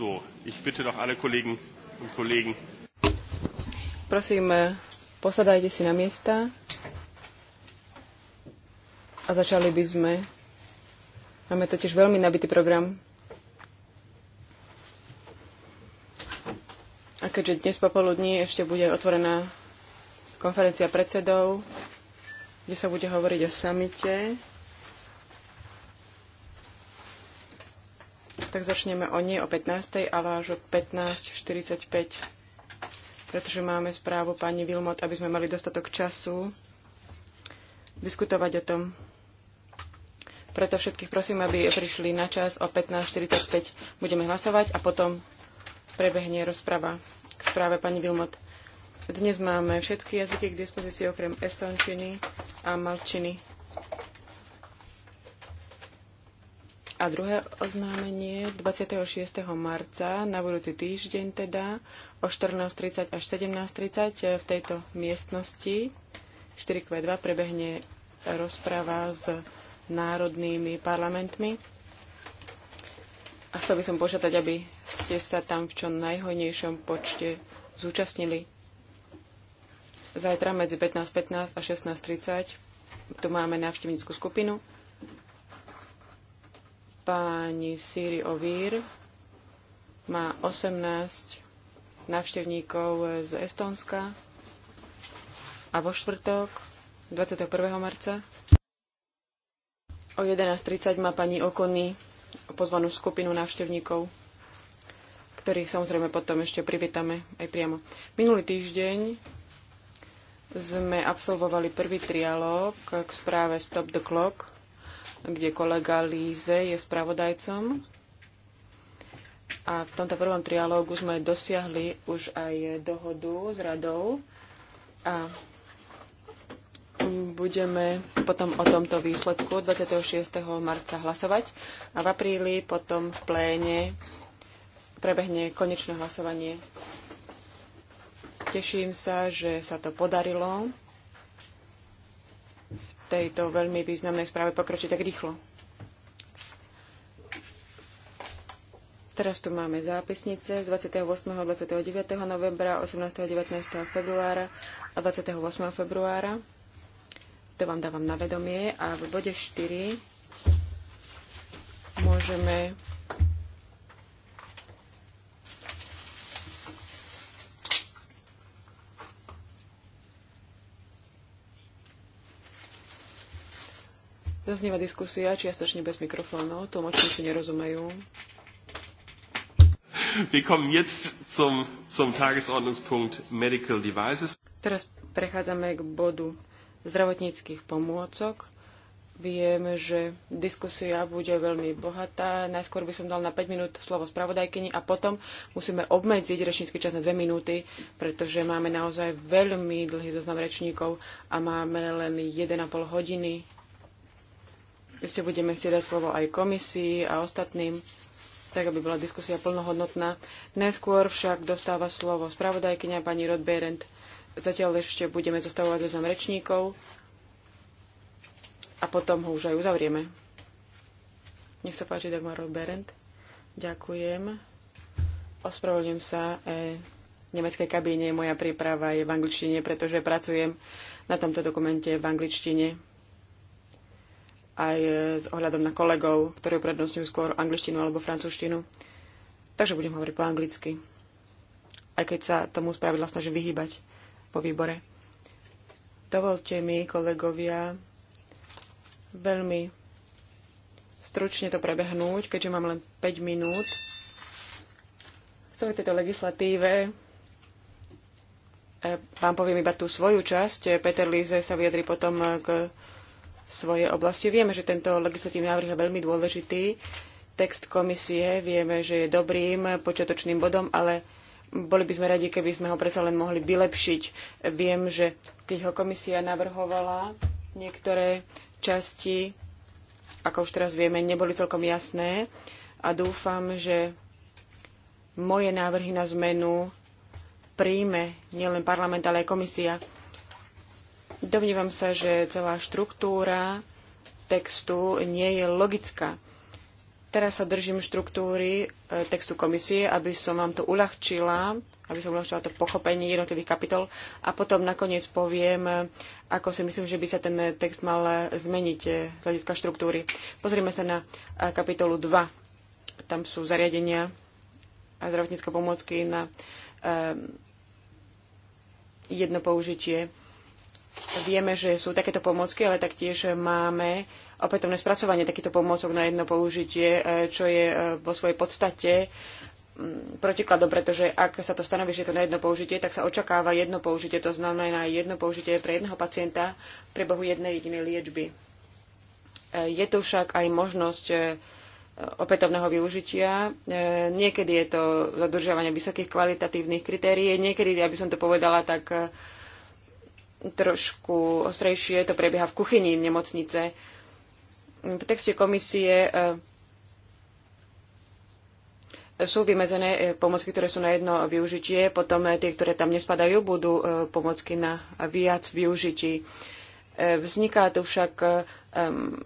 So, ich bitte doch alle Kollegen und Kollegen. Prosím, eh, posadajte si na miesta a začali by sme. Máme totiž veľmi nabitý program. A keďže dnes popoludní ešte bude otvorená konferencia predsedov, kde sa bude hovoriť o samite tak začneme o nie o 15. ale až o 15.45, pretože máme správu pani Vilmot, aby sme mali dostatok času diskutovať o tom. Preto všetkých prosím, aby prišli na čas o 15.45. Budeme hlasovať a potom prebehne rozprava k správe pani Vilmot. Dnes máme všetky jazyky k dispozícii okrem estončiny a malčiny. A druhé oznámenie 26. marca, na budúci týždeň teda, o 14.30 až 17.30 e, v tejto miestnosti 4Q2 prebehne rozpráva s národnými parlamentmi. A chcel by som požiadať, aby ste sa tam v čo najhojnejšom počte zúčastnili. Zajtra medzi 15.15 a 16.30 tu máme návštevníckú skupinu Pani Siri Ovír má 18 návštevníkov z Estónska a vo štvrtok 21. marca o 11.30 má pani Okony pozvanú skupinu návštevníkov, ktorých samozrejme potom ešte privítame aj priamo. Minulý týždeň sme absolvovali prvý trialóg k správe Stop the Clock kde kolega Líze je spravodajcom. A v tomto prvom trialógu sme dosiahli už aj dohodu s radou a budeme potom o tomto výsledku 26. marca hlasovať a v apríli potom v pléne prebehne konečné hlasovanie. Teším sa, že sa to podarilo tejto veľmi významnej správe pokročiť tak rýchlo. Teraz tu máme zápisnice z 28. a 29. novembra, 18. a 19. februára a 28. februára. To vám dávam na vedomie. A v bode 4 môžeme Zaznieva diskusia, čiastočne bez mikrofónov, tlmočníci nerozumejú. Wir kommen jetzt zum, zum Tagesordnungspunkt Medical Devices. Teraz prechádzame k bodu zdravotníckých pomôcok. Viem, že diskusia bude veľmi bohatá. Najskôr by som dal na 5 minút slovo spravodajkyni a potom musíme obmedziť rečnícky čas na 2 minúty, pretože máme naozaj veľmi dlhý zoznam rečníkov a máme len 1,5 hodiny ešte budeme chcieť dať slovo aj komisii a ostatným, tak aby bola diskusia plnohodnotná. Neskôr však dostáva slovo spravodajkyňa pani Rod Zatiaľ ešte budeme zostavovať zoznam rečníkov a potom ho už aj uzavrieme. Nech sa páči, Dagmar Rod Ďakujem. Ospravedlňujem sa. E, nemeckej kabíne moja príprava je v angličtine, pretože pracujem na tomto dokumente v angličtine aj s ohľadom na kolegov, ktorí uprednostňujú skôr angličtinu alebo francúzštinu. Takže budem hovoriť po anglicky. Aj keď sa tomu spravidla snažím vyhýbať po výbore. Dovolte mi, kolegovia, veľmi stručne to prebehnúť, keďže mám len 5 minút. V tejto legislatíve e, vám poviem iba tú svoju časť. E, Peter Líze sa vyjadri potom k svojej oblasti. Vieme, že tento legislatívny návrh je veľmi dôležitý. Text komisie vieme, že je dobrým počiatočným bodom, ale boli by sme radi, keby sme ho predsa len mohli vylepšiť. Viem, že keď ho komisia navrhovala, niektoré časti, ako už teraz vieme, neboli celkom jasné a dúfam, že moje návrhy na zmenu príjme nielen parlament, ale aj komisia. Domnívam sa, že celá štruktúra textu nie je logická. Teraz sa držím štruktúry e, textu komisie, aby som vám to uľahčila, aby som uľahčila to pochopenie jednotlivých kapitol a potom nakoniec poviem, ako si myslím, že by sa ten text mal zmeniť e, z hľadiska štruktúry. Pozrieme sa na e, kapitolu 2. Tam sú zariadenia a zdravotnícke pomôcky na jedno použitie. Vieme, že sú takéto pomôcky, ale taktiež máme opätovné spracovanie takýchto pomôcok na jedno použitie, e, čo je e, vo svojej podstate mm, protikladom, pretože ak sa to stanoví, že je to na jedno použitie, tak sa očakáva jedno použitie, to znamená jedno použitie pre jedného pacienta v priebehu jednej jedinej liečby. E, je tu však aj možnosť opätovného využitia. Niekedy je to zadržiavanie vysokých kvalitatívnych kritérií, niekedy, aby som to povedala, tak trošku ostrejšie. To prebieha v kuchyni v nemocnice. V texte komisie e, sú vymezené e, pomocky, ktoré sú na jedno využitie, potom e, tie, ktoré tam nespadajú, budú pomocky na viac využití. Vzniká tu však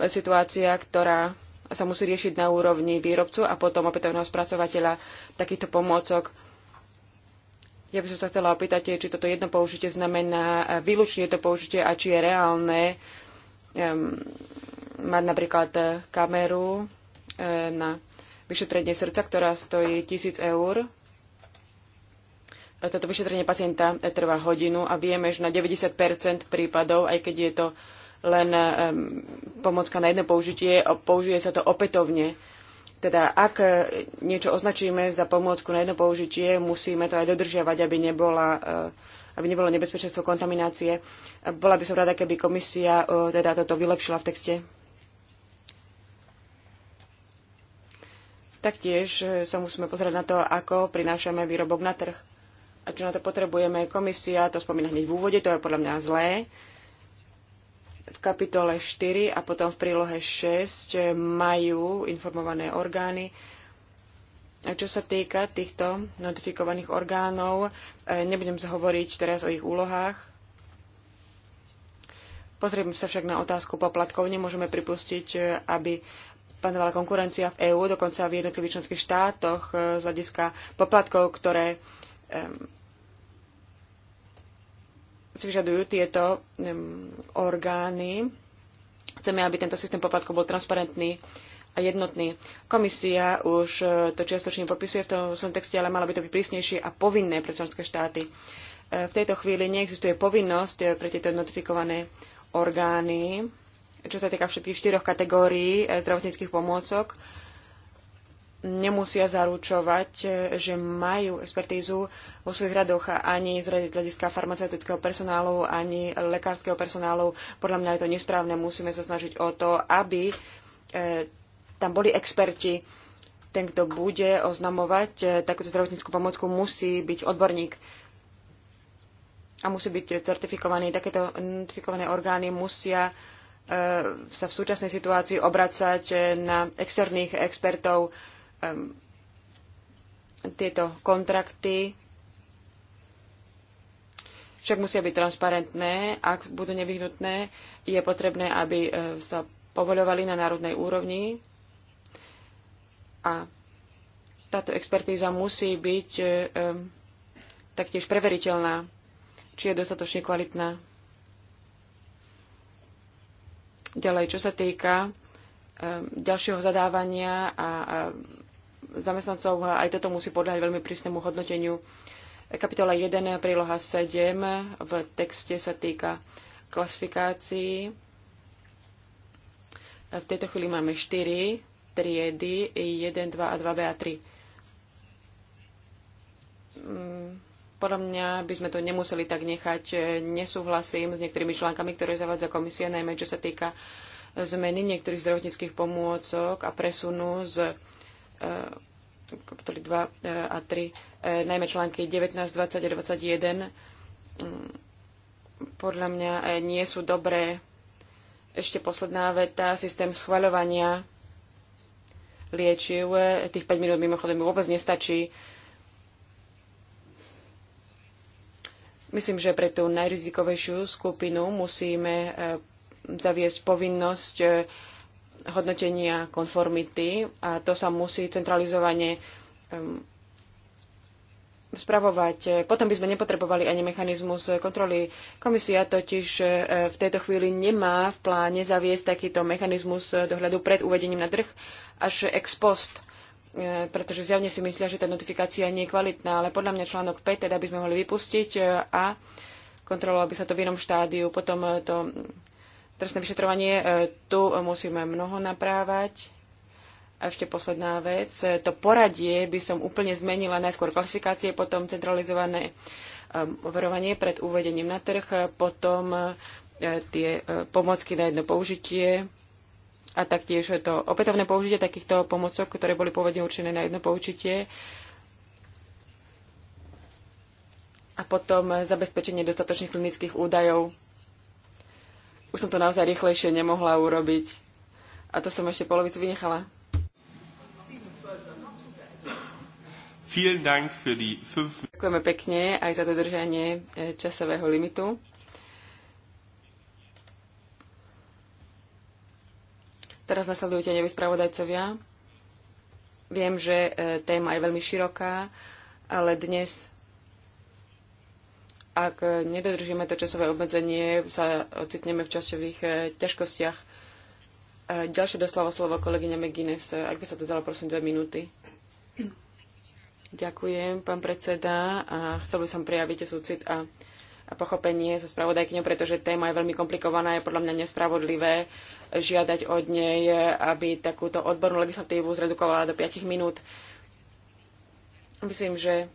situácia, ktorá sa musí riešiť na úrovni výrobcu a potom opätovného spracovateľa takýchto pomôcok ja by som sa chcela opýtať, či toto jedno použitie znamená výlučne to použitie a či je reálne um, mať napríklad kameru e, na vyšetrenie srdca, ktorá stojí 1000 eur. E, toto vyšetrenie pacienta e, trvá hodinu a vieme, že na 90 prípadov, aj keď je to len um, pomocka na jedno použitie, použije sa to opätovne. Teda ak niečo označíme za pomôcku na jedno použitie, musíme to aj dodržiavať, aby, nebola, eh, aby nebolo nebezpečenstvo kontaminácie. Bola by som rada, keby komisia eh, teda toto vylepšila v texte. Taktiež eh, sa musíme pozrieť na to, ako prinášame výrobok na trh. A čo na to potrebujeme, komisia to spomína hneď v úvode, to je podľa mňa zlé kapitole 4 a potom v prílohe 6 eh, majú informované orgány. A čo sa týka týchto notifikovaných orgánov, eh, nebudem sa hovoriť teraz o ich úlohách. Pozrieme sa však na otázku poplatkov. Nemôžeme pripustiť, eh, aby panovala konkurencia v EÚ, dokonca v jednotlivých členských štátoch z hľadiska poplatkov, ktoré si vyžadujú tieto orgány. Chceme, aby tento systém poplatkov bol transparentný a jednotný. Komisia už e, to čiastočne popisuje v tom svojom texte, ale malo by to byť prísnejšie a povinné pre členské štáty. E, v tejto chvíli neexistuje povinnosť e, pre tieto notifikované orgány, čo sa týka všetkých štyroch kategórií zdravotníckých pomôcok, nemusia zaručovať, e, že majú expertízu vo svojich radoch ani z hľadiska farmaceutického personálu, ani lekárskeho personálu. Podľa mňa je to nesprávne. Musíme sa snažiť o to, aby e, tam boli experti. Ten, kto bude oznamovať e, takúto zdravotníckú pomocku, musí byť odborník a musí byť certifikovaný. Takéto notifikované orgány musia sa v súčasnej situácii obracať na externých expertov, tieto kontrakty však musia byť transparentné. Ak budú nevyhnutné, je potrebné, aby e, sa povoľovali na národnej úrovni a táto expertíza musí byť e, taktiež preveriteľná, či je dostatočne kvalitná. Ďalej, čo sa týka ďalšieho zadávania a zamestnancov. Aj toto musí podľať veľmi prísnemu hodnoteniu. Kapitola 1, príloha 7 v texte sa týka klasifikácií. V tejto chvíli máme 4 triedy, 1, 2 a 2b a 3. Mm, podľa mňa by sme to nemuseli tak nechať. Nesúhlasím s niektorými článkami, ktoré zavádza komisia, najmä čo sa týka zmeny niektorých zdravotníckých pomôcok a presunu z E, kapitoly 2 e, a 3, e, najmä články 19, 20 a 21, mm, podľa mňa nie sú dobré. Ešte posledná veta, systém schvaľovania liečiv, tých 5 minút mimochodem vôbec nestačí. Myslím, že pre tú najrizikovejšiu skupinu musíme zaviesť povinnosť hodnotenia konformity a to sa musí centralizovane spravovať. Potom by sme nepotrebovali ani mechanizmus kontroly. Komisia totiž e, v tejto chvíli nemá v pláne zaviesť takýto mechanizmus dohľadu pred uvedením na trh až ex post e, pretože zjavne si myslia, že tá notifikácia nie je kvalitná, ale podľa mňa článok 5 teda by sme mohli vypustiť e, a kontrolovalo by sa to v inom štádiu. Potom to trestné vyšetrovanie. E, tu musíme mnoho naprávať. A ešte posledná vec. E, to poradie by som úplne zmenila najskôr klasifikácie, potom centralizované e, overovanie pred uvedením na trh, potom tie pomocky na jedno použitie a taktiež to opätovné použitie takýchto pomocok, ktoré boli pôvodne určené na jedno použitie a potom zabezpečenie dostatočných klinických údajov už som to naozaj rýchlejšie nemohla urobiť. A to som ešte polovicu vynechala. Ďakujeme pekne aj za dodržanie eh, časového limitu. Teraz nasledujú tie spravodajcovia. Viem, že eh, téma je veľmi široká, ale dnes ak nedodržíme to časové obmedzenie, sa ocitneme v časových eh, ťažkostiach. Eh, ďalšie doslova slovo kolegyňa McGuinness, eh, ak by sa to dalo, prosím, dve minúty. Ďakujem, pán predseda, a chcel by som prejaviť súcit a, a pochopenie so spravodajkyňou, pretože téma je veľmi komplikovaná, je podľa mňa nespravodlivé žiadať od nej, aby takúto odbornú legislatívu zredukovala do 5 minút. Myslím, že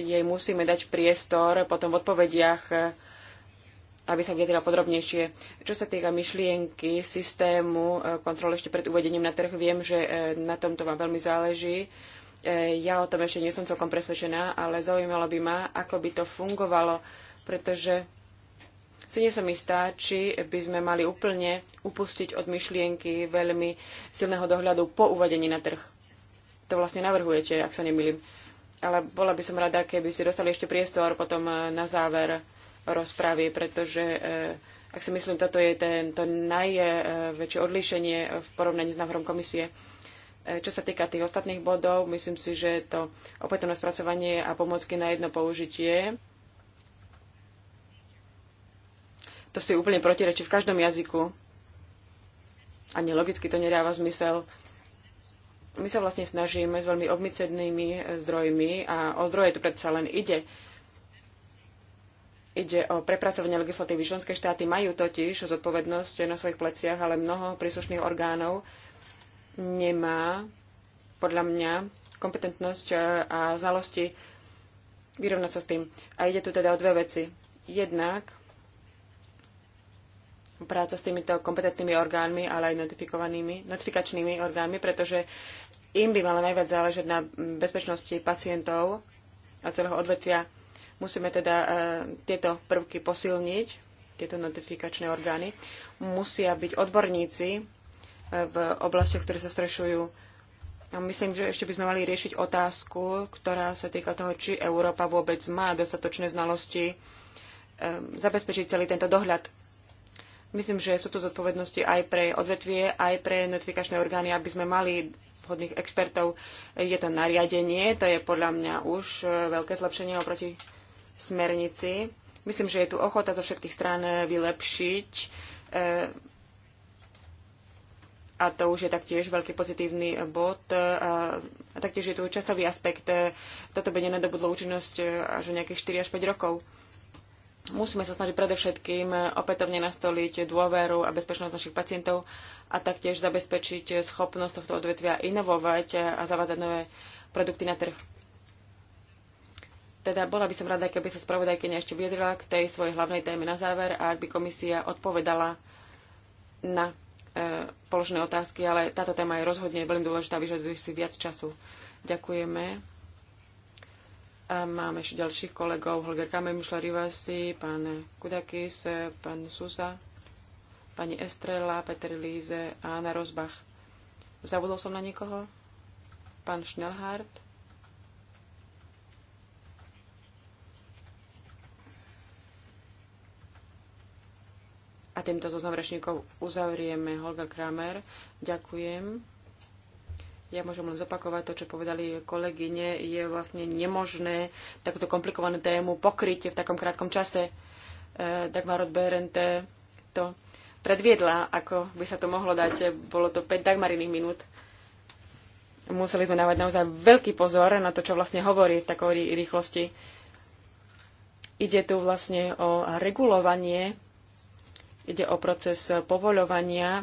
jej musíme dať priestor potom v odpovediach, eh, aby sa vyjadrila podrobnejšie. Čo sa týka myšlienky, systému eh, kontroly ešte pred uvedením na trh, viem, že eh, na tomto vám veľmi záleží. Ja o tom ešte nie som celkom presvedčená, ale zaujímalo by ma, ako by to fungovalo, pretože si nie som istá, či by sme mali úplne upustiť od myšlienky veľmi silného dohľadu po uvedení na trh. To vlastne navrhujete, ak sa nemýlim ale bola by som rada, keby ste dostali ešte priestor potom e, na záver rozpravy, pretože e, ak si myslím, toto je ten, to najväčšie odlíšenie v porovnaní s návrhom komisie. E, čo sa týka tých ostatných bodov, myslím si, že to opätovné spracovanie a pomocky na jedno použitie, to si úplne protirečí v každom jazyku. Ani logicky to nedáva zmysel my sa vlastne snažíme s veľmi obmedzenými eh, zdrojmi a o zdroje tu predsa len ide. Ide o prepracovanie legislatívy. Členské štáty majú totiž zodpovednosť na svojich pleciach, ale mnoho príslušných orgánov nemá podľa mňa kompetentnosť eh, a znalosti vyrovnať sa s tým. A ide tu teda o dve veci. Jednak práca s týmito kompetentnými orgánmi, ale aj notifikovanými, notifikačnými orgánmi, pretože im by malo najviac záležať na bezpečnosti pacientov a celého odvetvia. Musíme teda e, tieto prvky posilniť, tieto notifikačné orgány. Musia byť odborníci e, v oblastiach, ktoré sa strešujú. Myslím, že ešte by sme mali riešiť otázku, ktorá sa týka toho, či Európa vôbec má dostatočné znalosti e, zabezpečiť celý tento dohľad. Myslím, že sú to zodpovednosti aj pre odvetvie, aj pre notifikačné orgány, aby sme mali vhodných expertov. Je to nariadenie, to je podľa mňa už e, veľké zlepšenie oproti smernici. Myslím, že je tu ochota zo všetkých strán e, vylepšiť e, a to už je taktiež veľký pozitívny bod. A, taktiež je tu časový aspekt. Toto by nenadobudlo účinnosť až o nejakých 4 až 5 rokov. Musíme sa snažiť predovšetkým eh, opätovne nastoliť dôveru a bezpečnosť našich pacientov a taktiež zabezpečiť schopnosť tohto odvetvia inovovať eh, a zavádzať nové produkty na trh. Teda bola by som rada, keby sa spravodajkynia ešte vyjadrila k tej svojej hlavnej téme na záver a ak by komisia odpovedala na e, položené otázky, ale táto téma je rozhodne veľmi dôležitá, vyžaduje si viac času. Ďakujeme. A máme ešte ďalších kolegov. Holger Kamer, Mišla Rivasi, pán Kudakis, pán Susa, pani Estrela, Peter Líze a Anna Rozbach. Zabudol som na niekoho? Pán Schnellhardt? A týmto zoznam rečníkov uzavrieme. Holger Kramer, ďakujem. Ja môžem len zopakovať to, čo povedali kolegyne. Je vlastne nemožné takúto komplikovanú tému pokryť v takom krátkom čase. E, Dagmar od BRNT to predviedla, ako by sa to mohlo dať. Bolo to 5 Dagmariných minút. Museli sme dávať naozaj veľký pozor na to, čo vlastne hovorí v takovej rýchlosti. Ide tu vlastne o regulovanie, ide o proces povoľovania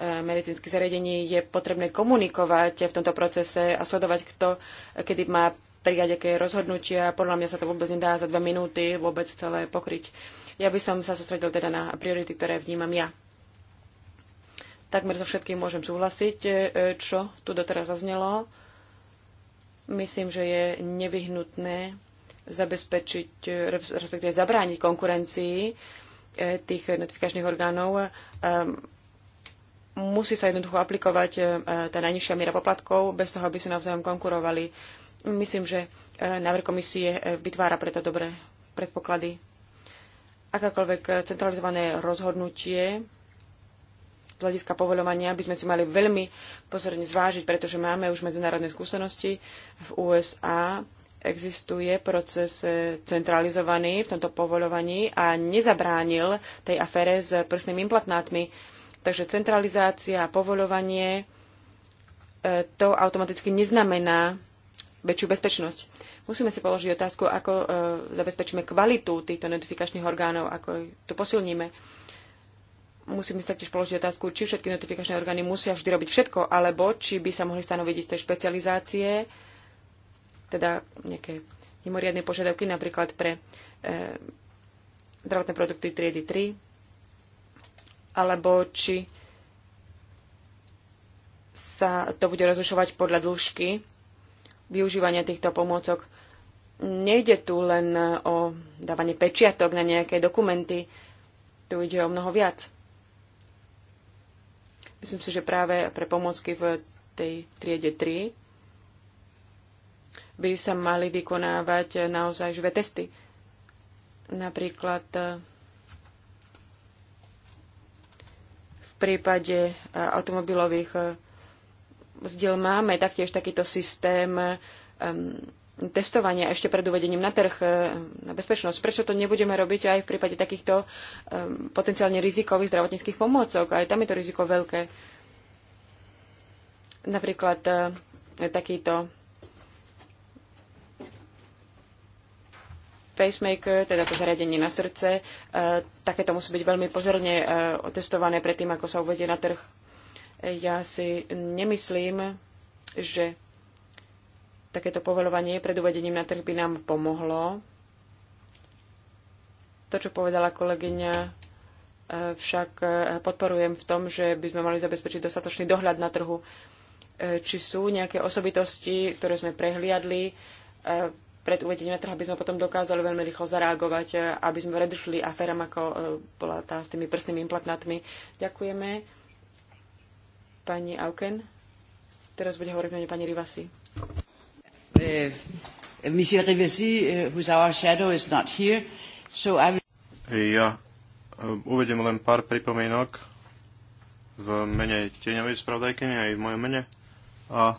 E, medicínskych zariadení je potrebné komunikovať v tomto procese a sledovať, kto kedy má prijať aké rozhodnutia. Podľa mňa sa to vôbec nedá za dve minúty vôbec celé pokryť. Ja by som sa sústredil teda na priority, ktoré vnímam ja. Takmer so všetkým môžem súhlasiť, e, čo tu doteraz zaznelo. Myslím, že je nevyhnutné zabezpečiť, respektíve zabrániť konkurencii e, tých notifikačných orgánov ehm, musí sa jednoducho aplikovať e, tá najnižšia miera poplatkov, bez toho, aby si navzájom konkurovali. Myslím, že e, návrh komisie e, vytvára preto dobré predpoklady. Akákoľvek centralizované rozhodnutie z hľadiska povoľovania by sme si mali veľmi pozorne zvážiť, pretože máme už medzinárodné skúsenosti. V USA existuje proces centralizovaný v tomto povoľovaní a nezabránil tej afére s prsnými implantátmi Takže centralizácia a povoľovanie e, to automaticky neznamená väčšiu bezpečnosť. Musíme si položiť otázku, ako e, zabezpečíme kvalitu týchto notifikačných orgánov, ako to posilníme. Musíme si taktiež položiť otázku, či všetky notifikačné orgány musia vždy robiť všetko, alebo či by sa mohli stanoviť isté špecializácie, teda nejaké mimoriadne požiadavky napríklad pre e, zdravotné produkty triedy 3, alebo či sa to bude rozlišovať podľa dĺžky využívania týchto pomôcok. Nejde tu len o dávanie pečiatok na nejaké dokumenty, tu ide o mnoho viac. Myslím si, že práve pre pomôcky v tej triede 3 by sa mali vykonávať naozaj živé testy. Napríklad V prípade e, automobilových vzdiel e, máme taktiež takýto systém e, testovania ešte pred uvedením na trh na bezpečnosť. Prečo to nebudeme robiť aj v prípade takýchto potenciálne rizikových zdravotníckých pomôcok? Aj tam je to riziko veľké. Napríklad takýto pacemaker, teda to zariadenie na srdce, e, takéto musí byť veľmi pozorne e, otestované predtým, ako sa uvedie na trh. Ja si nemyslím, že takéto povolovanie pred uvedením na trh by nám pomohlo. To, čo povedala kolegyňa, e, však podporujem v tom, že by sme mali zabezpečiť dostatočný dohľad na trhu. Či sú nejaké osobitosti, ktoré sme prehliadli, pred uvedením na trh, aby sme potom dokázali veľmi rýchlo zareagovať, e, aby sme redišli aféram, ako e, bola tá s tými prstnými implantátmi. Ďakujeme. Pani Auken. Teraz bude hovoriť mene pani Rivasi. Uh, Rivasi, uh, our shadow, is not here, so I will... Ja uvedem len pár pripomienok v mene tieňovej spravodajkyne aj v mojom mene. A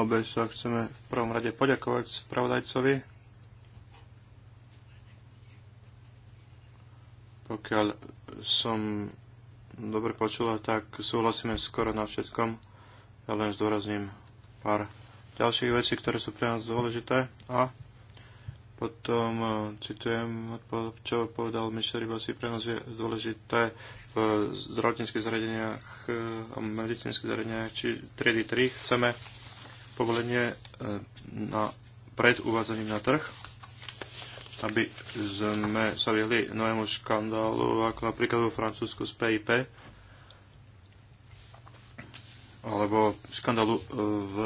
obe a chceme v prvom rade poďakovať spravodajcovi. Pokiaľ som dobre počul, tak súhlasíme skoro na všetkom. Ja len zdôrazním pár ďalších vecí, ktoré sú pre nás dôležité. A potom e, citujem, čo povedal Michel Ribasi, pre nás je dôležité v e, zdravotníckých zariadeniach a medicínskych zariadeniach, či d 3 chceme povolenie e, na, pred uvádzaním na trh, aby sme sa vyhli novému škandálu, ako napríklad vo Francúzsku z PIP, alebo škandálu e, v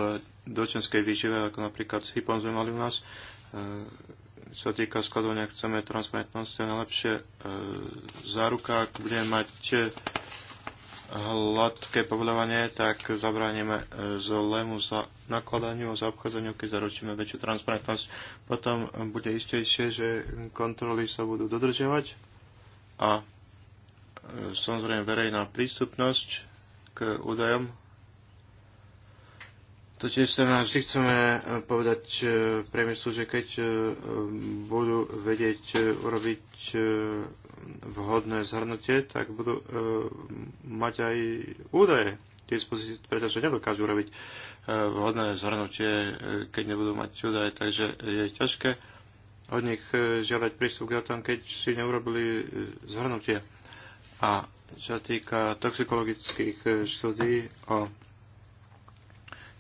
dočenskej výžive, ako napríklad s HIPom sme mali u nás, čo e, sa týka skladovania, chceme transparentnosť je najlepšie záruka, ak budeme mať hladké povľovanie, tak zabránime e, zlému za nakladaniu a zaobchádzaniu, keď zaručíme väčšiu transparentnosť. Potom bude istejšie, že kontroly sa budú dodržiavať a e, samozrejme verejná prístupnosť k údajom. Totiž sa znamená, vždy chceme e, povedať priemyslu, že keď budú vedieť urobiť vhodné zhrnutie, tak budú e, mať aj údaje k dispozícii, pretože nedokážu robiť e, vhodné zhrnutie, e, keď nebudú mať údaje. Takže je ťažké od nich e, žiadať prístup k datám, keď si neurobili e, zhrnutie. A čo týka toxikologických e, štúdí o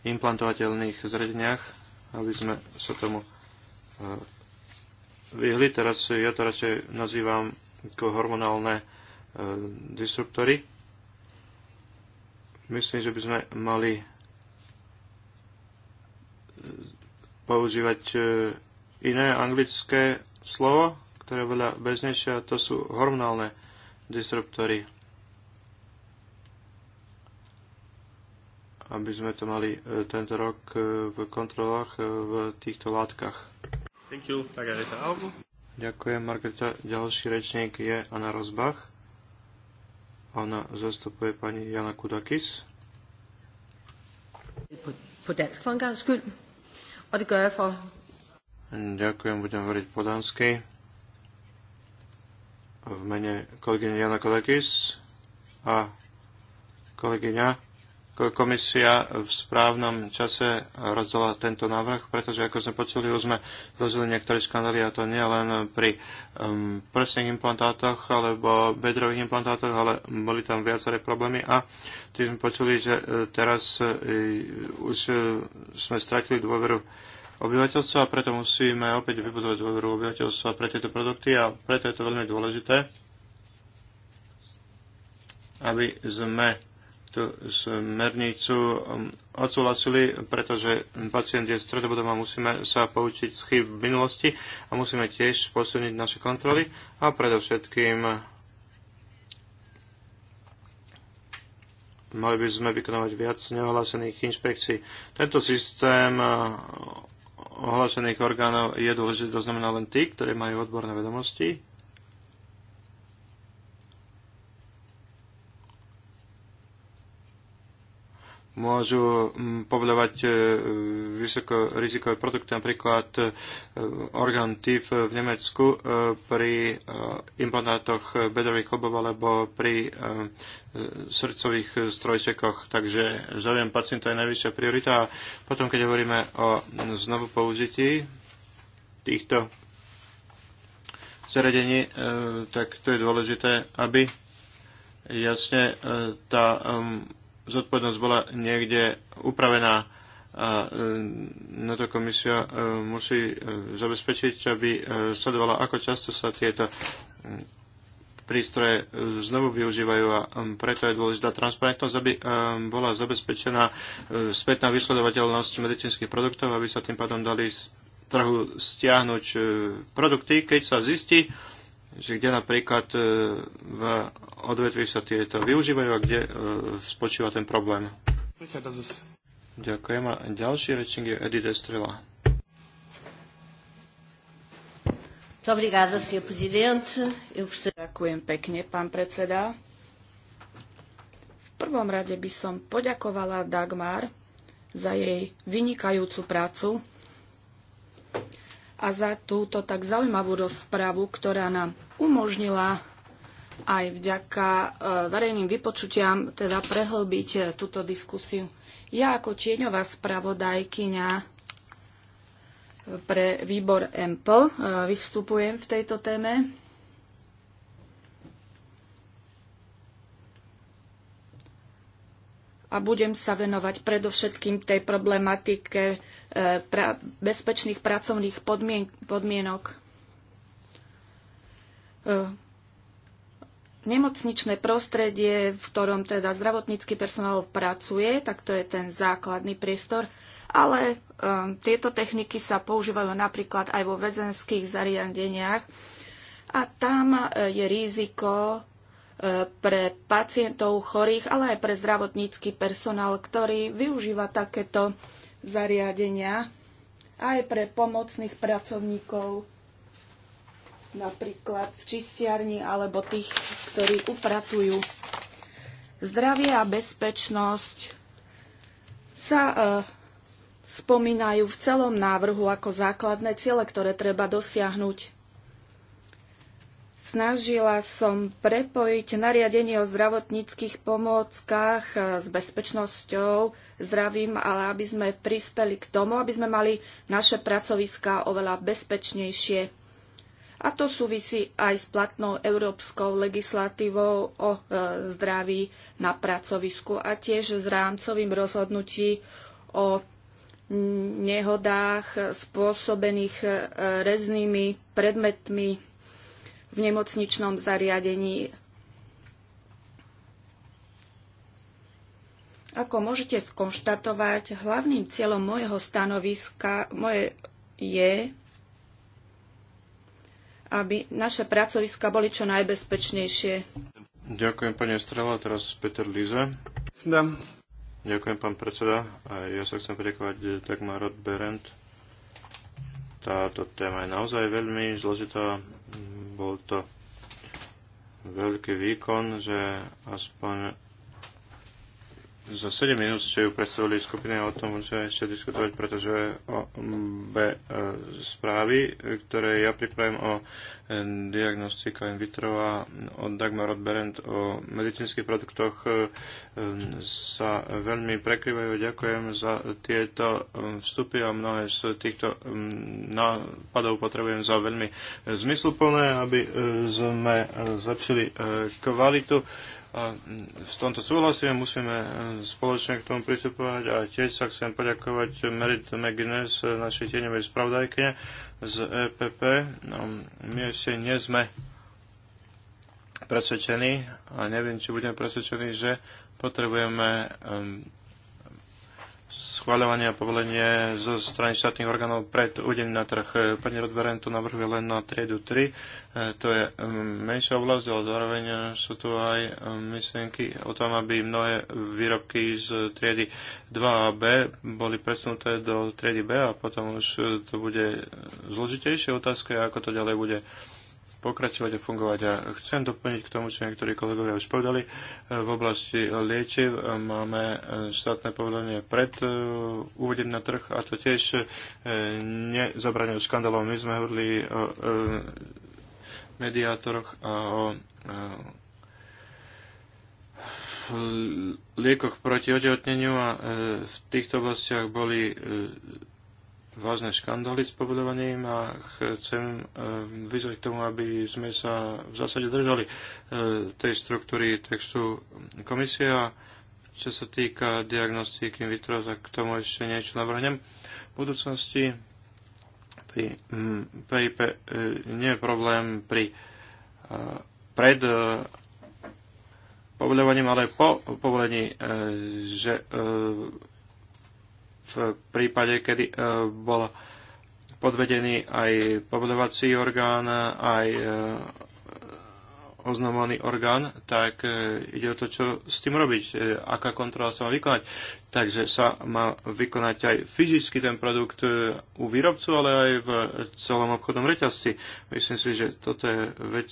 implantovateľných zredeniach, aby sme sa tomu e, vyhli. Teraz ja to radšej nazývam ako hormonálne e, disruptory. Myslím, že by sme mali e, používať e, iné anglické slovo, ktoré je veľa beznejšie, a to sú hormonálne disruptory. Aby sme to mali tento rok v kontrolách v týchto látkach. Thank you. Ďakujem, Margareta. Ďalší rečník je Anna Rozbach. Ona zastupuje pani Jana Kudakis. På, på dansk for skyld. Og det gør jeg for... Ďakujem, budem hovoriť po dánsky. V mene kolegyne Jana Kudakis a kolegyňa komisia v správnom čase rozdala tento návrh, pretože ako sme počuli, už sme zažili niektoré škandály a to nie len pri um, prsných implantátoch alebo bedrových implantátoch, ale boli tam viaceré problémy a tým sme počuli, že e, teraz uh, už uh, sme stratili dôveru obyvateľstva a preto musíme opäť vybudovať dôveru obyvateľstva pre tieto produkty a preto je to veľmi dôležité, aby sme tú smernicu um, odsúhlasili, pretože pacient je stredobodom a musíme sa poučiť z chyb v minulosti a musíme tiež posilniť naše kontroly a predovšetkým mali by sme vykonovať viac neohlásených inšpekcií. Tento systém uh, ohlásených orgánov je dôležitý, to znamená len tí, ktorí majú odborné vedomosti môžu mm, povľovať e, vysoko rizikové produkty, napríklad e, orgán TIF v Nemecku e, pri implantátoch bedrových klobov alebo pri srdcových strojčekoch. Takže zaujím pacienta je najvyššia priorita. A potom, keď hovoríme o znovu použití týchto zariadení, tak to je dôležité, aby jasne tá zodpovednosť bola niekde upravená a e, na to komisia e, musí e, zabezpečiť, aby sledovala, ako často sa tieto prístroje znovu využívajú a preto je dôležitá transparentnosť, aby bola zabezpečená spätná vysledovateľnosť medicínskych produktov, aby sa tým pádom dali z trhu stiahnuť produkty, keď sa zistí, že kde napríklad e, v odvetvi sa tieto využívajú a kde e, spočíva ten problém. Ďakujem. A ďalší rečník je Edith Estrela. Ďakujem pekne, pán predseda. V prvom rade by som poďakovala Dagmar za jej vynikajúcu prácu a za túto tak zaujímavú rozpravu, ktorá nám umožnila aj vďaka e, verejným vypočutiam teda prehlbiť e, túto diskusiu. Ja ako tieňová spravodajkyňa e, pre výbor EMPL vystupujem v tejto téme. a budem sa venovať predovšetkým tej problematike e, pra- bezpečných pracovných podmien- podmienok. E, nemocničné prostredie, v ktorom teda zdravotnícky personál pracuje, tak to je ten základný priestor, ale um, tieto techniky sa používajú napríklad aj vo väzenských zariadeniach a tam je riziko pre pacientov chorých, ale aj pre zdravotnícky personál, ktorý využíva takéto zariadenia, aj pre pomocných pracovníkov, napríklad v čistiarni alebo tých, ktorí upratujú. Zdravie a bezpečnosť sa e, spomínajú v celom návrhu ako základné ciele, ktoré treba dosiahnuť. Snažila som prepojiť nariadenie o zdravotníckých pomôckach e, s bezpečnosťou, zdravím, ale aby sme prispeli k tomu, aby sme mali naše pracoviská oveľa bezpečnejšie. A to súvisí aj s platnou európskou legislatívou o e, zdraví na pracovisku a tiež s rámcovým rozhodnutí o nehodách e, spôsobených reznými predmetmi v nemocničnom zariadení. Ako môžete skonštatovať, hlavným cieľom môjho stanoviska moje je, aby naše pracoviska boli čo najbezpečnejšie. Ďakujem pani Estrela, teraz Peter Líze. Zdám. Ďakujem pán predseda. A ja sa chcem poďakovať Dagmar eh, Rod Berend. Táto téma je naozaj veľmi zložitá bol to veľký výkon, že aspoň za 7 minút ste ju predstavili skupine o tom musíme ešte diskutovať, pretože o B e, správy, ktoré ja pripravím o e, diagnostika in vitro a od Dagmar Berend o medicínskych produktoch e, sa veľmi prekryvajú. Ďakujem za tieto vstupy a mnohé z týchto nápadov potrebujem za veľmi zmysluplné, aby sme zlepšili kvalitu a v tomto súhlasím, musíme e, spoločne k tomu pristupovať a tiež sa chcem poďakovať Merit McGuinness, e, našej tieňovej spravodajke z EPP. No, my ešte nie sme presvedčení a neviem, či budeme presvedčení, že potrebujeme e, schváľovanie a povolenie zo strany štátnych orgánov pred údením na trh. Pani Rodberen to navrhuje len na triedu 3. E, to je mm, menšia oblasť, ale zároveň sú tu aj mm, myšlienky o tom, aby mnohé výrobky z triedy 2 a B boli presunuté do triedy B a potom už to bude zložitejšie otázka, ako to ďalej bude pokračovať a fungovať. A chcem doplniť k tomu, čo niektorí kolegovia už povedali. E, v oblasti liečiv e, máme e, štátne povolenie pred úvodem na trh a to tiež nezabranil škandálom. My sme hovorili o mediátoroch a o liekoch proti odehotneniu a v týchto oblastiach boli vážne škandály s povedovaním a chcem e, vyzvať k tomu, aby sme sa v zásade držali e, tej štruktúry textu A Čo sa týka diagnostiky in vitro, tak k tomu ešte niečo navrhnem. V budúcnosti pri PIP e, nie je problém pri pred povoľovaním, ale po povolení, že v prípade, kedy e, bol podvedený aj povodovací orgán, aj e, oznamovaný orgán, tak e, ide o to, čo s tým robiť, aká kontrola sa má vykonať. Takže sa má vykonať aj fyzicky ten produkt u výrobcu, ale aj v celom obchodnom reťazci. Myslím si, že toto je vec,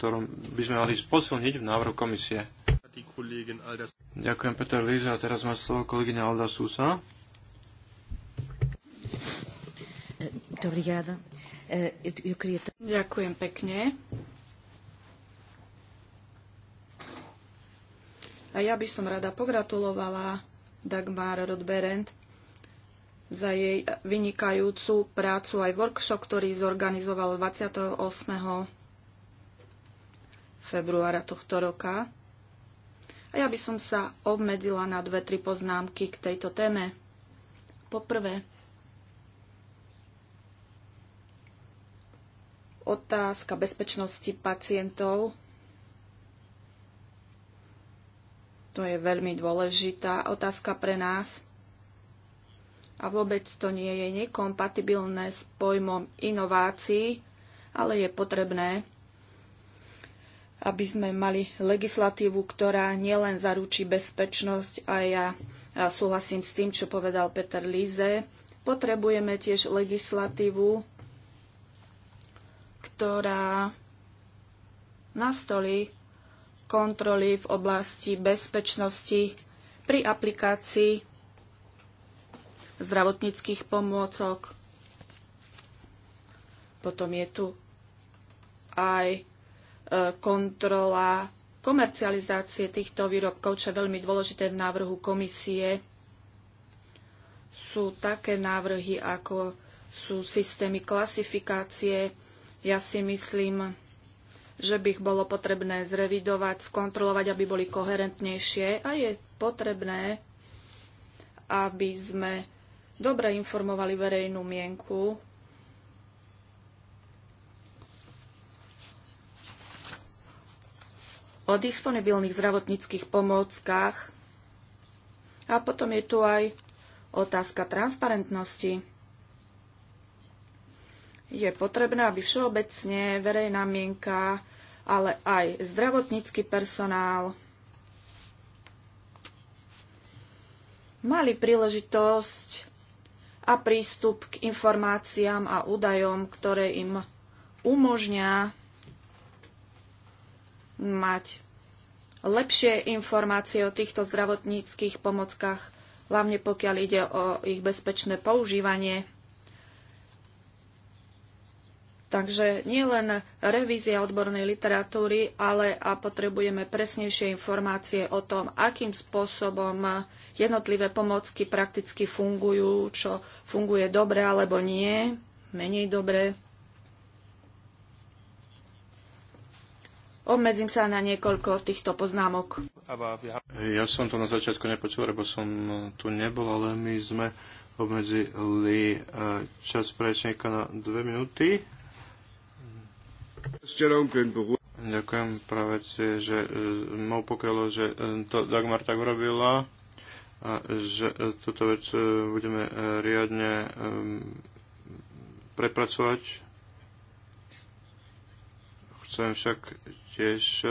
ktorú by sme mali posilniť v návrhu komisie. Ďakujem Peter Líza a teraz má slovo kolegyňa Alda Susa. E, e, Ďakujem pekne. A ja by som rada pogratulovala Dagmar Rodberend za jej vynikajúcu prácu aj workshop, ktorý zorganizoval 28. februára tohto roka. A ja by som sa obmedzila na dve, tri poznámky k tejto téme. Poprvé, otázka bezpečnosti pacientov. To je veľmi dôležitá otázka pre nás. A vôbec to nie je nekompatibilné s pojmom inovácií, ale je potrebné, aby sme mali legislatívu, ktorá nielen zaručí bezpečnosť, a ja, ja súhlasím s tým, čo povedal Peter Líze, potrebujeme tiež legislatívu, ktorá nastolí kontroly v oblasti bezpečnosti pri aplikácii zdravotníckých pomôcok. Potom je tu aj e, kontrola komercializácie týchto výrobkov, čo je veľmi dôležité v návrhu komisie. Sú také návrhy, ako sú systémy klasifikácie, ja si myslím, že by ich bolo potrebné zrevidovať, skontrolovať, aby boli koherentnejšie a je potrebné, aby sme dobre informovali verejnú mienku. o disponibilných zdravotníckých pomôckach. A potom je tu aj otázka transparentnosti je potrebné, aby všeobecne verejná mienka, ale aj zdravotnícky personál mali príležitosť a prístup k informáciám a údajom, ktoré im umožňa mať lepšie informácie o týchto zdravotníckých pomockách, hlavne pokiaľ ide o ich bezpečné používanie. Takže nie len revízia odbornej literatúry, ale a potrebujeme presnejšie informácie o tom, akým spôsobom jednotlivé pomocky prakticky fungujú, čo funguje dobre alebo nie, menej dobre. Obmedzím sa na niekoľko týchto poznámok. Ja som to na začiatku nepočul, lebo som tu nebol, ale my sme obmedzili eh, čas prečníka na dve minúty Ďakujem, práve si, že e, mou pokiaľo, že e, to Dagmar tak urobila a že e, túto vec budeme riadne prepracovať. Chcem však tiež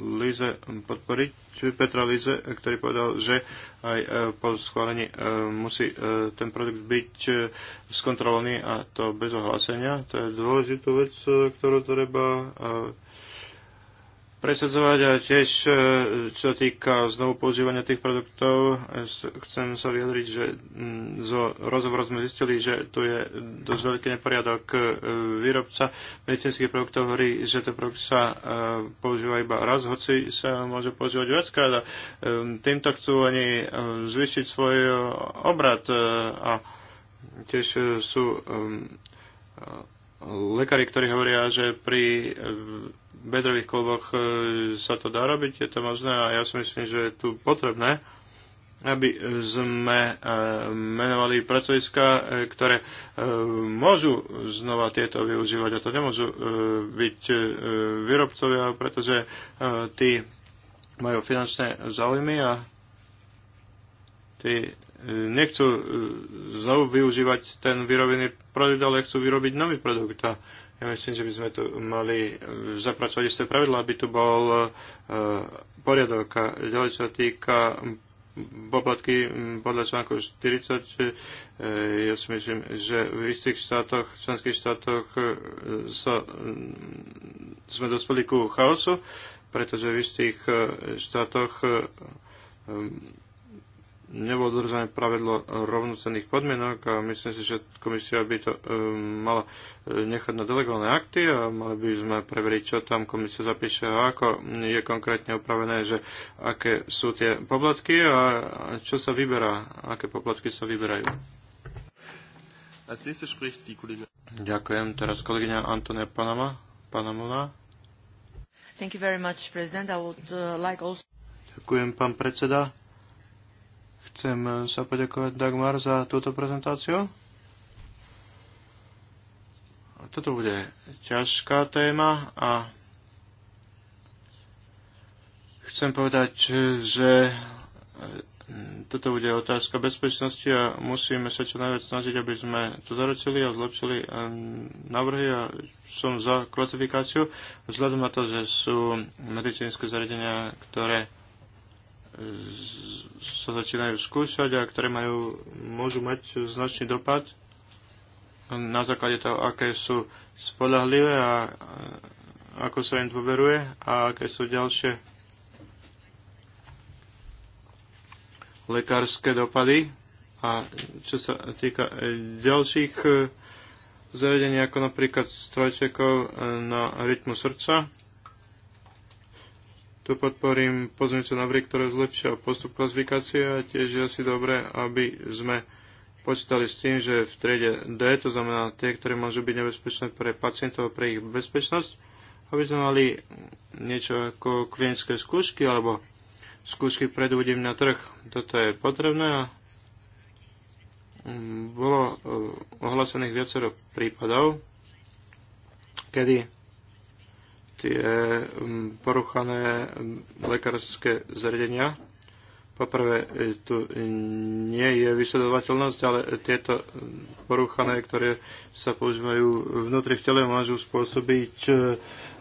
Lize podporiť, Petra Lize, ktorý povedal, že aj e, po schválení e, musí e, ten produkt byť skontrolovaný a to bez ohlásenia. To je dôležitú vec, ktorú treba presadzovať a tiež, e, čo týka znovu používania tých produktov, e, chcem sa vyjadriť, že mm, zo rozhovoru sme zistili, že tu je dosť veľký neporiadok. E, výrobca medicínskych produktov hovorí, že ten produkt sa používa iba raz, hoci sa môže používať viackrát a týmto chcú ani zvýšiť svoj obrad a tiež sú lekári, ktorí hovoria, že pri bedrových kluboch e, sa to dá robiť, je to možné a ja si myslím, že je tu potrebné, aby sme e, menovali pracoviska, e, ktoré môžu znova tieto využívať a to nemôžu byť výrobcovia, pretože tí majú finančné záujmy a tí nechcú znovu využívať ten vyrobený produkt, ale chcú vyrobiť nový produkt. A ja myslím, že by sme tu mali e, zapracovať isté pravidla, aby tu bol e, poriadok. A ďalej sa týka poplatky podľa článku 40. E, ja si myslím, že v istých štátoch, členských štátoch sa, sme dospeli ku chaosu, pretože v istých štátoch nebolo dodržané pravidlo rovnocenných podmienok a myslím si, že komisia by to e, mala e, nechať na delegálne akty a mali by sme preveriť, čo tam komisia zapíše a ako je konkrétne upravené, že aké sú tie poplatky a čo sa vyberá, aké poplatky sa vyberajú. Ďakujem. Teraz kolegyňa Antonia Panama. Panamona. Thank you very much, President. I would uh, like also... Ďakujem, pán predseda. Chcem sa poďakovať Dagmar za túto prezentáciu. Toto bude ťažká téma a chcem povedať, že e, toto bude otázka bezpečnosti a musíme sa čo najviac snažiť, aby sme to zaručili a zlepšili e, návrhy a som za klasifikáciu, vzhľadom na to, že sú medicínske zariadenia, ktoré sa začínajú skúšať a ktoré majú, môžu mať značný dopad na základe toho, aké sú spolahlivé a ako sa im dôveruje a aké sú ďalšie lekárske dopady. A čo sa týka e, ďalších e, zariadení, ako napríklad strojčekov e, na rytmu srdca, tu podporím pozmeňujúce návrhy, ktoré zlepšia postup klasifikácie a tiež je asi dobré, aby sme počítali s tým, že v triede D, to znamená tie, ktoré môžu byť nebezpečné pre pacientov a pre ich bezpečnosť, aby sme mali niečo ako klinické skúšky alebo skúšky pred úvodím na trh. Toto je potrebné a mm, bolo eh, ohlásených viacero prípadov, kedy tie um, poruchané um, lekárske zariadenia. Poprvé, e, tu nie je vysledovateľnosť, ale tieto um, poruchané, ktoré sa používajú vnútri v tele, môžu spôsobiť e,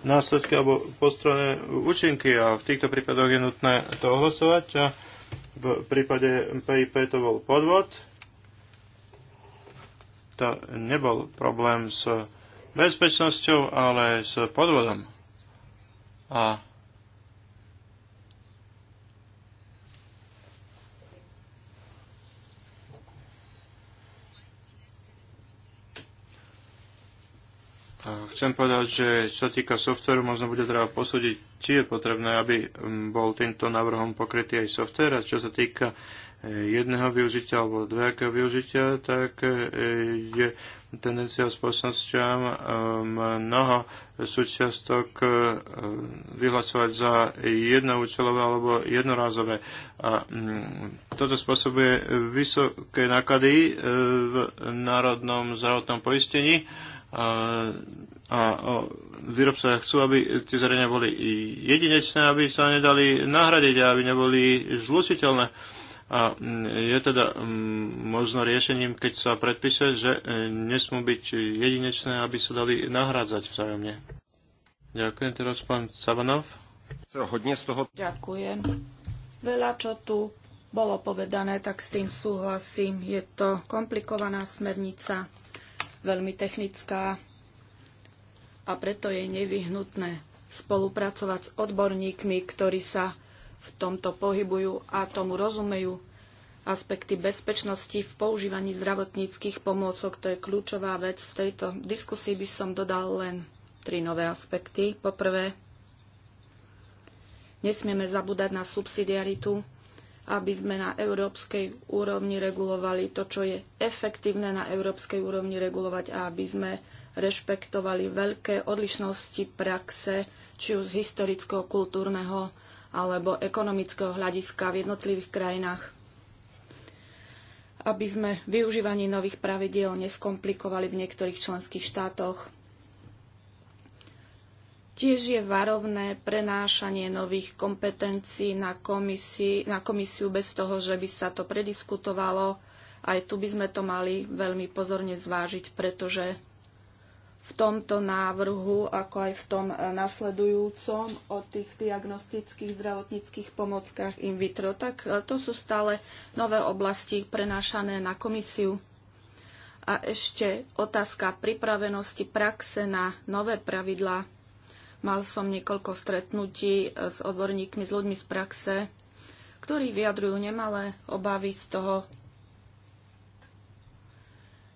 následky alebo postranné účinky a v týchto prípadoch je nutné to ohlasovať. A v prípade PIP to bol podvod. To nebol problém s bezpečnosťou, ale s podvodom. A Chcem povedať, že čo týka softveru, možno bude treba posúdiť, či je potrebné, aby mm, bol týmto návrhom pokrytý aj softver. A čo sa týka jedného využitia alebo dvojakého využitia, tak e, je tendencia spoločnosťam mnoho súčiastok e, vyhlasovať za jednoučelové alebo jednorázové. A toto spôsobuje vysoké náklady e, v národnom zdravotnom poistení a, a výrobcovia chcú, aby tie zariadenia boli jedinečné, aby sa nedali nahradiť a aby neboli zlučiteľné a mm, je teda mm, možno riešením, keď sa predpíše, že e, nesmú byť jedinečné, aby sa dali nahrádzať vzájomne. Ďakujem teraz pán Sabanov. Hodne z toho... Ďakujem. Veľa, čo tu bolo povedané, tak s tým súhlasím. Je to komplikovaná smernica, veľmi technická a preto je nevyhnutné spolupracovať s odborníkmi, ktorí sa v tomto pohybujú a tomu rozumejú. Aspekty bezpečnosti v používaní zdravotníckých pomôcok, to je kľúčová vec. V tejto diskusii by som dodal len tri nové aspekty. Poprvé, nesmieme zabúdať na subsidiaritu, aby sme na európskej úrovni regulovali to, čo je efektívne na európskej úrovni regulovať a aby sme rešpektovali veľké odlišnosti praxe, či už z historického, kultúrneho alebo ekonomického hľadiska v jednotlivých krajinách. Aby sme využívanie nových pravidiel neskomplikovali v niektorých členských štátoch. Tiež je varovné prenášanie nových kompetencií na, komisi, na komisiu bez toho, že by sa to prediskutovalo. Aj tu by sme to mali veľmi pozorne zvážiť, pretože v tomto návrhu, ako aj v tom eh, nasledujúcom o tých diagnostických zdravotníckých pomockách in vitro, tak eh, to sú stále nové oblasti prenášané na komisiu. A ešte otázka pripravenosti praxe na nové pravidlá. Mal som niekoľko stretnutí eh, s odborníkmi, s ľuďmi z praxe, ktorí vyjadrujú nemalé obavy z toho,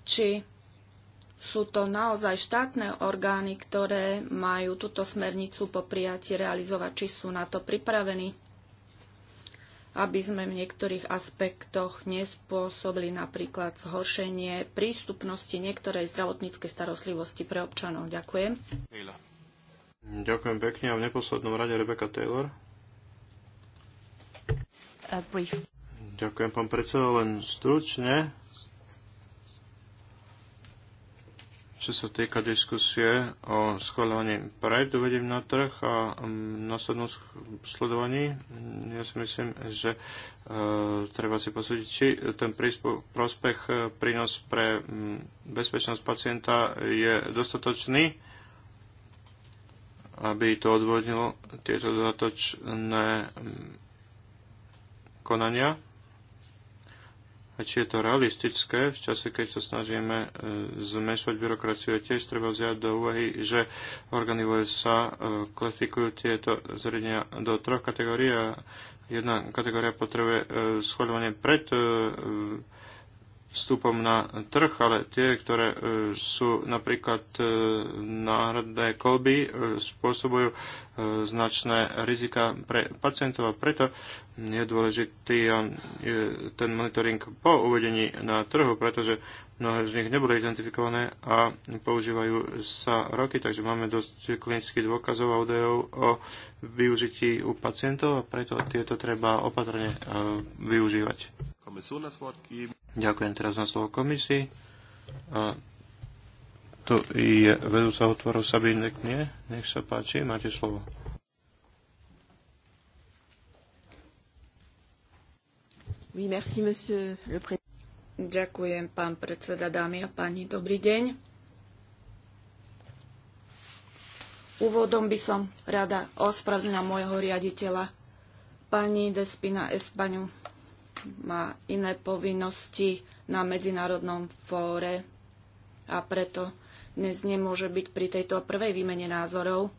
či sú to naozaj štátne orgány, ktoré majú túto smernicu po prijatí realizovať, či sú na to pripravení, aby sme v niektorých aspektoch nespôsobili napríklad zhoršenie prístupnosti niektorej zdravotníckej starostlivosti pre občanov. Ďakujem. Ďakujem pekne a v neposlednom rade Rebecca Taylor. Ďakujem, pán predseda, len stručne Čo sa týka diskusie o schváľovaní pred uvedím na trh a následnom sledovaní, ja si myslím, že e, treba si posúdiť, či ten príspo, prospech, e, prínos pre mm, bezpečnosť pacienta je dostatočný, aby to odvodnilo tieto dodatočné mm, konania a či je to realistické v čase, keď sa snažíme e, zmešať byrokraciu. tiež treba vziať do úvahy, že orgány USA e, klasifikujú tieto zariadenia do troch kategórií a jedna kategória potrebuje e, schváľovanie pred vstupom na trh, ale tie, ktoré e, sú napríklad e, náhradné kolby, e, spôsobujú značné rizika pre pacientov a preto je dôležitý ten monitoring po uvedení na trhu, pretože mnohé z nich neboli identifikované a používajú sa roky, takže máme dosť klinických dôkazov a údajov o využití u pacientov a preto tieto treba opatrne využívať. Ďakujem teraz na slovo komisii. A to je vedúca otvoru Sabine Knie. Nech sa páči, máte slovo. Oui, merci, monsieur le président. Ďakujem, pán predseda, dámy a páni, dobrý deň. Úvodom by som rada ospravedlnila môjho riaditeľa, pani Despina Espaňu má iné povinnosti na medzinárodnom fóre a preto dnes nemôže byť pri tejto prvej výmene názorov.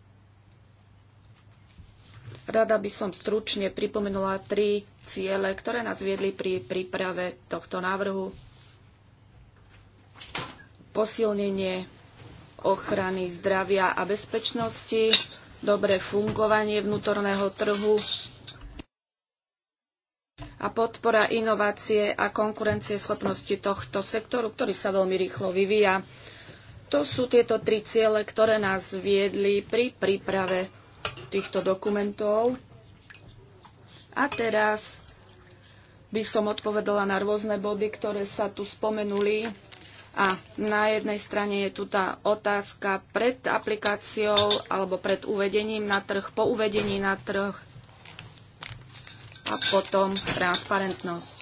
Rada by som stručne pripomenula tri ciele, ktoré nás viedli pri príprave tohto návrhu. Posilnenie ochrany zdravia a bezpečnosti, dobré fungovanie vnútorného trhu a podpora inovácie a konkurencie schopnosti tohto sektoru, ktorý sa veľmi rýchlo vyvíja. To sú tieto tri ciele, ktoré nás viedli pri príprave týchto dokumentov. A teraz by som odpovedala na rôzne body, ktoré sa tu spomenuli. A na jednej strane je tu tá otázka pred aplikáciou alebo pred uvedením na trh, po uvedení na trh a potom transparentnosť.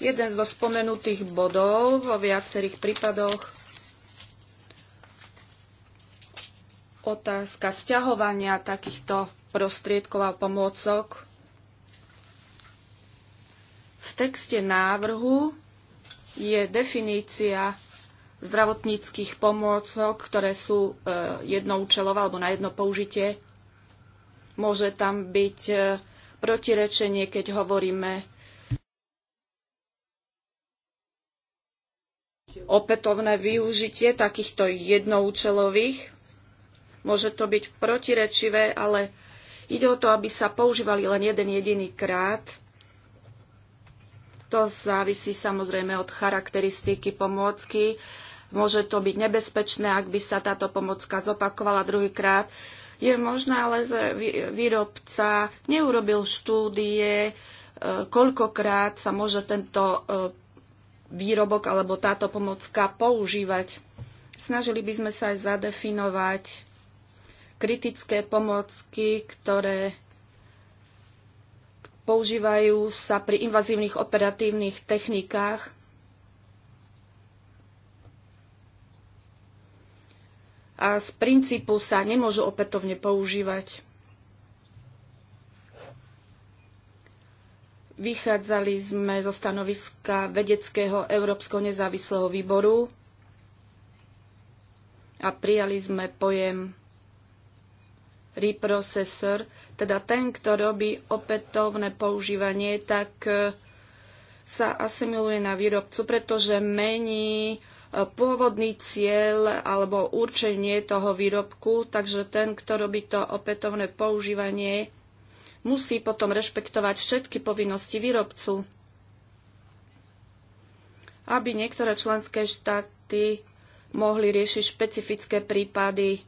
Jeden zo spomenutých bodov vo viacerých prípadoch otázka sťahovania takýchto prostriedkov a pomôcok. V texte návrhu je definícia zdravotníckých pomôcok, ktoré sú e, jednoučelové alebo na jedno použitie Môže tam byť e, protirečenie, keď hovoríme opätovné využitie takýchto jednoúčelových. Môže to byť protirečivé, ale ide o to, aby sa používali len jeden jediný krát. To závisí samozrejme od charakteristiky pomôcky. Môže to byť nebezpečné, ak by sa táto pomocka zopakovala druhýkrát. Je možné, ale výrobca neurobil štúdie, e, koľkokrát sa môže tento e, výrobok alebo táto pomocka používať. Snažili by sme sa aj zadefinovať kritické pomocky, ktoré používajú sa pri invazívnych operatívnych technikách a z princípu sa nemôžu opätovne používať. Vychádzali sme zo stanoviska Vedeckého Európskeho nezávislého výboru a prijali sme pojem reprocessor, teda ten, kto robí opätovné používanie, tak e, sa asimiluje na výrobcu, pretože mení pôvodný cieľ alebo určenie toho výrobku, takže ten, kto robí to opätovné používanie, musí potom rešpektovať všetky povinnosti výrobcu. Aby niektoré členské štáty mohli riešiť špecifické prípady,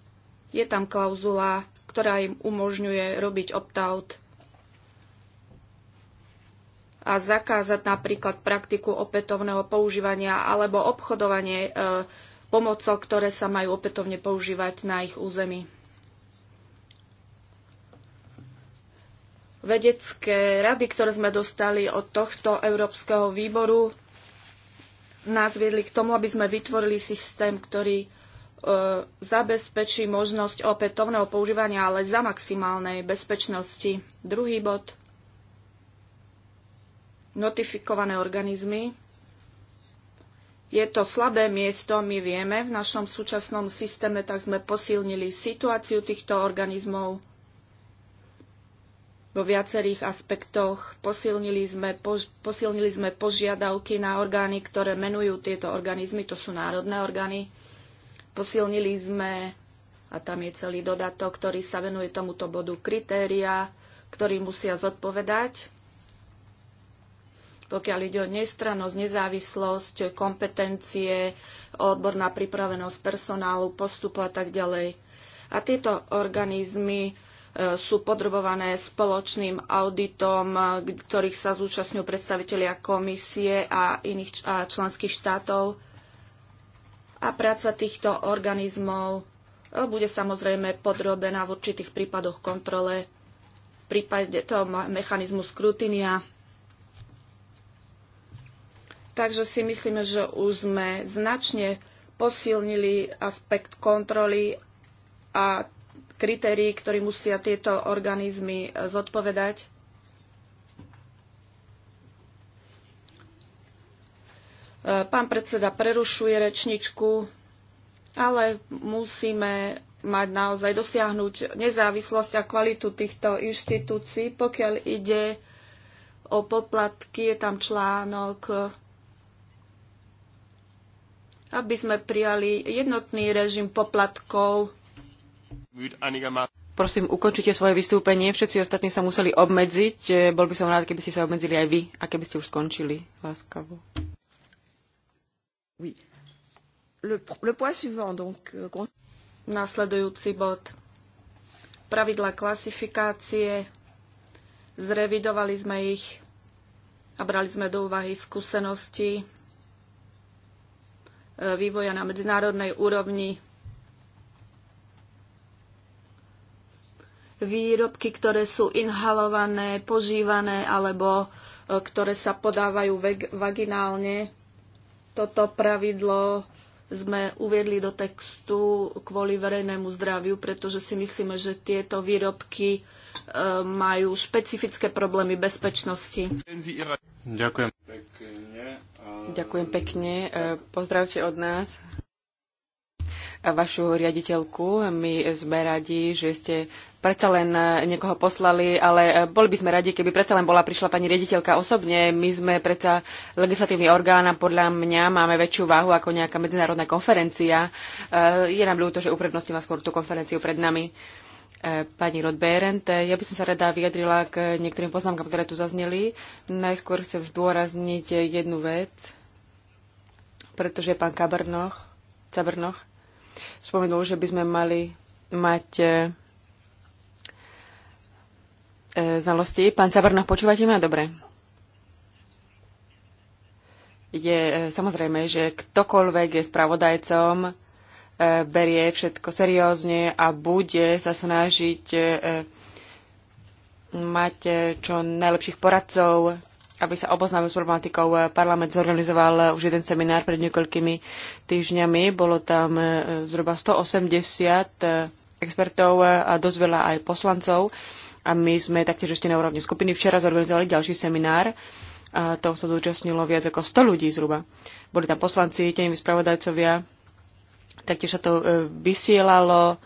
je tam klauzula, ktorá im umožňuje robiť opt-out a zakázať napríklad praktiku opätovného používania alebo obchodovanie e, ktoré sa majú opätovne používať na ich území. Vedecké rady, ktoré sme dostali od tohto Európskeho výboru, nás viedli k tomu, aby sme vytvorili systém, ktorý e, zabezpečí možnosť opätovného používania, ale za maximálnej bezpečnosti. Druhý bod – notifikované organizmy. Je to slabé miesto, my vieme, v našom súčasnom systéme, tak sme posilnili situáciu týchto organizmov vo viacerých aspektoch. Posilnili sme, pož- posilnili sme požiadavky na orgány, ktoré menujú tieto organizmy, to sú národné orgány. Posilnili sme, a tam je celý dodatok, ktorý sa venuje tomuto bodu, kritéria, ktorý musia zodpovedať pokiaľ ide o nestrannosť, nezávislosť, kompetencie, odborná pripravenosť personálu, postupu a tak ďalej. A tieto organizmy e, sú podrobované spoločným auditom, e, ktorých sa zúčastňujú predstavitelia komisie a iných a členských štátov. A práca týchto organizmov e, bude samozrejme podrobená v určitých prípadoch kontrole v prípade toho mechanizmu skrutinia Takže si myslíme, že už sme značne posilnili aspekt kontroly a kritérií, ktorý musia tieto organizmy e, zodpovedať. E, pán predseda prerušuje rečničku, ale musíme mať naozaj dosiahnuť nezávislosť a kvalitu týchto inštitúcií. Pokiaľ ide o poplatky, je tam článok aby sme prijali jednotný režim poplatkov. Prosím, ukončite svoje vystúpenie. Všetci ostatní sa museli obmedziť. E, bol by som rád, keby ste sa obmedzili aj vy a keby ste už skončili. Láskavo. Oui. Le, le point suivant, donc... Euh, Nasledujúci bod. Pravidla klasifikácie. Zrevidovali sme ich a brali sme do úvahy skúsenosti E, vývoja na medzinárodnej úrovni. Výrobky, ktoré sú inhalované, požívané alebo e, ktoré sa podávajú vaginálne. Toto pravidlo sme uviedli do textu kvôli verejnému zdraviu, pretože si myslíme, že tieto výrobky e, majú špecifické problémy bezpečnosti. Ďakujem pekne. Ďakujem pekne. E, pozdravte od nás vašu riaditeľku. My sme radi, že ste predsa len niekoho poslali, ale boli by sme radi, keby predsa len bola prišla pani riaditeľka osobne. My sme predsa legislatívny orgán a podľa mňa máme väčšiu váhu ako nejaká medzinárodná konferencia. E, je nám ľúto, že uprednostnila skôr tú konferenciu pred nami pani Rod Berend. Ja by som sa rada vyjadrila k niektorým poznámkam, ktoré tu zazneli. Najskôr chcem zdôrazniť jednu vec, pretože pán Kabrnoch, Cabrnoch spomenul, že by sme mali mať e, e, znalosti. Pán Cabrnoch, počúvate ma? Dobre. Je e, samozrejme, že ktokoľvek je spravodajcom, E, berie všetko seriózne a bude sa snažiť e, mať e, čo najlepších poradcov, aby sa oboznámil s problematikou. Parlament zorganizoval už jeden seminár pred niekoľkými týždňami. Bolo tam zhruba 180 expertov a dosť veľa aj poslancov. A my sme taktiež ešte na úrovni skupiny včera zorganizovali ďalší seminár. A to sa zúčastnilo viac ako 100 ľudí zhruba. Boli tam poslanci, tenoví spravodajcovia, Taktiež sa to e, vysielalo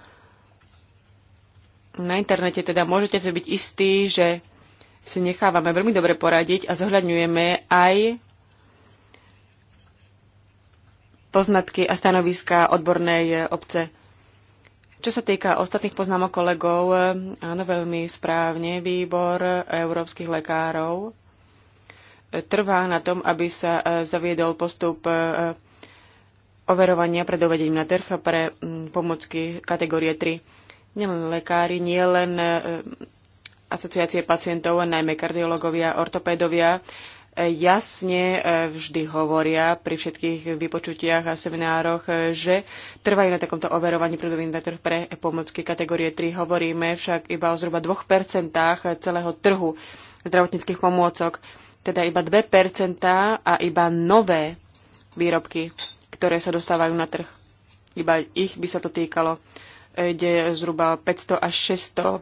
na internete, teda môžete si byť istí, že si nechávame veľmi dobre poradiť a zohľadňujeme aj poznatky a stanoviska odbornej e, obce. Čo sa týka ostatných poznámok kolegov, e, áno, veľmi správne, výbor európskych lekárov trvá na tom, aby sa zaviedol postup overovania pred uvedením na trh pre mm, pomocky kategórie 3. Nielen lekári, nielen e, asociácie pacientov, najmä kardiológovia, ortopédovia, e, jasne e, vždy hovoria pri všetkých vypočutiach a seminároch, že trvajú na takomto overovaní predovým na trh pre pomocky kategórie 3. Hovoríme však iba o zhruba 2% celého trhu zdravotníckých pomôcok, teda iba 2% a iba nové výrobky ktoré sa dostávajú na trh. Iba ich by sa to týkalo. Ide zhruba 500 až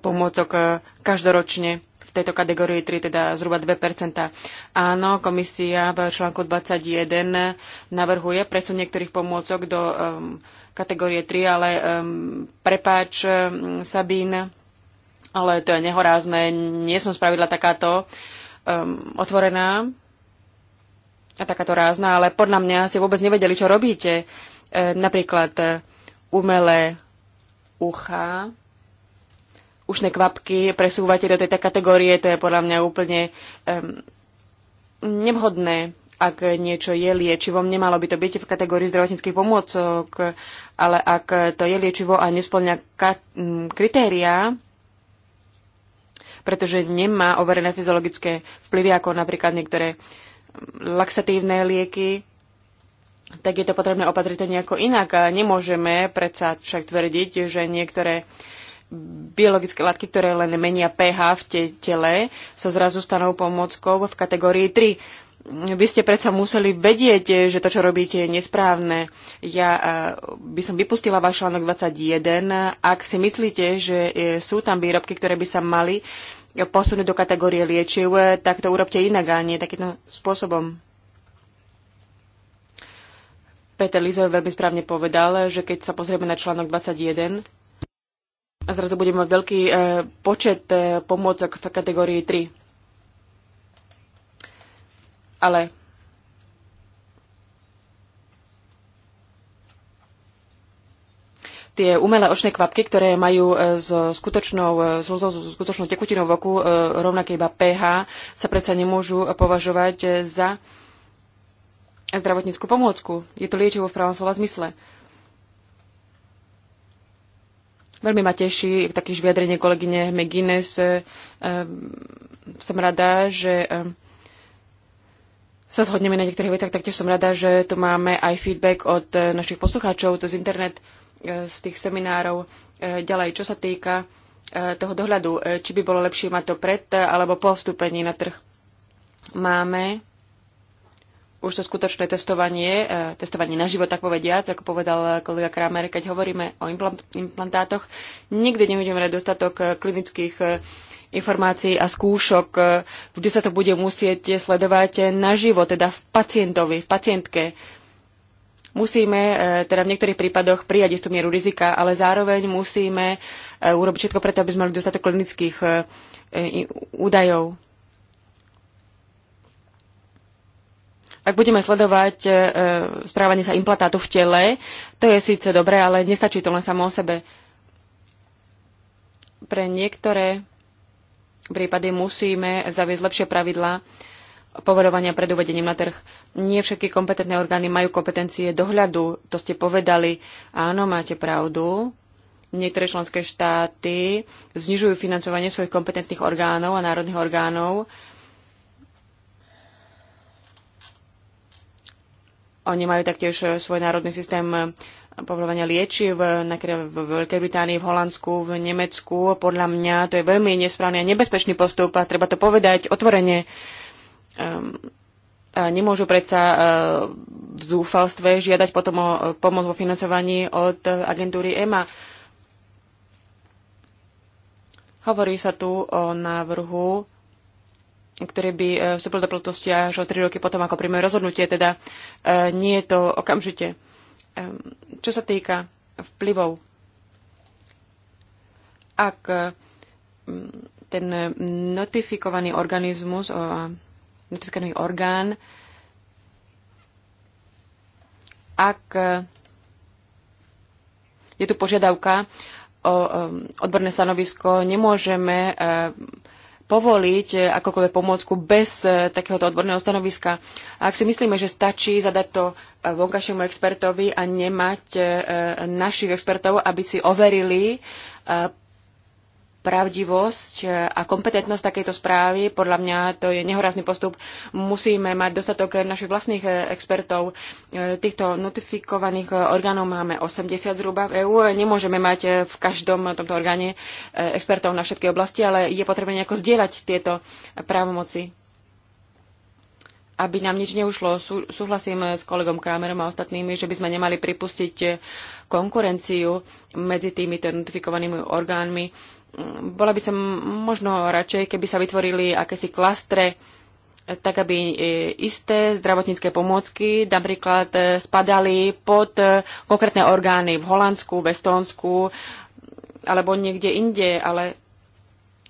600 pomôcok e, každoročne v tejto kategórii 3, teda zhruba 2 Áno, komisia v článku 21 navrhuje presun niektorých pomôcok do um, kategórie 3, ale um, prepáč, um, Sabín, ale to je nehorázne, nie som spravidla takáto um, otvorená a takáto rázna, ale podľa mňa si vôbec nevedeli, čo robíte. E, napríklad e, umelé ucha, ušné kvapky presúvate do tejto kategórie, to je podľa mňa úplne um, nevhodné, ak niečo je liečivo. Nemalo by to byť v kategórii zdravotníckých pomôcok, ale ak to je liečivo a nesplňa kritériá, pretože nemá overené fyziologické vplyvy, ako napríklad niektoré uh, laxatívne lieky, tak je to potrebné opatriť to nejako inak. A nemôžeme predsa však tvrdiť, že niektoré biologické látky, ktoré len menia pH v te tele, sa zrazu stanú pomockou v kategórii 3. Vy ste predsa museli vedieť, že to, čo robíte, je nesprávne. Ja e, by som vypustila váš článok 21, ak si myslíte, že e, sú tam výrobky, ktoré by sa mali uh, posunúť do kategórie liečiv, eh, tak to urobte inak a nie takýmto spôsobom. Peter Lize veľmi správne povedal, že keď sa pozrieme na článok 21, a zrazu budeme mať veľký e, počet e, pomôcok v kategórii 3. Ale tie umelé očné kvapky, ktoré majú e, s skutočnou, e, s skutočnou tekutinou v oku e, rovnaké iba pH, sa predsa nemôžu považovať za zdravotníckú pomôcku. Je to liečivo v pravom slova zmysle. Veľmi ma teší takéž vyjadrenie kolegyne McGuinness. Som rada, že sa zhodneme na niektorých veciach, taktiež som rada, že tu máme aj feedback od našich poslucháčov cez internet. E, z tých seminárov. E, ďalej, čo sa týka e, toho dohľadu, či by bolo lepšie mať to pred alebo po vstúpení na trh. Máme už to skutočné testovanie, testovanie na život, tak povediac, ako povedal kolega Kramer, keď hovoríme o implantátoch, nikdy nebudeme mať dostatok klinických informácií a skúšok. Vždy sa to bude musieť sledovať na živo, teda v pacientovi, v pacientke Musíme e, teda v niektorých prípadoch prijať istú mieru rizika, ale zároveň musíme e, urobiť všetko preto, aby sme mali dostatok klinických e, údajov. Ak budeme sledovať správanie sa implantátu v tele, to je síce dobré, ale nestačí to len samo o sebe. Pre niektoré prípady musíme zaviesť lepšie pravidlá, povolovania pred uvedením na trh. Nie všetky kompetentné orgány majú kompetencie dohľadu, to ste povedali. Áno, máte pravdu. Niektoré členské štáty znižujú financovanie svojich kompetentných orgánov a národných orgánov. Oni majú taktiež svoj národný systém povolovania liečiv v Veľkej Británii, v Holandsku, v Nemecku. Podľa mňa to je veľmi nesprávny a nebezpečný postup a treba to povedať otvorene. Ehm, a nemôžu predsa e, v zúfalstve žiadať potom o e, pomoc vo financovaní od e, agentúry EMA. Hovorí sa tu o návrhu, ktorý by vstúpil do platnosti až o 3 roky potom, ako príjme rozhodnutie, teda nie je to okamžite. Ehm, čo sa týka vplyvov, ak mm, ten notifikovaný organizmus notifikovaný orgán, ak e, je tu požiadavka o e, odborné stanovisko, nemôžeme e, povoliť akokoľvek pomôcku bez takéhoto odborného stanoviska. A ak si myslíme, že stačí zadať to vonkajšiemu expertovi a nemať našich expertov, aby si overili pravdivosť e, a kompetentnosť takejto správy. Podľa mňa to je nehorázny postup. Musíme mať dostatok našich vlastných e, expertov. E, týchto notifikovaných orgánov máme 80 zhruba v EÚ. Nemôžeme mať v každom tomto orgáne expertov na všetky oblasti, ale je potrebné nejako zdieľať tieto právomoci aby nám nič neušlo. súhlasím s kolegom Kramerom a ostatnými, že by sme nemali pripustiť konkurenciu medzi týmito notifikovanými orgánmi bola by som možno radšej, keby sa vytvorili akési klastre, tak aby e, isté zdravotnícke pomôcky napríklad e, spadali pod e, konkrétne orgány v Holandsku, v Estónsku alebo niekde inde, ale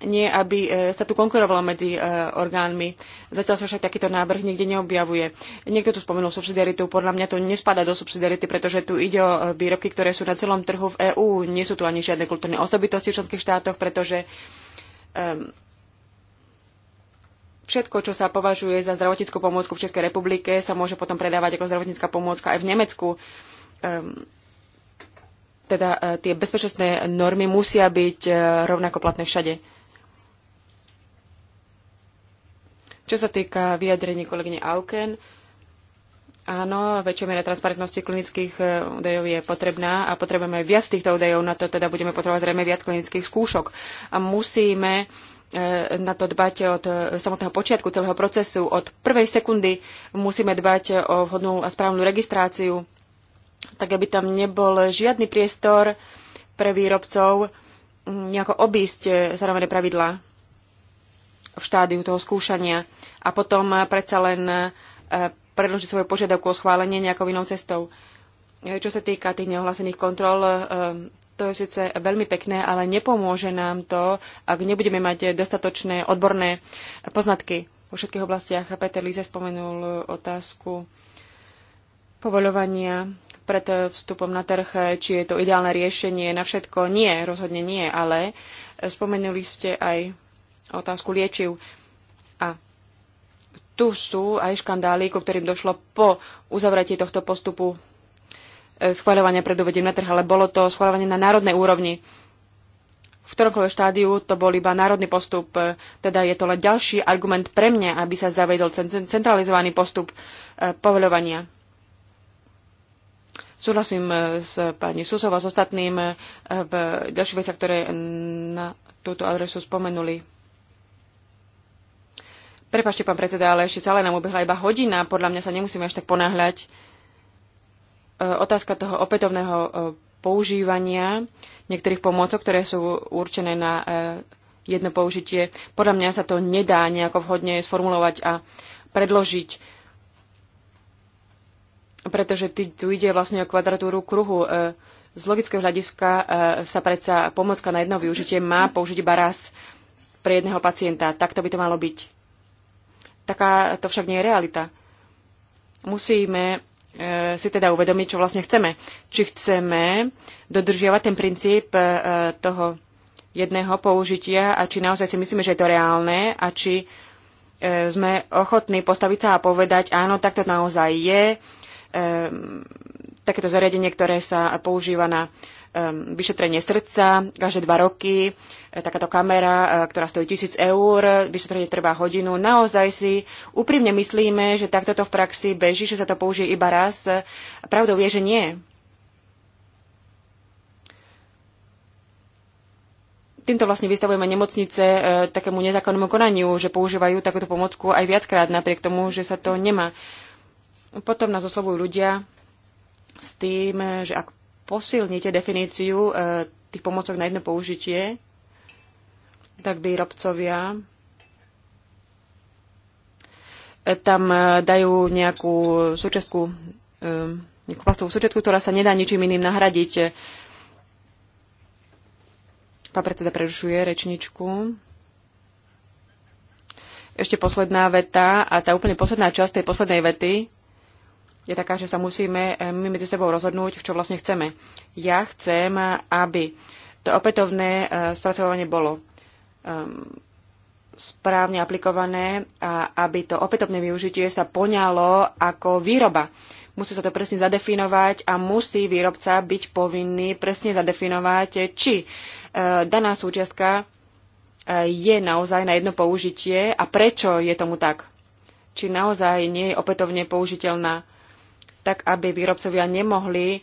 nie aby e, sa tu konkurovalo medzi e, orgánmi. Zatiaľ sa však takýto návrh nikde neobjavuje. Niekto tu spomenul subsidiaritu, podľa mňa to nespada do subsidiarity, pretože tu ide o e, výrobky, ktoré sú na celom trhu v EÚ. Nie sú tu ani žiadne kultúrne osobitosti v členských štátoch, pretože um, všetko, čo sa považuje za zdravotníckú pomôcku v Českej republike, sa môže potom predávať ako zdravotnická pomôcka aj v Nemecku. Um, teda tie bezpečnostné normy musia byť rovnako platné všade. Čo sa týka vyjadrení kolegyne Auken, áno, väčšia miera transparentnosti klinických e, údajov je potrebná a potrebujeme viac týchto údajov, na to teda budeme potrebovať zrejme viac klinických skúšok. A musíme e, na to dbať od e, samotného počiatku celého procesu. Od prvej sekundy musíme dbať o vhodnú a správnu registráciu, tak aby tam nebol žiadny priestor pre výrobcov nejako obísť zároveň pravidlá v štádiu toho skúšania a potom eh, predsa len eh, predložiť svoju požiadavku o schválenie nejakou inou cestou. Eh, čo sa týka tých neohlasených kontrol, to je síce veľmi pekné, ale nepomôže nám to, ak nebudeme mať dostatočné odborné poznatky vo všetkých oblastiach. Peter Líze spomenul otázku povoľovania pred vstupom na trh, či je to ideálne riešenie na všetko. Nie, rozhodne nie, ale spomenuli ste aj otázku liečiv tu sú aj škandály, ku ktorým došlo po uzavretí tohto postupu e, schváľovania pred uvedením na trh, ale bolo to schváľovanie na národnej úrovni. V ktoromkoľvek štádiu to bol iba národný postup, e, teda je to len ďalší argument pre mňa, aby sa zavedol centralizovaný postup e, povoľovania. Súhlasím s pani Susovou a s ostatným v ďalších veciach, ktoré na túto adresu spomenuli. Prepašte, pán predseda, ale ešte celé nám ubehla iba hodina. Podľa mňa sa nemusíme až tak ponáhľať. E, otázka toho opätovného e, používania niektorých pomôcok, ktoré sú určené na e, jedno použitie. Podľa mňa sa to nedá nejako vhodne sformulovať a predložiť, pretože tu ide vlastne o kvadratúru kruhu. Z logického hľadiska sa predsa pomocka na jedno využitie má použiť iba raz pre jedného pacienta. Takto by to malo byť. Taká to však nie je realita. Musíme e, si teda uvedomiť, čo vlastne chceme. Či chceme dodržiavať ten princíp e, toho jedného použitia a či naozaj si myslíme, že je to reálne a či e, sme ochotní postaviť sa a povedať, áno, takto naozaj je, takéto zariadenie, ktoré sa používa na Um, vyšetrenie srdca každé dva roky, e, takáto kamera, e, ktorá stojí tisíc eur, vyšetrenie trvá hodinu. Naozaj si úprimne myslíme, že takto to v praxi beží, že sa to použije iba raz. Pravdou je, že nie. Týmto vlastne vystavujeme nemocnice e, takému nezákonnému konaniu, že používajú takúto pomocku aj viackrát, napriek tomu, že sa to nemá. Potom nás oslovujú ľudia s tým, že ak posilnite definíciu e, tých pomocok na jedno použitie, tak výrobcovia e, tam e, dajú nejakú súčasku, nejakú plastovú súčetku, ktorá sa nedá ničím iným nahradiť. Pán predseda prerušuje rečničku. Ešte posledná veta a tá úplne posledná časť tej poslednej vety je taká, že sa musíme eh, my medzi sebou rozhodnúť, čo vlastne chceme. Ja chcem, aby to opätovné eh, spracovanie bolo ehm, správne aplikované a aby to opätovné využitie sa poňalo ako výroba. Musí sa to presne zadefinovať a musí výrobca byť povinný presne zadefinovať, eh, či daná súčiastka je naozaj na jedno použitie a prečo je tomu tak. Či naozaj nie je opätovne použiteľná tak aby výrobcovia nemohli e,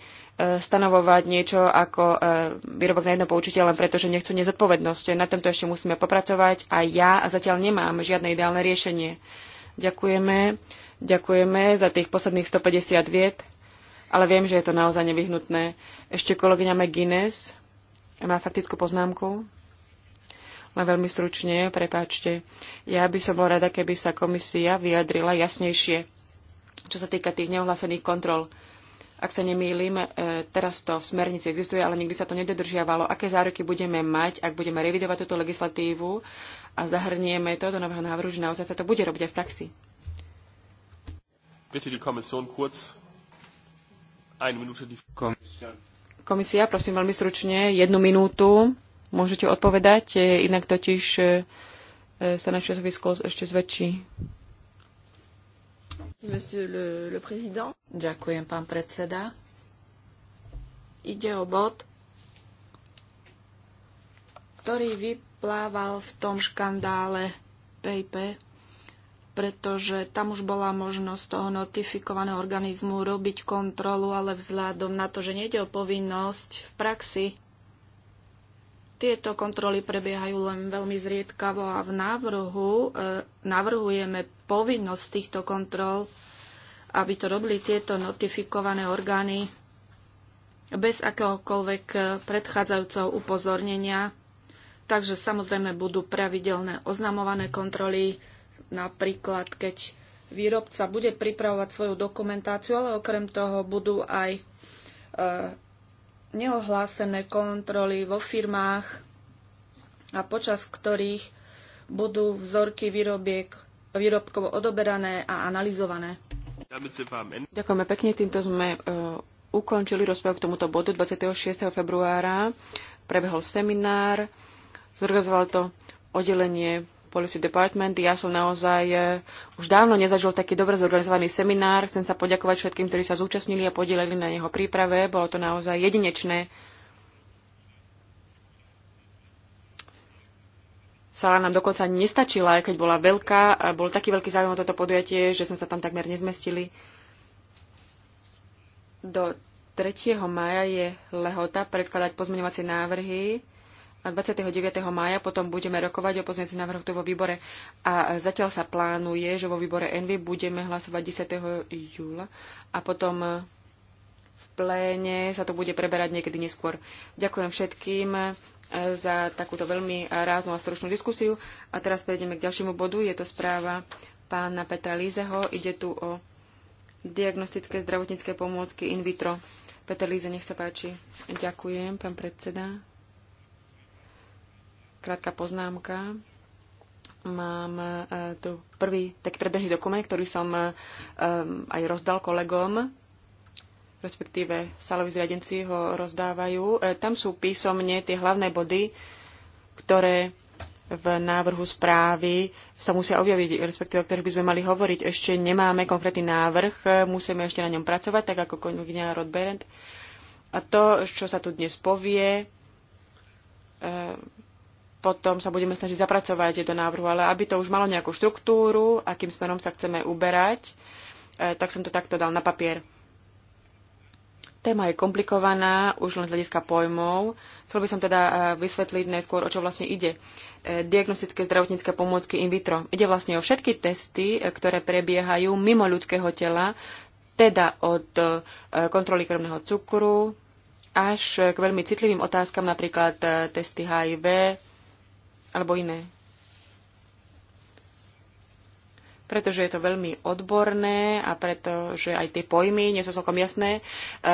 stanovovať niečo ako e, výrobok na jedno poučite, len preto, že nechcú nezodpovednosť. Na tomto ešte musíme popracovať a ja zatiaľ nemám žiadne ideálne riešenie. Ďakujeme. Ďakujeme za tých posledných 150 viet, ale viem, že je to naozaj nevyhnutné. Ešte kolegyňa McGuinness má faktickú poznámku. Len veľmi stručne, prepáčte. Ja by som bola rada, keby sa komisia vyjadrila jasnejšie čo sa týka tých neohlásených kontrol. Ak sa nemýlim, e, teraz to v smernici existuje, ale nikdy sa to nedodržiavalo. Aké záruky budeme mať, ak budeme revidovať túto legislatívu a zahrnieme to do nového návrhu, že naozaj sa to bude robiť aj v praxi? Komisia, prosím veľmi stručne, jednu minútu. Môžete odpovedať, e, inak totiž e, sa naše zvisko ešte zväčší. Le, le Ďakujem, pán predseda. Ide o bod, ktorý vyplával v tom škandále PIP, pretože tam už bola možnosť toho notifikovaného organizmu robiť kontrolu, ale vzhľadom na to, že nejde o povinnosť v praxi, tieto kontroly prebiehajú len veľmi zriedkavo a v návrhu e, navrhujeme povinnosť týchto kontrol, aby to robili tieto notifikované orgány bez akéhokoľvek eh, predchádzajúceho upozornenia. Takže samozrejme budú pravidelné oznamované kontroly, napríklad keď výrobca bude pripravovať svoju dokumentáciu, ale okrem toho budú aj e, neohlásené kontroly vo firmách a počas ktorých budú vzorky výrobiek Výrobkovo odoberané a analyzované. Ďakujeme pekne, týmto sme e, ukončili rozprávu k tomuto bodu 26. februára. Prebehol seminár, zorganizoval to oddelenie Policy Department. Ja som naozaj e, už dávno nezažil taký dobre zorganizovaný seminár. Chcem sa poďakovať všetkým, ktorí sa zúčastnili a podielili na jeho príprave. Bolo to naozaj jedinečné. sala nám dokonca nestačila, aj keď bola veľká. A bol taký veľký záujem o toto podujatie, že sme sa tam takmer nezmestili. Do 3. maja je lehota predkladať pozmeňovacie návrhy a 29. maja potom budeme rokovať o pozmeňovacích návrhoch tu vo výbore a zatiaľ sa plánuje, že vo výbore Envy budeme hlasovať 10. júla a potom v pléne sa to bude preberať niekedy neskôr. Ďakujem všetkým za takúto veľmi ráznu a stručnú diskusiu. A teraz prejdeme k ďalšiemu bodu. Je to správa pána Petra Lízeho. Ide tu o diagnostické zdravotnícke pomôcky in vitro. Peter Líze, nech sa páči. Ďakujem, pán predseda. Krátka poznámka. Mám eh, tu prvý taký predbežný dokument, ktorý som eh, eh, aj rozdal kolegom respektíve salovi zriadenci ho rozdávajú. E, tam sú písomne tie hlavné body, ktoré v návrhu správy sa musia objaviť, respektíve o ktorých by sme mali hovoriť. Ešte nemáme konkrétny návrh, e, musíme ešte na ňom pracovať, tak ako kolegyňa Rodberend. A to, čo sa tu dnes povie, e, potom sa budeme snažiť zapracovať do návrhu, ale aby to už malo nejakú štruktúru, akým smerom sa chceme uberať, tak som to takto dal na papier. Téma je komplikovaná, už len z hľadiska pojmov. Chcel by som teda eh, vysvetliť najskôr, o čo vlastne ide. Eh, diagnostické zdravotnícke pomôcky in vitro. Ide vlastne o všetky testy, eh, ktoré prebiehajú mimo ľudského tela, teda od kontroly krvného cukru až k veľmi citlivým otázkam, napríklad testy HIV alebo iné. pretože je to veľmi odborné a pretože aj tie pojmy nie sú celkom jasné, e,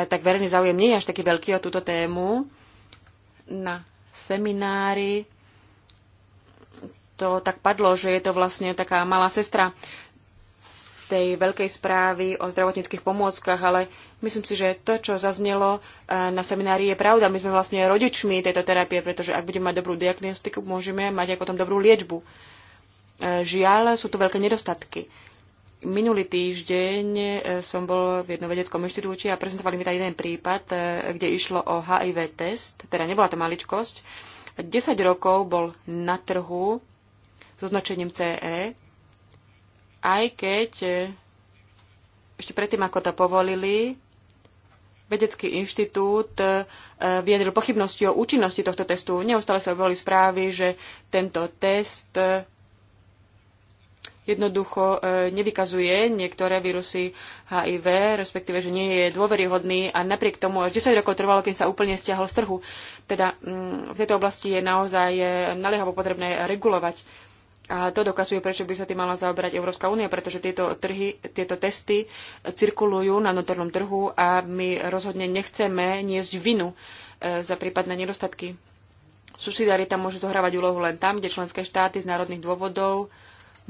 tak verejný záujem nie je až taký veľký o túto tému. Na seminári to tak padlo, že je to vlastne taká malá sestra tej veľkej správy o zdravotníckých pomôckach, ale myslím si, že to, čo zaznelo e, na seminári, je pravda. My sme vlastne rodičmi tejto terapie, pretože ak budeme mať dobrú diagnostiku, môžeme mať aj potom dobrú liečbu. Uh, Žiaľ, sú tu veľké nedostatky. Minulý týždeň e, som bol v jednom vedeckom inštitúte a prezentovali mi tam jeden prípad, e, kde išlo o HIV test, teda nebola to maličkosť. 10 rokov bol na trhu s označením CE, aj keď e, ešte predtým, ako to povolili, vedecký inštitút vyjadril pochybnosti o účinnosti tohto testu. Neustále sa objavili správy, že tento test jednoducho e, nevykazuje niektoré vírusy HIV, respektíve, že nie je dôveryhodný a napriek tomu až 10 rokov trvalo, keď sa úplne stiahol z trhu. Teda mm, v tejto oblasti je naozaj e, naliehavo potrebné regulovať. A to dokazuje, prečo by sa tým mala zaoberať Európska únia, pretože tieto, trhy, tieto testy cirkulujú na vnútornom trhu a my rozhodne nechceme niesť vinu e, za prípadné nedostatky. Subsidiarita môže zohrávať úlohu len tam, kde členské štáty z národných dôvodov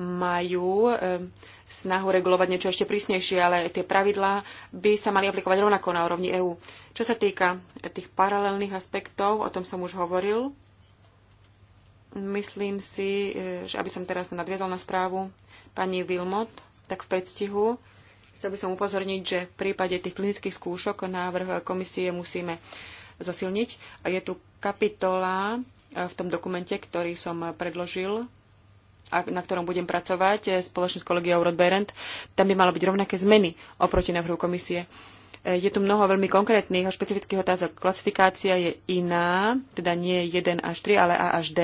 majú ehm, snahu regulovať niečo ešte prísnejšie, ale tie pravidlá by sa mali aplikovať rovnako na úrovni EÚ. Čo sa týka tých paralelných aspektov, o tom som už hovoril. Myslím si, eh, že aby som teraz nadviazal na správu pani Wilmot, tak v predstihu chcel by som upozorniť, že v prípade tých klinických skúšok návrh komisie musíme zosilniť. Je tu kapitola eh, v tom dokumente, ktorý som predložil na ktorom budem pracovať e, spoločne s kolegiou Rod Berend, tam by malo byť rovnaké zmeny oproti návrhu komisie. E, je tu mnoho veľmi konkrétnych a špecifických otázok. Klasifikácia je iná, teda nie 1 až 3, ale A až D.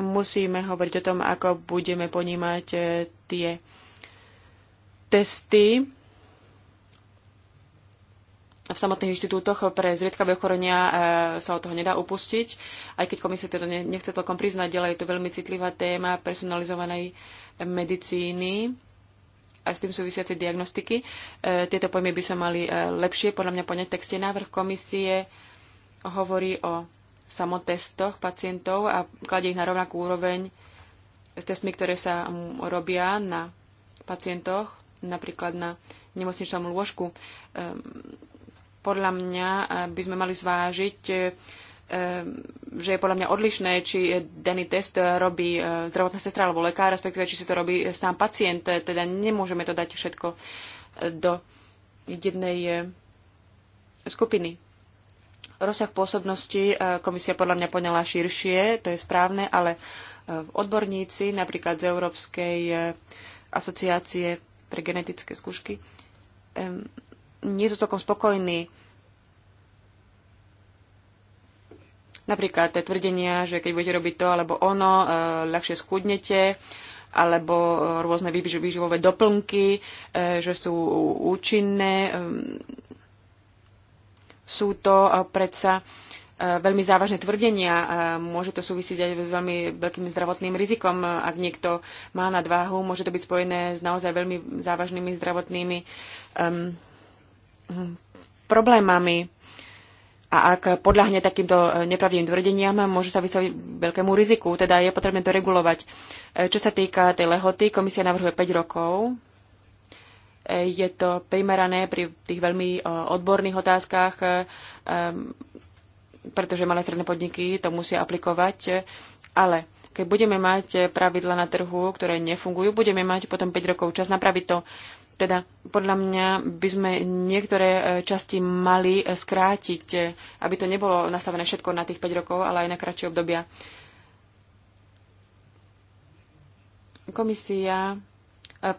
Musíme hovoriť o tom, ako budeme ponímať e, tie testy v samotných inštitútoch pre zriedkavé ochorenia e, sa od toho nedá upustiť, aj keď komisia teda nechce celkom priznať, ale je to veľmi citlivá téma personalizovanej medicíny a s tým súvisiacej diagnostiky. E, tieto pojmy by sa mali e, lepšie podľa mňa poňať texte. Návrh komisie hovorí o samotestoch pacientov a kladie ich na rovnakú úroveň s testmi, ktoré sa robia na pacientoch, napríklad na nemocničnom lôžku ehm, podľa mňa eh, by sme mali zvážiť, eh, eh, že je podľa mňa odlišné, či daný test robí zdravotná sestra alebo lekár, respektíve či si to robí sám pacient. Teda nemôžeme to dať všetko do jednej skupiny. Rozsah pôsobnosti komisia podľa mňa poňala širšie, to je správne, ale odborníci napríklad z Európskej asociácie pre genetické skúšky nie sú celkom spokojní. Napríklad tie tvrdenia, že keď budete robiť to alebo ono, eh, ľahšie schudnete, alebo eh, rôzne výživové doplnky, eh, že sú účinné. Ehm, sú to predsa veľmi závažné tvrdenia. Môže to súvisieť aj s veľmi veľkým zdravotným rizikom. Ak niekto má nadváhu, môže to byť spojené s naozaj veľmi závažnými zdravotnými um, problémami a ak podľahne takýmto e, nepravdivým tvrdeniam, môže sa vystaviť veľkému riziku, teda je potrebné to regulovať. E, čo sa týka tej lehoty, komisia navrhuje 5 rokov. E, je to primerané pri tých veľmi odborných otázkach, pretože malé stredné podniky to musia aplikovať, ale keď budeme mať pravidla na trhu, ktoré nefungujú, budeme mať potom 5 rokov čas napraviť to. Teda podľa mňa by sme niektoré e, časti mali e, skrátiť, e, aby to nebolo nastavené všetko na tých 5 rokov, ale aj na kratšie obdobia. Komisia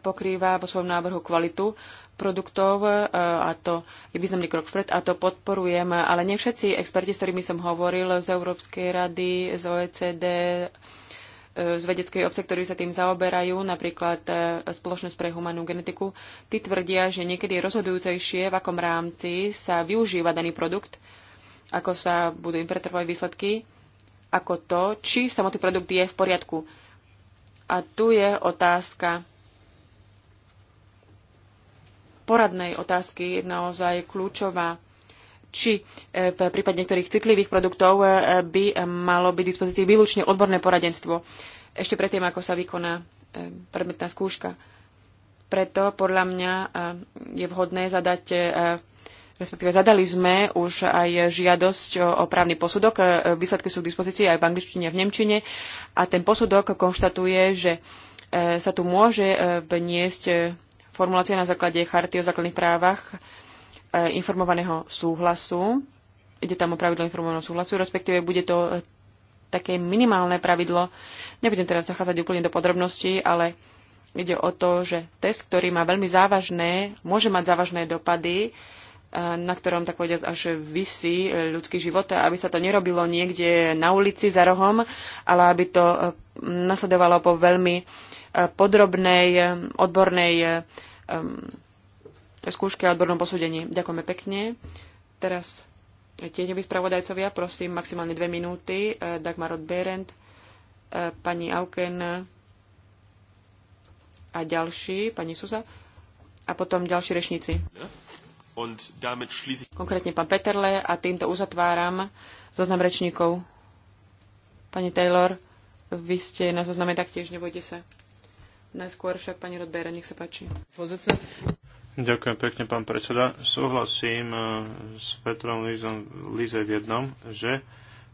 pokrýva vo svojom návrhu kvalitu produktov a to je významný krok vpred a to podporujem, ale nie všetci experti, s ktorými som hovoril z Európskej rady, z OECD, z vedeckej obce, ktorí sa tým zaoberajú, napríklad e, Spoločnosť pre humanú genetiku, tí tvrdia, že niekedy je rozhodujúcejšie, v akom rámci sa využíva daný produkt, ako sa budú interpretovať výsledky, ako to, či samotný produkt je v poriadku. A tu je otázka poradnej otázky naozaj kľúčová či e, v prípade niektorých citlivých produktov e, by malo byť dispozícii výlučne odborné poradenstvo ešte predtým, ako sa vykoná e, predmetná skúška. Preto podľa mňa je vhodné zadať, respektíve zadali sme už aj žiadosť o právny posudok. Výsledky sú k dispozícii aj v angličtine a v nemčine. A ten posudok konštatuje, že sa tu môže vniesť formulácia na základe charty o základných právach Eh, informovaného súhlasu. Ide tam o pravidlo informovaného súhlasu, respektíve bude to eh, také minimálne pravidlo. Nebudem teraz zachádzať úplne do podrobností, ale ide o to, že test, ktorý má veľmi závažné, môže mať závažné dopady, eh, na ktorom, tak povedať až vysí ľudský život, aby sa to nerobilo niekde na ulici za rohom, ale aby to nasledovalo po veľmi podrobnej odbornej skúške a odbornom posúdení. Ďakujeme pekne. Teraz tieňoví spravodajcovia, prosím, maximálne dve minúty. Eh, Dagmar Berend, eh, pani Auken a ďalší, pani Suza a potom ďalší rečníci. Konkrétne pán Peterle a týmto uzatváram zoznam rečníkov. Pani Taylor, vy ste na zozname taktiež, nebojte sa. Najskôr však pani Rodbera, nech sa páči. Ďakujem pekne, pán predseda. Súhlasím eh, s Petrom Lízom, Líze v jednom, že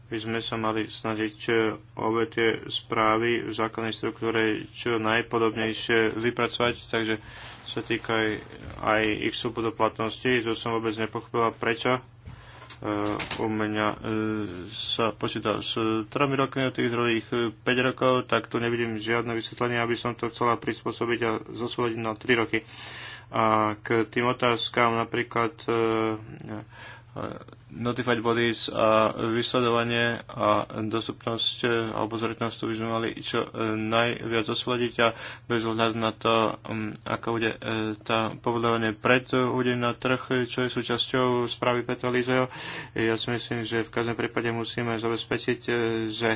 by sme sa mali snažiť eh, obe tie správy v základnej štruktúre čo najpodobnejšie vypracovať, takže sa týka aj, aj ich súpodoplatnosti. To som vôbec nepochopila, prečo eh, u mňa sa počíta s tromi rokmi, od tých druhých 5 rokov, tak tu nevidím žiadne vysvetlenie, aby som to chcela prispôsobiť a zosúľadiť na 3 roky. A k tým otázkam napríklad e, e, notified bodies a vysledovanie a dostupnosť e, alebo zretnosť by sme mali čo najviac osvediť a bez ohľadu na to, ako bude tá povodovanie pred uvedením na trh, čo je súčasťou správy Petra Lízeho. Ja si myslím, že v každom prípade musíme zabezpečiť, že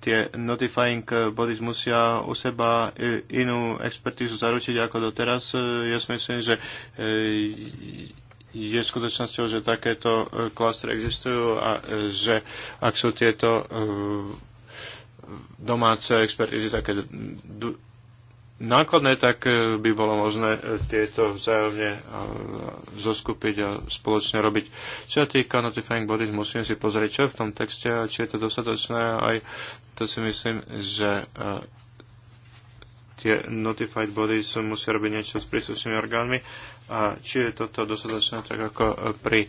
tie notifying bodies musia u seba inú expertízu zaručiť ako doteraz. E, ja si myslím, že e, je skutočnosťou, že takéto e, klastry existujú a že ak sú tieto domáce expertízy také nákladné, tak e, by bolo možné e, tieto vzájomne e, zoskupiť a spoločne robiť. Čo sa týka notifying bodies, musím si pozrieť, čo je v tom texte a či je to dostatočné. Aj to si myslím, že tie notified bodies musia robiť niečo s príslušnými orgánmi a či je toto dostatočné, tak ako e, pri e,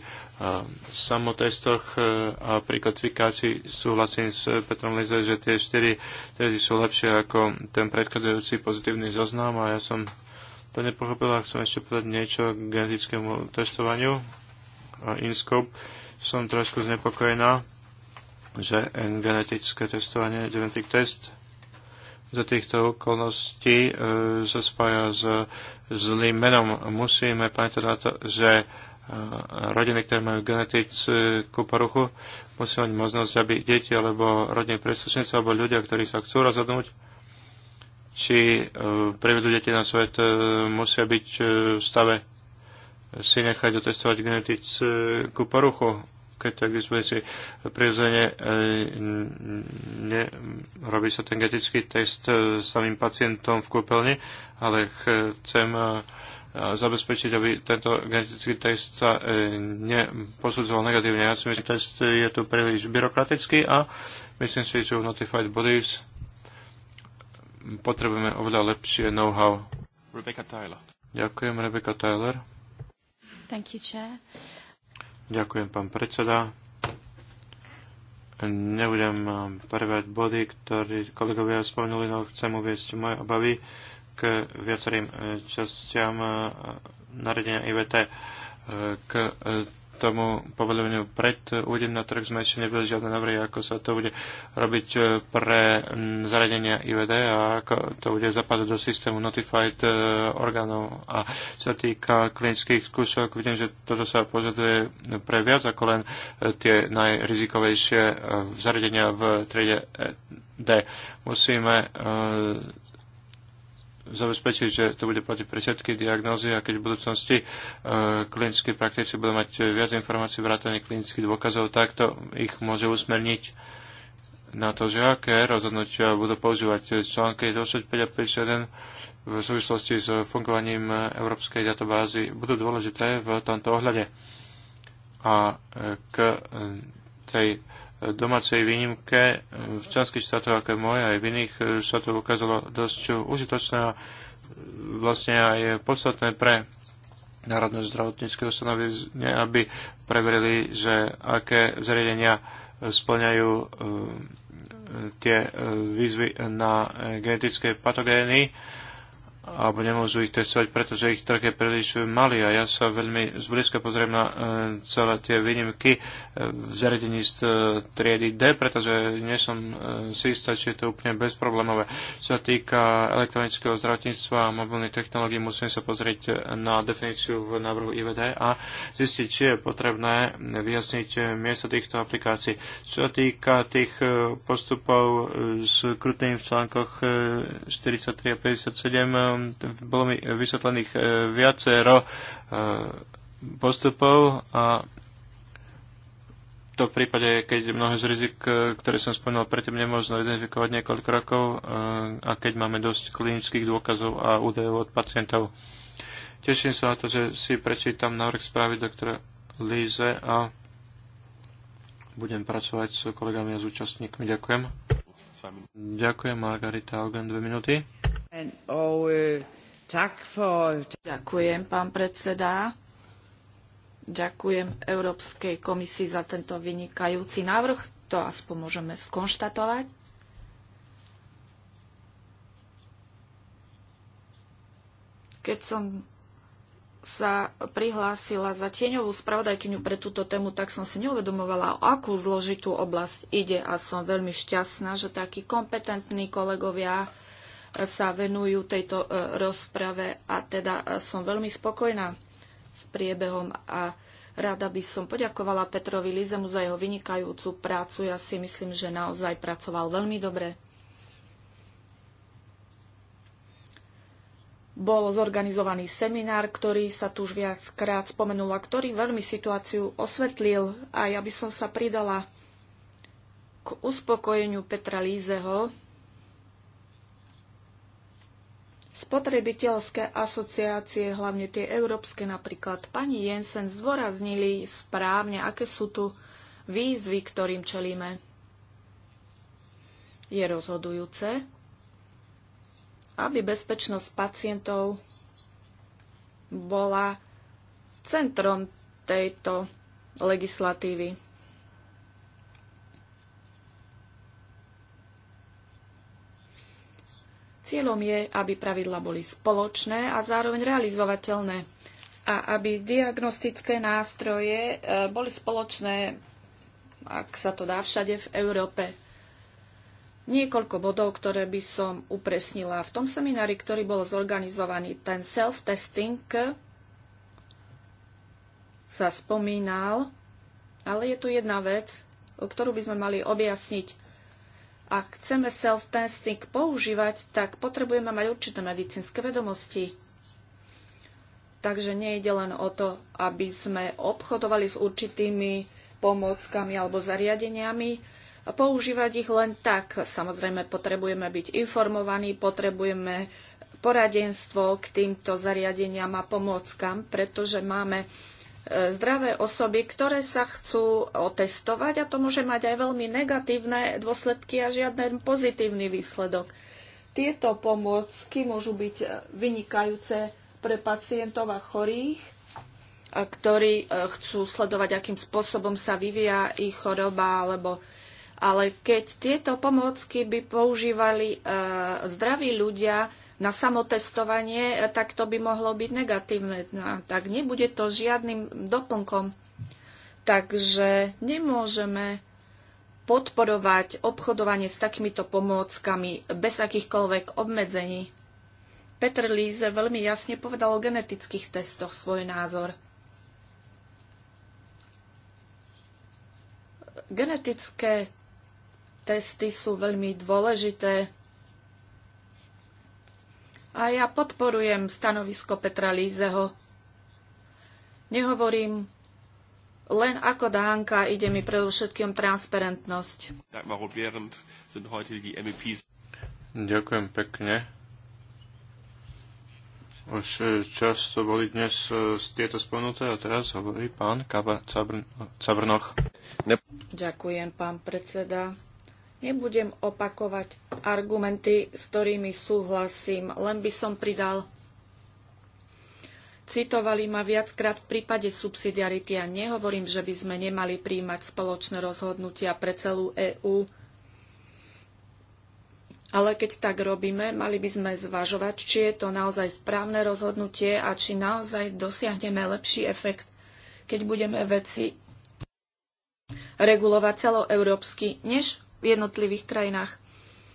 samotestoch e, a pri klasifikácii súhlasím s Petrom Lize, že tie 4 testy sú lepšie ako ten predchádzajúci pozitívny zoznam a ja som to nepochopil a chcem ešte povedať niečo k genetickému testovaniu a InScope. Som trošku znepokojená, že genetické testovanie, genetic test, za týchto okolností e, sa spája s zlým menom. Musíme pamätať na to, že e, rodiny, ktoré majú genetickú poruchu, musí mať možnosť, aby deti alebo rodní príslušníci alebo ľudia, ktorí sa chcú rozhodnúť, či e, privedú deti na svet, e, musia byť e, v stave si nechať otestovať genetickú poruchu keď tak sme si prirodzene e, nerobí sa ten genetický test e, samým pacientom v kúpeľni, ale chcem e, zabezpečiť, aby tento genetický test sa neposudzoval negatívne. Ja si myslím, že test je tu príliš byrokratický a myslím si, že u Notified Bodies potrebujeme oveľa lepšie know-how. Rebecca Tyler. Ďakujem, Rebecca Tyler. Thank you, Chair. Ďakujem, pán predseda. Nebudem prvať body, ktoré kolegovia spomenuli, no chcem uviesť moje obavy k viacerým častiam eh, naredenia IVT, eh, k eh, tomu povedomeniu pred uvedím na trh sme ešte nebyli žiadne dobrý, ako sa to bude robiť e, pre zaradenia IVD a ako to bude zapadať do systému notified e, orgánov. A čo sa týka klinických skúšok, vidím, že toto sa požaduje pre viac ako len e, tie najrizikovejšie zaradenia v 3 D. Musíme zabezpečiť, že to bude platiť pre všetky diagnózy a keď v budúcnosti e, klinickí praktici budú mať viac informácií vrátane klinických dôkazov, tak to ich môže usmerniť na to, že aké rozhodnutia budú používať články 25 a 51 v súvislosti s fungovaním Európskej databázy budú dôležité v tomto ohľade. A e, k e, tej domácej výnimke v členských štátoch ako je moje aj v iných sa to ukázalo dosť užitočné a vlastne aj podstatné pre národné zdravotnícke ustanovenie, aby preverili, že aké zariadenia splňajú e, tie e, výzvy na genetické patogény alebo nemôžu ich testovať, pretože ich trh je príliš malý a ja sa veľmi zblízka pozriem na e, celé tie výnimky e, v zariadení z e, triedy D, pretože nie som si istá, či je to úplne bezproblémové. Čo sa týka elektronického zdravotníctva a mobilných technológií, musím sa pozrieť na definíciu v návrhu IVD a zistiť, či je potrebné vyjasniť miesto týchto aplikácií. Čo sa týka tých postupov s krutým v článkoch 43 a 57, bolo mi vysvetlených e, viacero e, postupov a to v prípade, keď mnohé z rizik, e, ktoré som spomínal predtým, nemôžno identifikovať niekoľko rokov a keď máme dosť klinických dôkazov a údajov od pacientov. Teším sa na to, že si prečítam návrh správy doktora Líze a budem pracovať s kolegami a s účastníkmi. Ďakujem. Ďakujem, Margarita Ogen, dve minúty. Oh, uh, Ďakujem, pán predseda. Ďakujem Európskej komisii za tento vynikajúci návrh. To aspoň môžeme skonštatovať. Keď som sa prihlásila za tieňovú spravodajkyňu pre túto tému, tak som si neuvedomovala, o akú zložitú oblasť ide a som veľmi šťastná, že takí kompetentní kolegovia sa venujú tejto e, rozprave a teda e, som veľmi spokojná s priebehom a rada by som poďakovala Petrovi Lizemu za jeho vynikajúcu prácu. Ja si myslím, že naozaj pracoval veľmi dobre. Bol zorganizovaný seminár, ktorý sa tu už viackrát spomenul a ktorý veľmi situáciu osvetlil a ja by som sa pridala k uspokojeniu Petra Lízeho, Spotrebiteľské asociácie, hlavne tie európske napríklad, pani Jensen zdôraznili správne, aké sú tu výzvy, ktorým čelíme. Je rozhodujúce, aby bezpečnosť pacientov bola centrom tejto legislatívy. Cieľom je, aby pravidla boli spoločné a zároveň realizovateľné a aby diagnostické nástroje e, boli spoločné, ak sa to dá všade v Európe. Niekoľko bodov, ktoré by som upresnila. V tom seminári, ktorý bol zorganizovaný, ten self-testing sa spomínal, ale je tu jedna vec, ktorú by sme mali objasniť ak chceme self-testing používať, tak potrebujeme mať určité medicínske vedomosti. Takže ide len o to, aby sme obchodovali s určitými pomôckami alebo zariadeniami, a používať ich len tak. Samozrejme, potrebujeme byť informovaní, potrebujeme poradenstvo k týmto zariadeniam a pomôckam, pretože máme zdravé osoby, ktoré sa chcú otestovať a to môže mať aj veľmi negatívne dôsledky a žiaden pozitívny výsledok. Tieto pomôcky môžu byť vynikajúce pre pacientov a chorých, ktorí e, chcú sledovať, akým spôsobom sa vyvíja ich choroba, alebo, ale keď tieto pomôcky by používali e, zdraví ľudia, na samotestovanie, e, tak to by mohlo byť negatívne. No, tak nebude to žiadnym doplnkom. Takže nemôžeme podporovať obchodovanie s takýmito pomôckami bez akýchkoľvek obmedzení. Petr Líze veľmi jasne povedal o genetických testoch svoj názor. Genetické testy sú veľmi dôležité a ja podporujem stanovisko Petra Lízeho. Nehovorím len ako Dánka, ide mi predovšetkým transparentnosť. Ďakujem pekne. Už e, často boli dnes z e, tieto spomenuté a teraz hovorí pán Cabr Cabrnoch. Ne... Ďakujem, pán predseda. Nebudem opakovať argumenty, s ktorými súhlasím, len by som pridal. Citovali ma viackrát v prípade subsidiarity a nehovorím, že by sme nemali príjmať spoločné rozhodnutia pre celú EÚ. Ale keď tak robíme, mali by sme zvažovať, či je to naozaj správne rozhodnutie a či naozaj dosiahneme lepší efekt, keď budeme veci regulovať celoeurópsky, než v jednotlivých krajinách.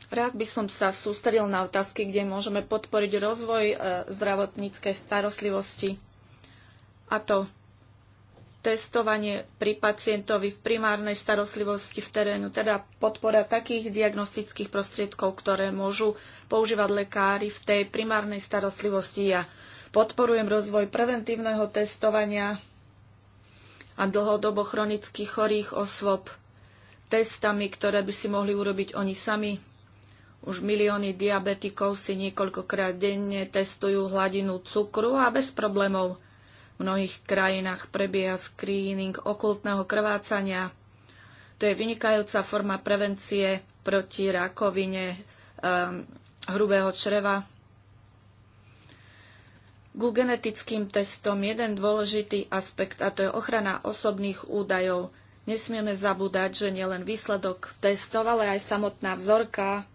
Rád by som sa sústredil na otázky, kde môžeme podporiť rozvoj e, zdravotníckej starostlivosti. A to testovanie pri pacientovi v primárnej starostlivosti v terénu, teda podpora takých diagnostických prostriedkov, ktoré môžu používať lekári v tej primárnej starostlivosti. Ja podporujem rozvoj preventívneho testovania a dlhodobo chronických chorých osôb testami, ktoré by si mohli urobiť oni sami. Už milióny diabetikov si niekoľkokrát denne testujú hladinu cukru a bez problémov. V mnohých krajinách prebieha screening okultného krvácania. To je vynikajúca forma prevencie proti rakovine um, hrubého čreva. Ku genetickým testom jeden dôležitý aspekt, a to je ochrana osobných údajov. Nesmieme zabúdať, že nielen výsledok testov, ale aj samotná vzorka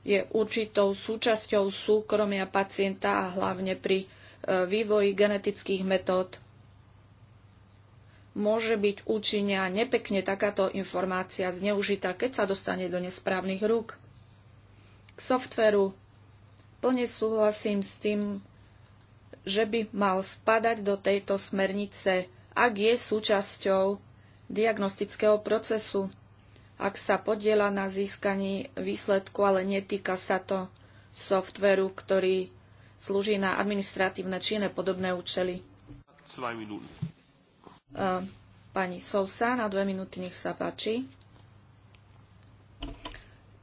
je určitou súčasťou súkromia pacienta a hlavne pri e, vývoji genetických metód. Môže byť účinne a nepekne takáto informácia zneužitá, keď sa dostane do nesprávnych rúk. K softveru plne súhlasím s tým, že by mal spadať do tejto smernice, ak je súčasťou diagnostického procesu, ak sa podiela na získaní výsledku, ale netýka sa to softveru, ktorý slúži na administratívne či iné podobné účely. Pani Sousa, na dve minúty nech sa páči.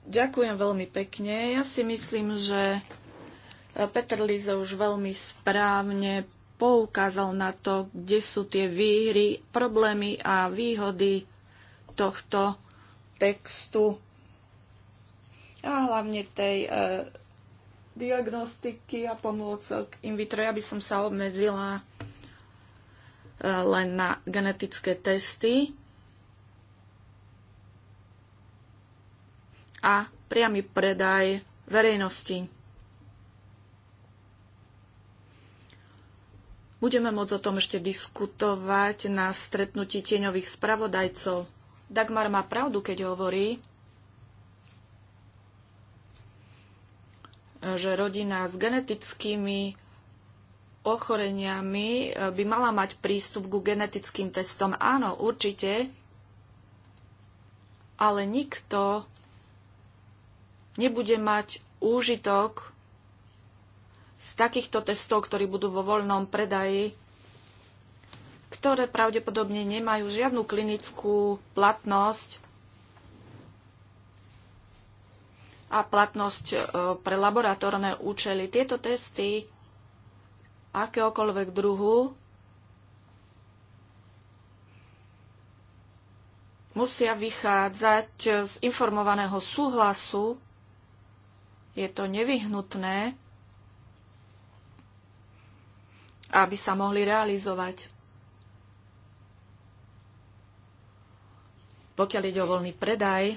Ďakujem veľmi pekne. Ja si myslím, že Peter Lize už veľmi správne poukázal na to, kde sú tie výhry, problémy a výhody tohto textu a hlavne tej e, diagnostiky a pomôcok in vitro. Ja by som sa obmedzila e, len na genetické testy a priamy predaj verejnosti. Budeme môcť o tom ešte diskutovať na stretnutí tieňových spravodajcov. Dagmar má pravdu, keď hovorí, že rodina s genetickými ochoreniami by mala mať prístup ku genetickým testom. Áno, určite, ale nikto nebude mať úžitok z takýchto testov, ktorí budú vo voľnom predaji, ktoré pravdepodobne nemajú žiadnu klinickú platnosť a platnosť e, pre laboratórne účely. Tieto testy akéhokoľvek druhu musia vychádzať z informovaného súhlasu. Je to nevyhnutné aby sa mohli realizovať. Pokiaľ ide o voľný predaj,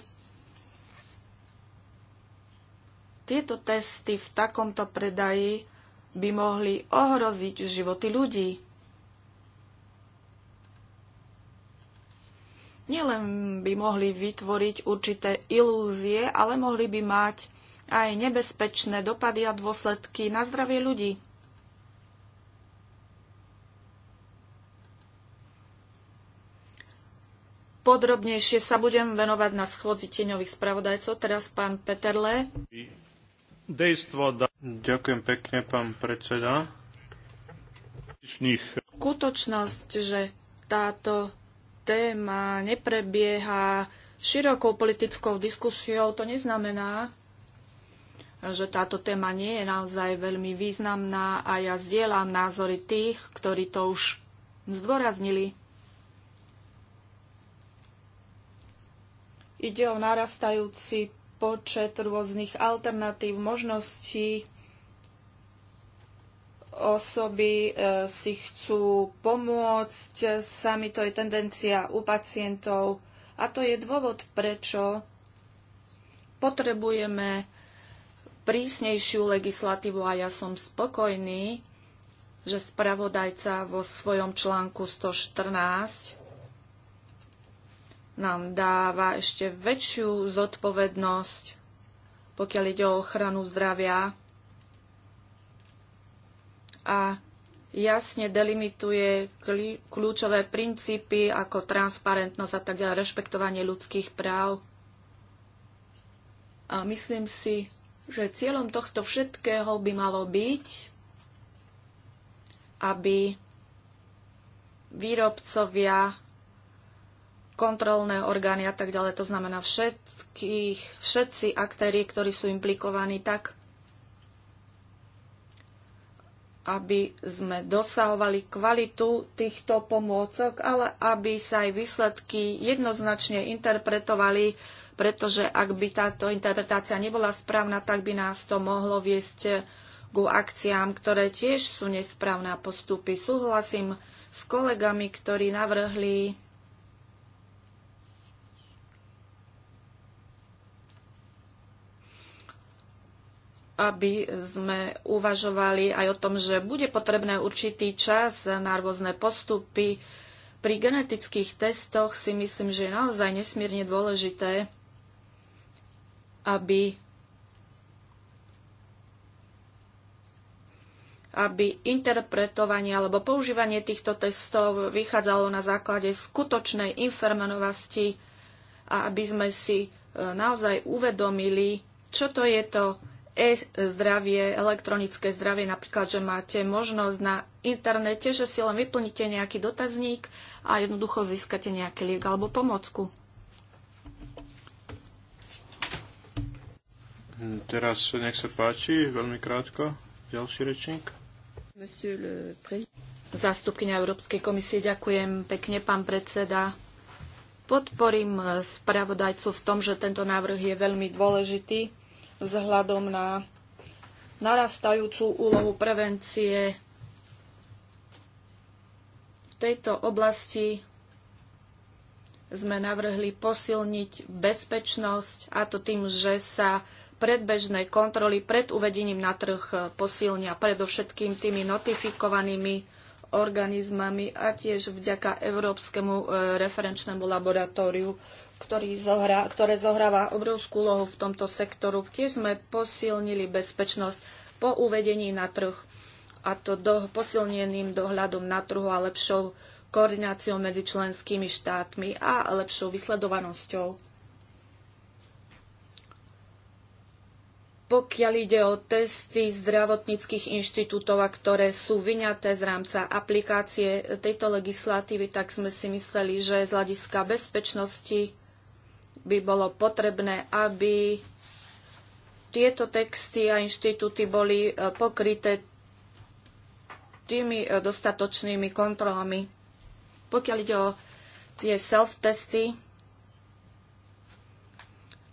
tieto testy v takomto predaji by mohli ohroziť životy ľudí. Nielen by mohli vytvoriť určité ilúzie, ale mohli by mať aj nebezpečné dopady a dôsledky na zdravie ľudí. Podrobnejšie sa budem venovať na schôdzi tieňových spravodajcov. Teraz pán Peterle. Ďakujem pekne, pán predseda. Skutočnosť, že táto téma neprebieha širokou politickou diskusiou, to neznamená, že táto téma nie je naozaj veľmi významná a ja zdieľam názory tých, ktorí to už zdôraznili. Ide o narastajúci počet rôznych alternatív, možností. Osoby e, si chcú pomôcť, sami to je tendencia u pacientov. A to je dôvod, prečo potrebujeme prísnejšiu legislatívu a ja som spokojný, že spravodajca vo svojom článku 114 nám dáva ešte väčšiu zodpovednosť, pokiaľ ide o ochranu zdravia a jasne delimituje kľúčové princípy ako transparentnosť a tak ďalej, rešpektovanie ľudských práv. A myslím si, že cieľom tohto všetkého by malo byť, aby výrobcovia kontrolné orgány a tak ďalej. To znamená všetkých, všetci aktéry, ktorí sú implikovaní tak, aby sme dosahovali kvalitu týchto pomôcok, ale aby sa aj výsledky jednoznačne interpretovali, pretože ak by táto interpretácia nebola správna, tak by nás to mohlo viesť ku akciám, ktoré tiež sú nesprávne a postupy. Súhlasím s kolegami, ktorí navrhli aby sme uvažovali aj o tom, že bude potrebné určitý čas na rôzne postupy. Pri genetických testoch si myslím, že je naozaj nesmierne dôležité, aby, aby interpretovanie alebo používanie týchto testov vychádzalo na základe skutočnej informovanosti a aby sme si e, naozaj uvedomili, čo to je to e-zdravie, elektronické zdravie, napríklad, že máte možnosť na internete, že si len vyplníte nejaký dotazník a jednoducho získate nejaký liek alebo pomocku. Teraz nech sa páči, veľmi krátko, ďalší rečník. Zástupkynia Európskej komisie, ďakujem pekne, pán predseda. Podporím spravodajcu v tom, že tento návrh je veľmi dôležitý vzhľadom na narastajúcu úlohu prevencie v tejto oblasti sme navrhli posilniť bezpečnosť a to tým, že sa predbežné kontroly pred uvedením na trh posilnia predovšetkým tými notifikovanými organizmami a tiež vďaka Európskemu e, referenčnému laboratóriu, ktorý zohra, ktoré zohráva obrovskú úlohu v tomto sektoru. Tiež sme posilnili bezpečnosť po uvedení na trh a to do, posilneným dohľadom na trhu a lepšou koordináciou medzi členskými štátmi a lepšou vysledovanosťou. pokiaľ ide o testy zdravotníckých inštitútov, a ktoré sú vyňaté z rámca aplikácie tejto legislatívy, tak sme si mysleli, že z hľadiska bezpečnosti by bolo potrebné, aby tieto texty a inštitúty boli e, pokryté tými e, dostatočnými kontrolami. Pokiaľ ide o tie self-testy,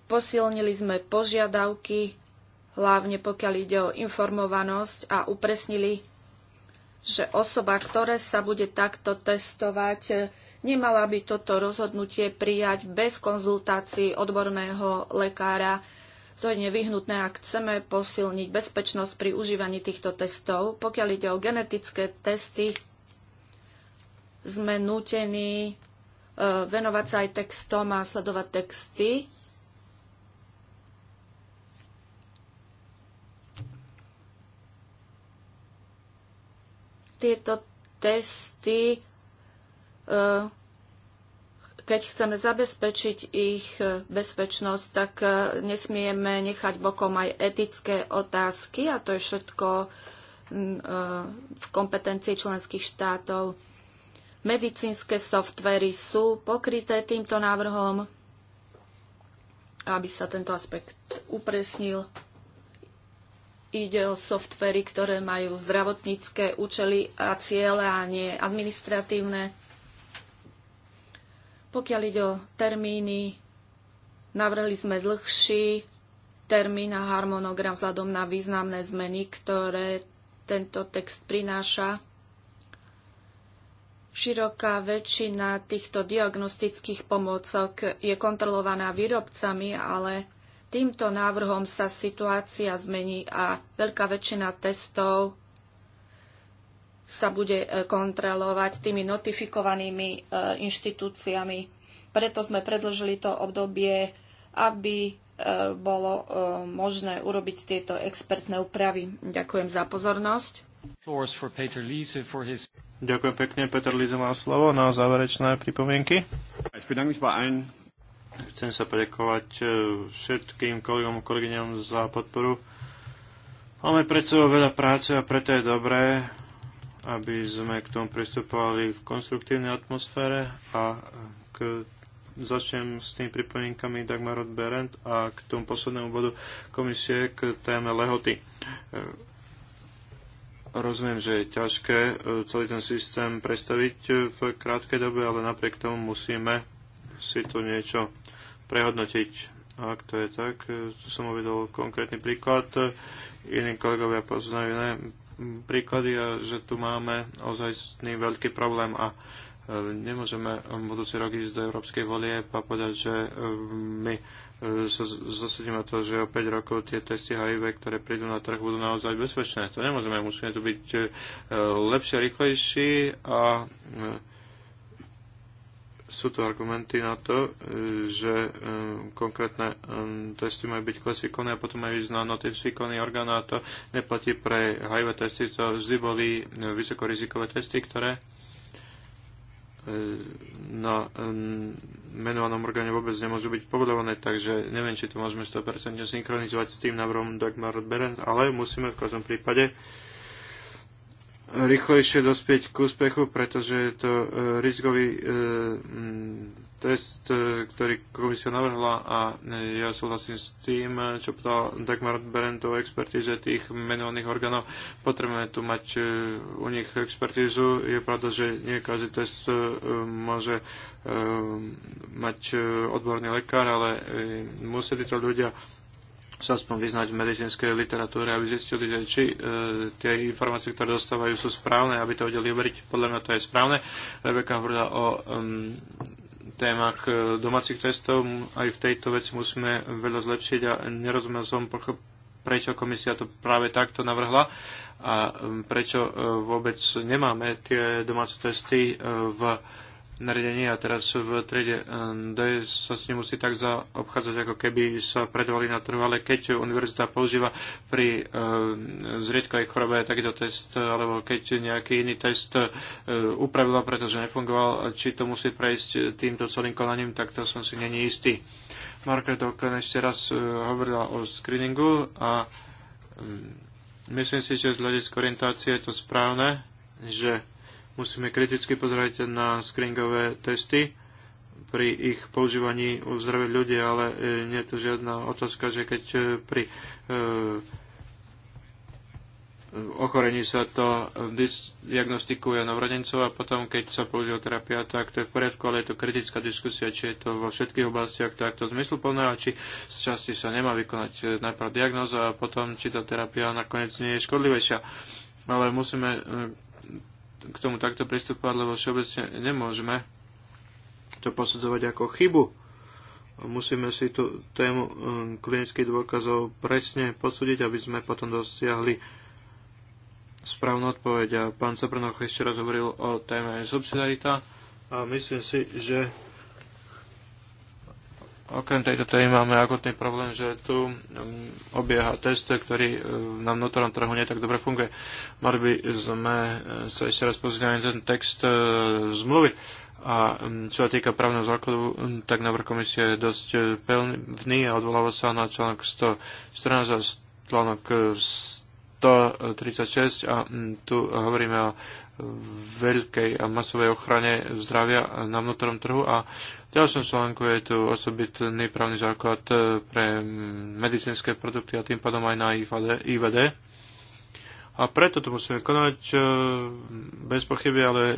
posilnili sme požiadavky hlavne pokiaľ ide o informovanosť a upresnili, že osoba, ktoré sa bude takto testovať, nemala by toto rozhodnutie prijať bez konzultácií odborného lekára. To je nevyhnutné, ak chceme posilniť bezpečnosť pri užívaní týchto testov. Pokiaľ ide o genetické testy, sme nútení eh, venovať sa aj textom a sledovať texty tieto testy, e, keď chceme zabezpečiť ich e, bezpečnosť, tak e, nesmieme nechať bokom aj etické otázky a to je všetko mm, v kompetencii členských štátov. Medicínske softvery sú pokryté týmto návrhom, aby sa tento aspekt upresnil. Ide o softvery, ktoré majú zdravotnícke účely a ciele a nie administratívne. Pokiaľ ide o termíny, navrhli sme dlhší termín a harmonogram vzhľadom na významné zmeny, ktoré tento text prináša. Široká väčšina týchto diagnostických pomôcok je kontrolovaná výrobcami, ale týmto návrhom sa situácia zmení a veľká väčšina testov sa bude e, kontrolovať tými notifikovanými e, inštitúciami. Preto sme predlžili to obdobie, aby e, bolo možné urobiť tieto expertné úpravy. Ďakujem za pozornosť. Ďakujem pekne. Peter Lise má slovo na záverečné pripomienky. Chcem sa poďakovať e, všetkým kolegom a kolegyňam za podporu. Máme pred sebou veľa práce a preto je dobré, aby sme k tomu pristupovali v konstruktívnej atmosfére a k začnem s tými pripomienkami Dagmarot Berend a k tomu poslednému bodu komisie k téme lehoty. E, rozumiem, že je ťažké e, celý ten systém predstaviť v krátkej dobe, ale napriek tomu musíme si to niečo prehodnotiť. Ak to je tak, e, tu som uvedol konkrétny príklad, e, iní kolegovia poznajú iné príklady a e, že tu máme ozajstný veľký problém a nemôžeme v budúci rok ísť do európskej volie a povedať, že my sa zasadíme to, že o 5 rokov tie testy HIV, ktoré prídu na trh, budú naozaj bezpečné. To nemôžeme, musíme tu byť lepšie, rýchlejší a sú tu argumenty na to, e, že e, konkrétne e, testy majú byť klasifikované a potom majú ísť na notifikovaný orgán a to neplatí pre HIV testy. To vždy boli vysokorizikové testy, ktoré na menovanom orgáne vôbec nemôžu byť povodované, takže neviem, či to môžeme 100% synchronizovať s tým návrhom Dagmar Berend, ale musíme v každom prípade uh, rýchlejšie dospieť k úspechu, pretože je to e, rizikový e, test, e, ktorý komisia navrhla a ja súhlasím s tým, čo povedal Dagmar Berendt o expertíze tých menovaných orgánov. Potrebujeme tu mať u nich expertízu. Je pravda, že nie každý test môže mať odborný lekár, ale musia títo ľudia sa aspoň vyznať v medicínskej literatúre, aby zistili, že či e, tie informácie, ktoré dostávajú, sú správne, aby to vedeli overiť. Podľa mňa to je správne. Rebeka hovorila o um, témach e, domácich testov. Aj v tejto veci musíme veľa zlepšiť a nerozumel som, prečo komisia to práve takto navrhla a prečo e, vôbec nemáme tie domáce testy e, v nariadenie a teraz v triede eh, D sa s ním musí tak zaobchádzať, ako keby sa predovali na trhu, ale keď univerzita používa pri eh, zriedkovej chorobe takýto test, alebo keď nejaký iný test eh, upravila, pretože nefungoval, či to musí prejsť týmto celým konaním, tak to som si není istý. Margaret Okan ešte raz hovorila o screeningu a mm, myslím si, že z hľadiska orientácie je to správne, že musíme kriticky pozerať na screeningové testy pri ich používaní u zdravých ľudí, ale e, nie je to žiadna otázka, že keď e, pri e, ochorení sa to diagnostikuje na vrodencov a potom, keď sa používa terapia, tak to je v poriadku, ale je to kritická diskusia, či je to vo všetkých oblastiach takto zmysluplné a či z časti sa nemá vykonať najprv diagnoza a potom, či tá terapia nakoniec nie je škodlivejšia. Ale musíme k tomu takto pristupovať, lebo všeobecne nemôžeme to posudzovať ako chybu. Musíme si tú tému hm, klinických dôkazov presne posúdiť, aby sme potom dosiahli správnu odpoveď. A pán Caprnoch ešte raz hovoril o téme subsidiarita a myslím si, že Okrem tejto témy máme akutný problém, že tu mm, obieha test, ktorý e, na vnútornom trhu nie tak dobre funguje. Mali by sme e, sa ešte raz pozrieť na ten text e, zmluvy. A mm, čo sa týka právneho základu, mm, tak návrh komisie je dosť pevný a odvoláva sa na článok 114 a článok 136 a tu hovoríme o veľkej a masovej ochrane zdravia na vnútornom trhu a v ďalšom článku je tu osobitný právny základ eh, pre medicínske produkty a tým pádom aj na IVD. A preto to musíme konať eh, bez pochyby, ale eh,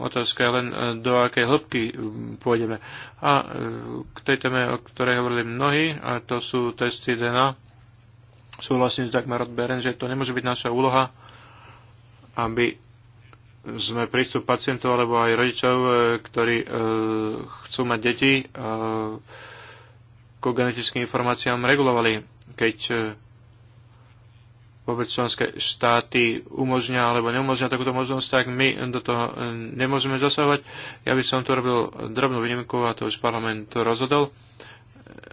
otázka je len do akej hĺbky pôjdeme. A k tej téme, o ktorej hovorili mnohí, a to sú testy DNA, súhlasím s Dagmarot Beren, že to nemôže byť naša úloha, aby sme prístup pacientov alebo aj rodičov, e, ktorí e, chcú mať deti, e, ku genetickým informáciám regulovali, keď vôbec členské štáty umožňa alebo neumožňa takúto možnosť, tak my do toho nemôžeme zasahovať. Ja by som tu robil drobnú výnimku a to už parlament rozhodol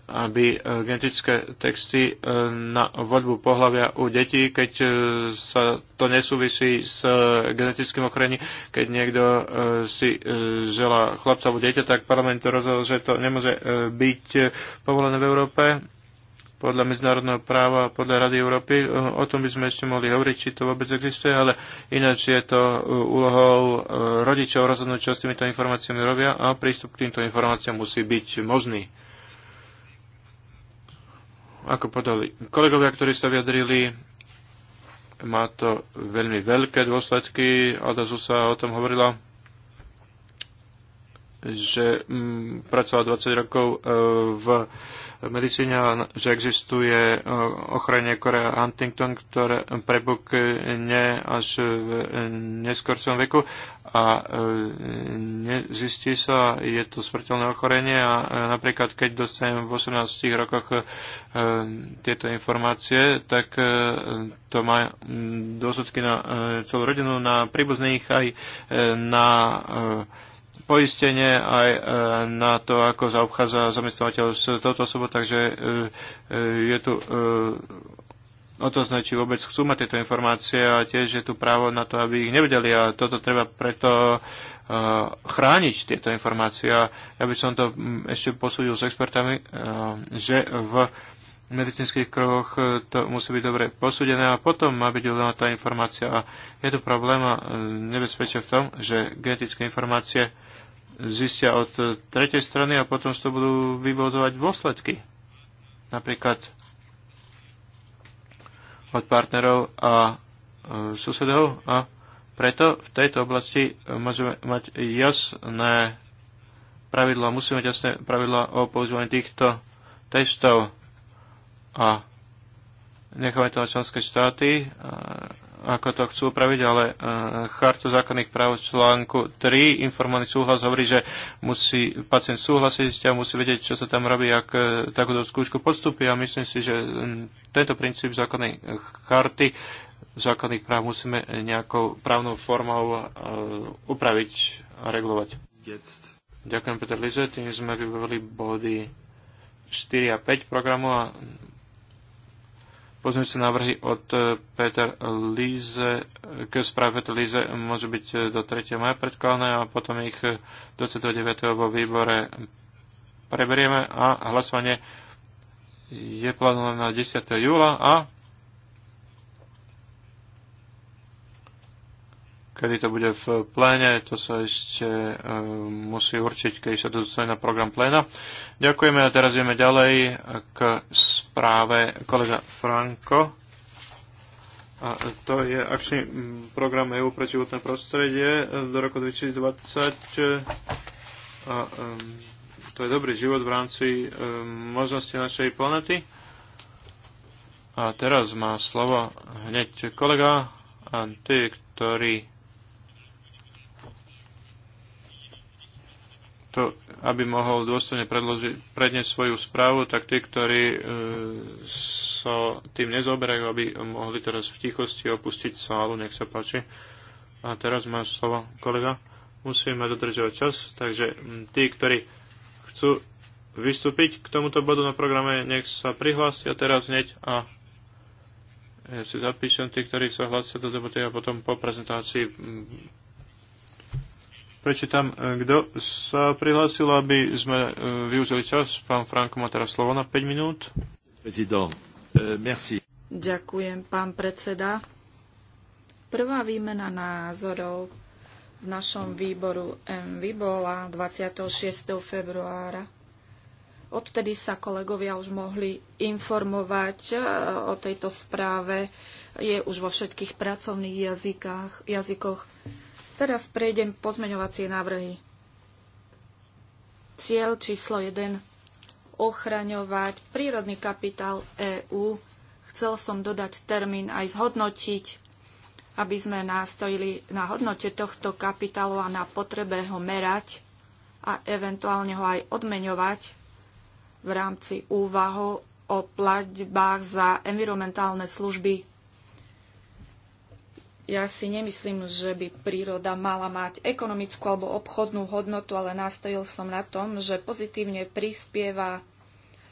aby e, genetické texty e, na voľbu pohľavia u detí, keď e, sa to nesúvisí s genetickým ochorením, keď niekto si žela chlapca alebo dieťa, tak parlament rozhodol, že to nemôže byť povolené v Európe podľa medzinárodného práva, podľa Rady Európy. O tom by sme ešte mohli hovoriť, či to vôbec existuje, ale ináč je to úlohou rodičov rozhodnúť, čo s týmito informáciami robia a prístup k týmto informáciám musí byť možný. Ako podali kolegovia, ktorí sa vyjadrili, má to veľmi veľké dôsledky. Adazu sa o tom hovorila že mm, pracoval 20 rokov e, v medicíne, že existuje e, ochranie Korea Huntington, ktoré prebukne až v neskoršom veku a e, nezistí sa, je to smrteľné ochorenie a e, napríklad keď dostanem v 18 rokoch tieto informácie, tak to má mm, dôsledky na celú rodinu, na príbuzných aj na poistenie aj e, na to, ako zaobchádza zamestnávateľ s touto osobou, takže e, e, je tu otázne, či vôbec chcú mať tieto informácie a tiež je tu právo na to, aby ich nevedeli a toto treba preto chrániť tieto informácie. A ja by som to ešte posúdil s expertami, že v v medicínskych krohoch e, to musí byť dobre posúdené a potom má byť udaná tá informácia. A je tu problém a e, nebezpečie v tom, že genetické informácie zistia od e, tretej strany a potom z toho budú vyvozovať dôsledky. Napríklad od partnerov a susedov a preto v tejto oblasti môžeme mať jasné pravidla, musíme mať jasné pravidla o používaní týchto testov a necháme to na členské štáty, e, ako to chcú upraviť, ale e, chartu zákonných práv článku 3, informovaný súhlas hovorí, že musí pacient súhlasiť a musí vedieť, čo sa tam robí, ak e, takúto skúšku podstupí a myslím si, že tento princíp zákonnej charty zákonných práv musíme nejakou právnou formou upraviť a regulovať. Ďakujem Peter Lize, tým sme vybrali body 4 a 5 programu a Pozmeňujúce návrhy od e, Peter Líze k správe Peter Líze môžu byť e, do 3. maja predkladané a potom ich 29. E, vo výbore preberieme a hlasovanie je plánované na 10. júla a Kedy to bude v pléne, to sa ešte e, musí určiť, keď sa to dostane na program pléna. Ďakujeme a teraz ideme ďalej k správe kolega Franko. A to je akčný program EU pre životné prostredie do roku 2020. A, e, to je dobrý život v rámci e, možnosti našej planety. A teraz má slovo hneď kolega a ktorý. to, aby mohol dôstojne predniesť svoju správu, tak tí, ktorí e, sa so tým nezoberajú, aby mohli teraz v tichosti opustiť sálu, nech sa páči. A teraz máš slovo kolega. Musíme dodržovať čas, takže tí, ktorí chcú vystúpiť k tomuto bodu na programe, nech sa prihlásia teraz hneď a ja si zapíšem tí, ktorí sa hlásia do debaty a potom po prezentácii prečítam, e, kto sa prihlásil, aby sme e, využili čas. Pán Franko má teraz slovo na 5 minút. E, Ďakujem, pán predseda. Prvá výmena názorov v našom výboru MV bola 26. februára. Odtedy sa kolegovia už mohli informovať o tejto správe. Je už vo všetkých pracovných jazykách, jazykoch. Teraz prejdem pozmeňovacie návrhy. Cieľ číslo 1. Ochraňovať prírodný kapitál EÚ. Chcel som dodať termín aj zhodnotiť, aby sme nástojili na hodnote tohto kapitálu a na potrebe ho merať a eventuálne ho aj odmeňovať v rámci úvahu o platbách za environmentálne služby. Ja si nemyslím, že by príroda mala mať ekonomickú alebo obchodnú hodnotu, ale nastojil som na tom, že pozitívne prispieva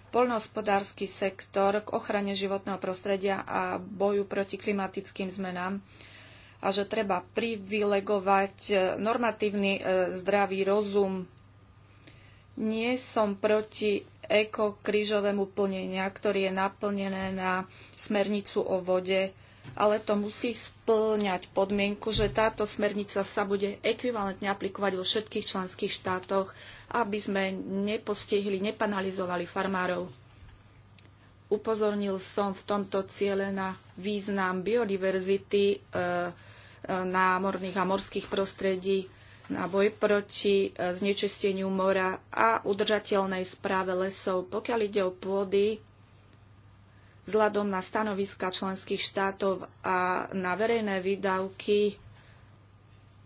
poľnohospodársky sektor k ochrane životného prostredia a boju proti klimatickým zmenám a že treba privilegovať e, normatívny e, zdravý rozum. Nie som proti ekokrížovému plnenia, ktorý je naplnené na smernicu o vode, ale to musí splňať podmienku, že táto smernica sa bude ekvivalentne aplikovať vo všetkých členských štátoch, aby sme nepostihli, nepanalizovali farmárov. Upozornil som v tomto ciele na význam biodiverzity na e, e, námorných a morských prostredí, na boj proti e, znečisteniu mora a udržateľnej správe lesov. Pokiaľ ide o pôdy, vzhľadom na stanoviska členských štátov a na verejné výdavky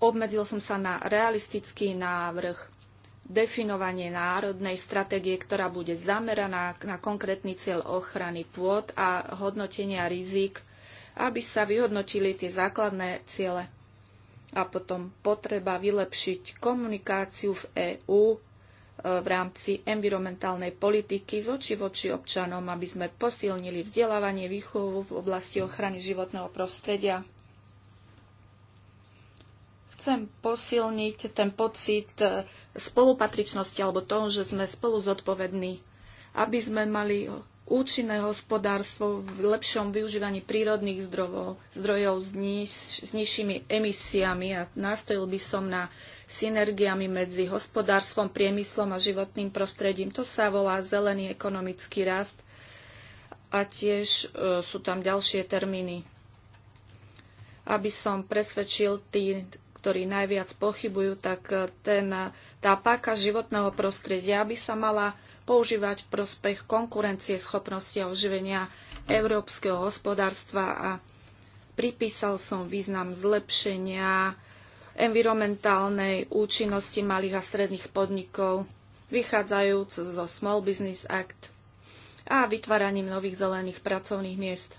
obmedzil som sa na realistický návrh definovanie národnej stratégie, ktorá bude zameraná na konkrétny cieľ ochrany pôd a hodnotenia rizik, aby sa vyhodnotili tie základné ciele. A potom potreba vylepšiť komunikáciu v EÚ v rámci environmentálnej politiky z oči voči občanom, aby sme posilnili vzdelávanie výchovu v oblasti ochrany životného prostredia. Chcem posilniť ten pocit e, spolupatričnosti alebo toho, že sme spolu zodpovední, aby sme mali účinné hospodárstvo v lepšom využívaní prírodných zdrojov, zdrojov s, niž, s nižšími emisiami a nastojil by som na synergiami medzi hospodárstvom, priemyslom a životným prostredím. To sa volá zelený ekonomický rast a tiež e, sú tam ďalšie termíny. Aby som presvedčil tí, ktorí najviac pochybujú, tak e, ten, e, tá páka životného prostredia by sa mala používať v prospech konkurencie schopnosti a oživenia európskeho hospodárstva a pripísal som význam zlepšenia environmentálnej účinnosti malých a stredných podnikov, vychádzajúc zo Small Business Act a vytváraním nových zelených pracovných miest.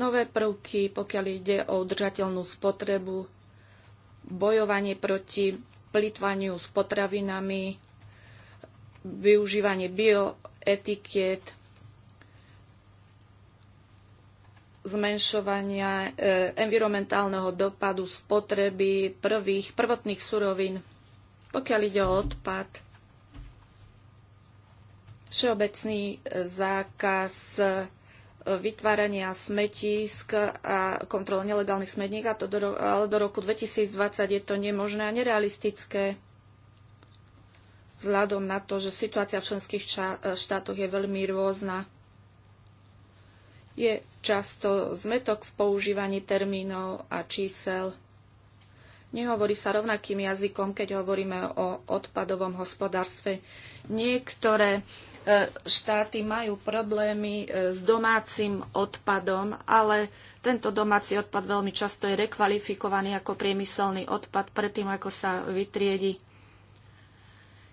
Nové prvky, pokiaľ ide o udržateľnú spotrebu, bojovanie proti plitvaniu s potravinami, využívanie bioetikiet, zmenšovania e, environmentálneho dopadu spotreby prvých, prvotných surovín. Pokiaľ ide o odpad, všeobecný e, zákaz e, vytvárania smetísk a kontrola nelegálnych smetník, a to do, ale do roku 2020 je to nemožné a nerealistické vzhľadom na to, že situácia v členských štátoch je veľmi rôzna. Je často zmetok v používaní termínov a čísel. Nehovorí sa rovnakým jazykom, keď hovoríme o odpadovom hospodárstve. Niektoré e, štáty majú problémy e, s domácim odpadom, ale tento domáci odpad veľmi často je rekvalifikovaný ako priemyselný odpad predtým, ako sa vytriedi.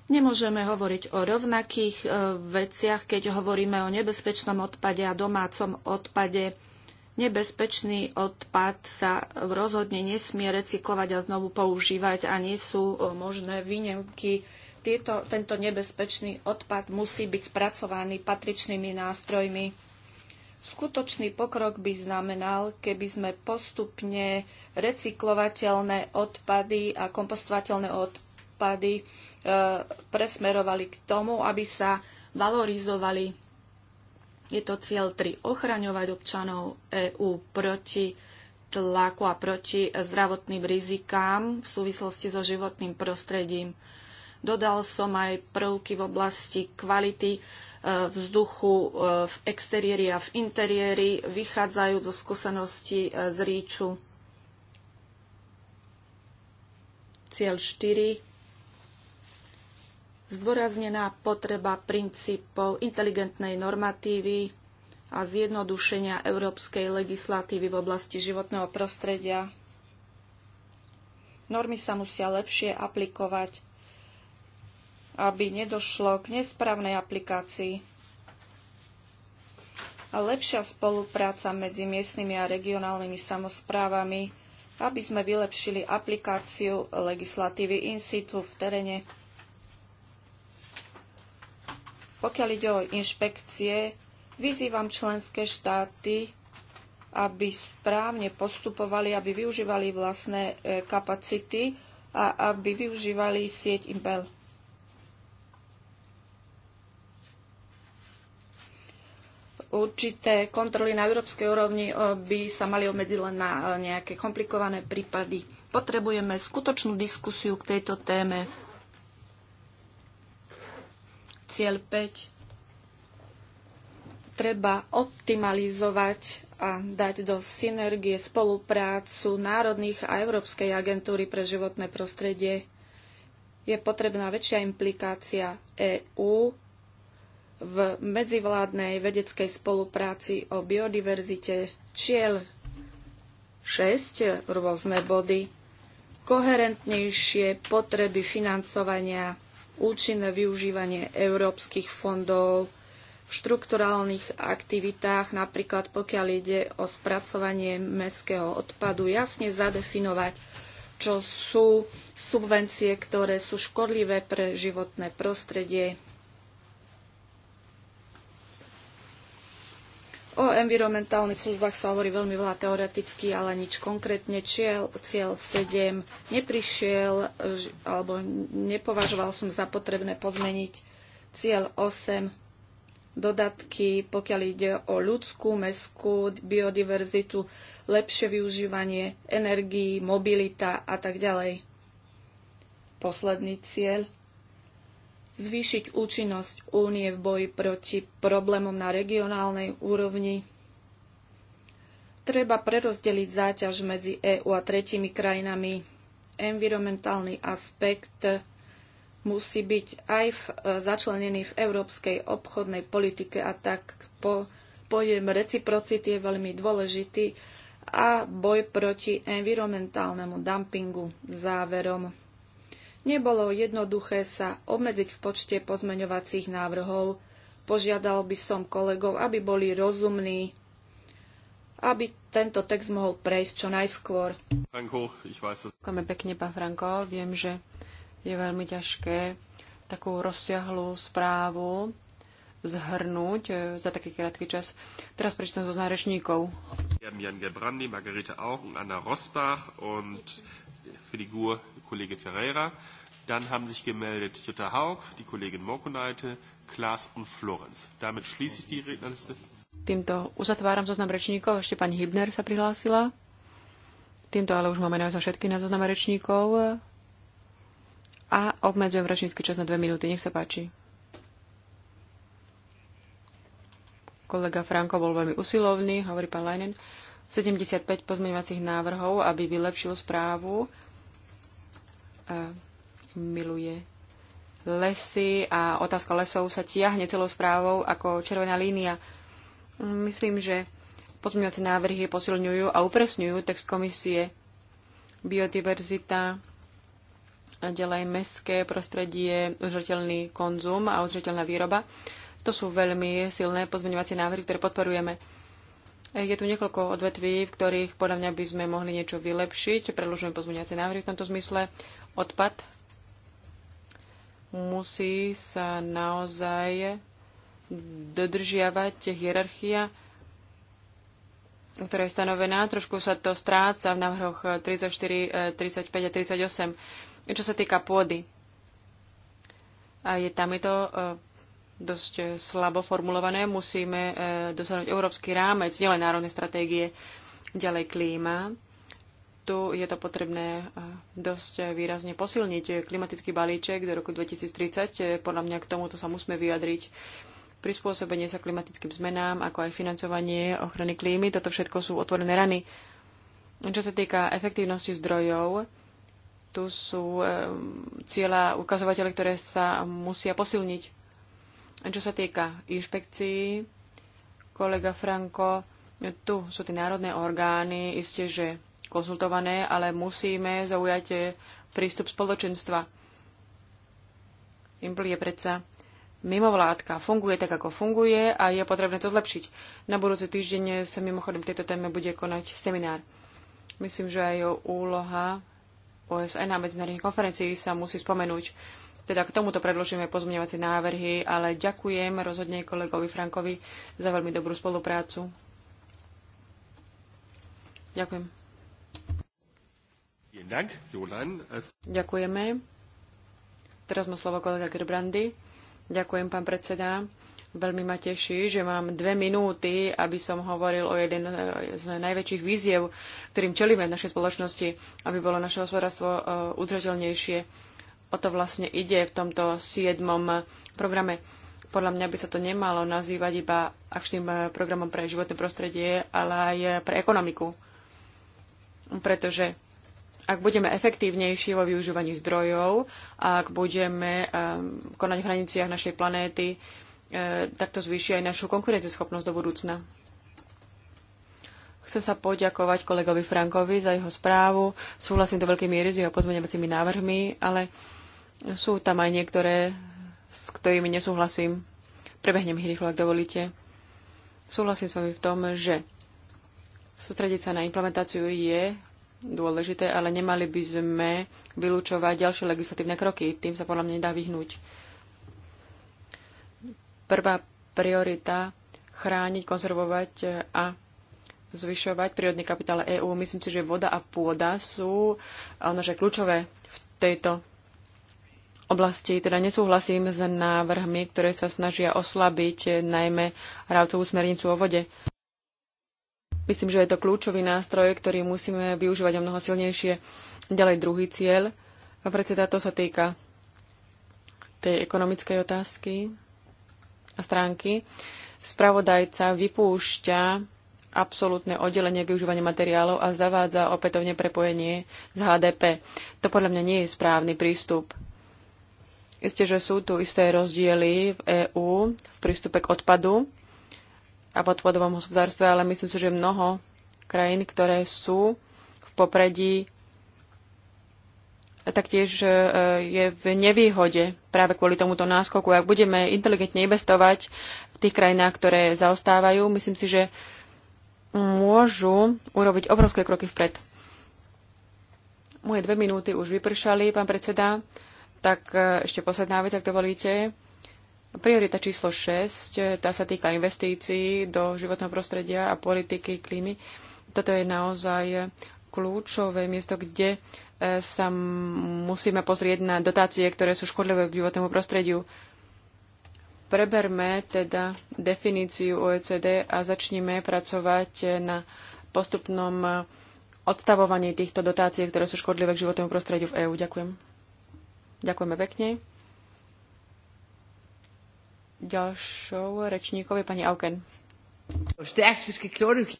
Nemôžeme hovoriť o rovnakých e, veciach, keď hovoríme o nebezpečnom odpade a domácom odpade. Nebezpečný odpad sa rozhodne nesmie recyklovať a znovu používať a nie sú e, možné výnimky. Tieto, tento nebezpečný odpad musí byť spracovaný patričnými nástrojmi. Skutočný pokrok by znamenal, keby sme postupne recyklovateľné odpady a kompostovateľné odpady E, presmerovali k tomu, aby sa valorizovali. Je to cieľ 3. Ochraňovať občanov EÚ proti tlaku a proti zdravotným rizikám v súvislosti so životným prostredím. Dodal som aj prvky v oblasti kvality e, vzduchu e, v exteriéri a v interiéri, vychádzajú zo skúsenosti z ríču. Cieľ 4 zdôraznená potreba princípov inteligentnej normatívy a zjednodušenia európskej legislatívy v oblasti životného prostredia. Normy sa musia lepšie aplikovať, aby nedošlo k nesprávnej aplikácii. A lepšia spolupráca medzi miestnymi a regionálnymi samozprávami, aby sme vylepšili aplikáciu legislatívy in situ v teréne pokiaľ ide o inšpekcie, vyzývam členské štáty, aby správne postupovali, aby využívali vlastné e, kapacity a aby využívali sieť IMBEL. Určité kontroly na európskej úrovni e, by sa mali obmedziť len na e, nejaké komplikované prípady. Potrebujeme skutočnú diskusiu k tejto téme cieľ 5 treba optimalizovať a dať do synergie spoluprácu Národných a Európskej agentúry pre životné prostredie. Je potrebná väčšia implikácia EÚ v medzivládnej vedeckej spolupráci o biodiverzite čiel 6 rôzne body, koherentnejšie potreby financovania účinné využívanie európskych fondov v štrukturálnych aktivitách, napríklad pokiaľ ide o spracovanie mestského odpadu, jasne zadefinovať, čo sú subvencie, ktoré sú škodlivé pre životné prostredie. O environmentálnych službách sa hovorí veľmi veľa teoreticky, ale nič konkrétne. Čiel, cieľ 7 neprišiel, alebo nepovažoval som za potrebné pozmeniť cieľ 8 dodatky, pokiaľ ide o ľudskú, mestskú biodiverzitu, lepšie využívanie energií, mobilita a tak ďalej. Posledný cieľ zvýšiť účinnosť únie v boji proti problémom na regionálnej úrovni. Treba prerozdeliť záťaž medzi EÚ a tretími krajinami. Environmentálny aspekt musí byť aj v, e, začlenený v európskej obchodnej politike a tak po, pojem reciprocity je veľmi dôležitý a boj proti environmentálnemu dumpingu záverom Nebolo jednoduché sa obmedziť v počte pozmeňovacích návrhov. Požiadal by som kolegov, aby boli rozumní, aby tento text mohol prejsť čo najskôr. Ďakujeme pekne, pán Franko. Viem, že je veľmi ťažké takú rozsiahlú správu zhrnúť eh, za taký krátky čas. Teraz prečítam zo rečníkov. Jan Gebrandi, Margarita Augen, Anna Rosbach und für e Kollege Ferreira. Dann haben sich gemeldet Jutta Haug, die Kollegin Morkunaite, Klaas und Florenz. Damit schließe ich die Rednerliste. Týmto uzatváram zoznam rečníkov. Ešte pani Hibner sa prihlásila. Týmto ale už máme naozaj všetky na zozname rečníkov. A obmedzujem rečnícky čas na dve minúty. Nech sa páči. Kolega Franko bol veľmi usilovný, hovorí pán Leinen. 75 pozmeňovacích návrhov, aby vylepšil správu. E miluje lesy a otázka lesov sa tiahne celou správou ako červená línia. Myslím, že pozmeňovacie návrhy posilňujú a upresňujú text komisie biodiverzita, a ďalej mestské prostredie, udržateľný konzum a udržateľná výroba. To sú veľmi silné pozmeňovacie návrhy, ktoré podporujeme. Je tu niekoľko odvetví, v ktorých podľa mňa by sme mohli niečo vylepšiť. Predložujeme pozmeňovacie návrhy v tomto zmysle. Odpad, musí sa naozaj dodržiavať hierarchia, ktorá je stanovená. Trošku sa to stráca v návrhoch 34, 35 eh, a 38, čo sa týka pôdy. A je tam je to eh, dosť slabo formulované. Musíme eh, dosiahnuť európsky rámec, nielen národné stratégie, ďalej klíma tu je to potrebné eh, dosť eh, výrazne posilniť. Eh, klimatický balíček do roku 2030, podľa mňa k tomuto sa musíme vyjadriť. Prispôsobenie sa klimatickým zmenám, ako aj financovanie ochrany klímy, toto všetko sú otvorené rany. Čo sa týka efektívnosti zdrojov, tu sú cieľa ukazovatele, ktoré sa musia posilniť. Čo sa týka inšpekcií, kolega Franko, tu sú tie národné orgány, isté, že konzultované, ale musíme zaujať eh, prístup spoločenstva. Impl je predsa mimovládka. Funguje tak, ako funguje a je potrebné to zlepšiť. Na budúci týždeň eh, sa mimochodom tejto téme bude konať seminár. Myslím, že aj úloha OSN na medzinárodných konferencií sa musí spomenúť. Teda k tomuto predložíme pozmeňovacie návrhy, ale ďakujem rozhodne kolegovi Frankovi za veľmi dobrú spoluprácu. Ďakujem. Ďakujeme. Teraz má slovo kolega Gerbrandy. Ďakujem, pán predseda. Veľmi ma teší, že mám dve minúty, aby som hovoril o jeden e, z najväčších víziev, ktorým čelíme v našej spoločnosti, aby bolo naše hospodárstvo e, udržateľnejšie. O to vlastne ide v tomto siedmom programe. Podľa mňa by sa to nemalo nazývať iba akčným e, programom pre životné prostredie, ale aj pre ekonomiku. Pretože ak budeme efektívnejší vo využívaní zdrojov, ak budeme ehm, konať v hraniciach našej planéty, eh, tak to zvýši aj našu konkurenceschopnosť do budúcna. Chcem sa poďakovať kolegovi Frankovi za jeho správu. Súhlasím do veľkej miery s jeho pozmeňovacími návrhmi, ale sú tam aj niektoré, s ktorými nesúhlasím. Prebehnem ich rýchlo, ak dovolíte. Súhlasím s vami v tom, že sústrediť sa na implementáciu je dôležité, ale nemali by sme vylúčovať ďalšie legislatívne kroky. Tým sa podľa mňa nedá vyhnúť. Prvá priorita chrániť, konzervovať a zvyšovať prírodný kapitál EÚ. Myslím si, že voda a pôda sú naše kľúčové v tejto oblasti. Teda nesúhlasím s návrhmi, ktoré sa snažia oslabiť najmä rávcovú smernicu o vode. Myslím, že je to kľúčový nástroj, ktorý musíme využívať o mnoho silnejšie. Ďalej druhý cieľ. A predseda, to sa týka tej ekonomickej otázky a stránky. Spravodajca vypúšťa absolútne oddelenie využívania materiálov a zavádza opätovne prepojenie z HDP. To podľa mňa nie je správny prístup. Isté, že sú tu isté rozdiely v EÚ v prístupe k odpadu a v odpadovom hospodárstve, ale myslím si, že mnoho krajín, ktoré sú v popredí, taktiež e, je v nevýhode práve kvôli tomuto náskoku. Ak budeme inteligentne investovať v tých krajinách, ktoré zaostávajú, myslím si, že môžu urobiť obrovské kroky vpred. Moje dve minúty už vypršali, pán predseda. Tak e, ešte posledná vec, ak dovolíte. Priorita číslo 6, e, tá sa týka investícií do životného prostredia a politiky klímy. Toto je naozaj kľúčové miesto, kde e, sa musíme pozrieť na dotácie, ktoré sú škodlivé k životnému prostrediu. Preberme teda definíciu OECD a začneme pracovať e, na postupnom odstavovaní týchto dotácií, ktoré sú škodlivé k životnému prostrediu v EÚ. Ďakujem. Ďakujeme pekne. Ďalšou rečníkov je pani Auken.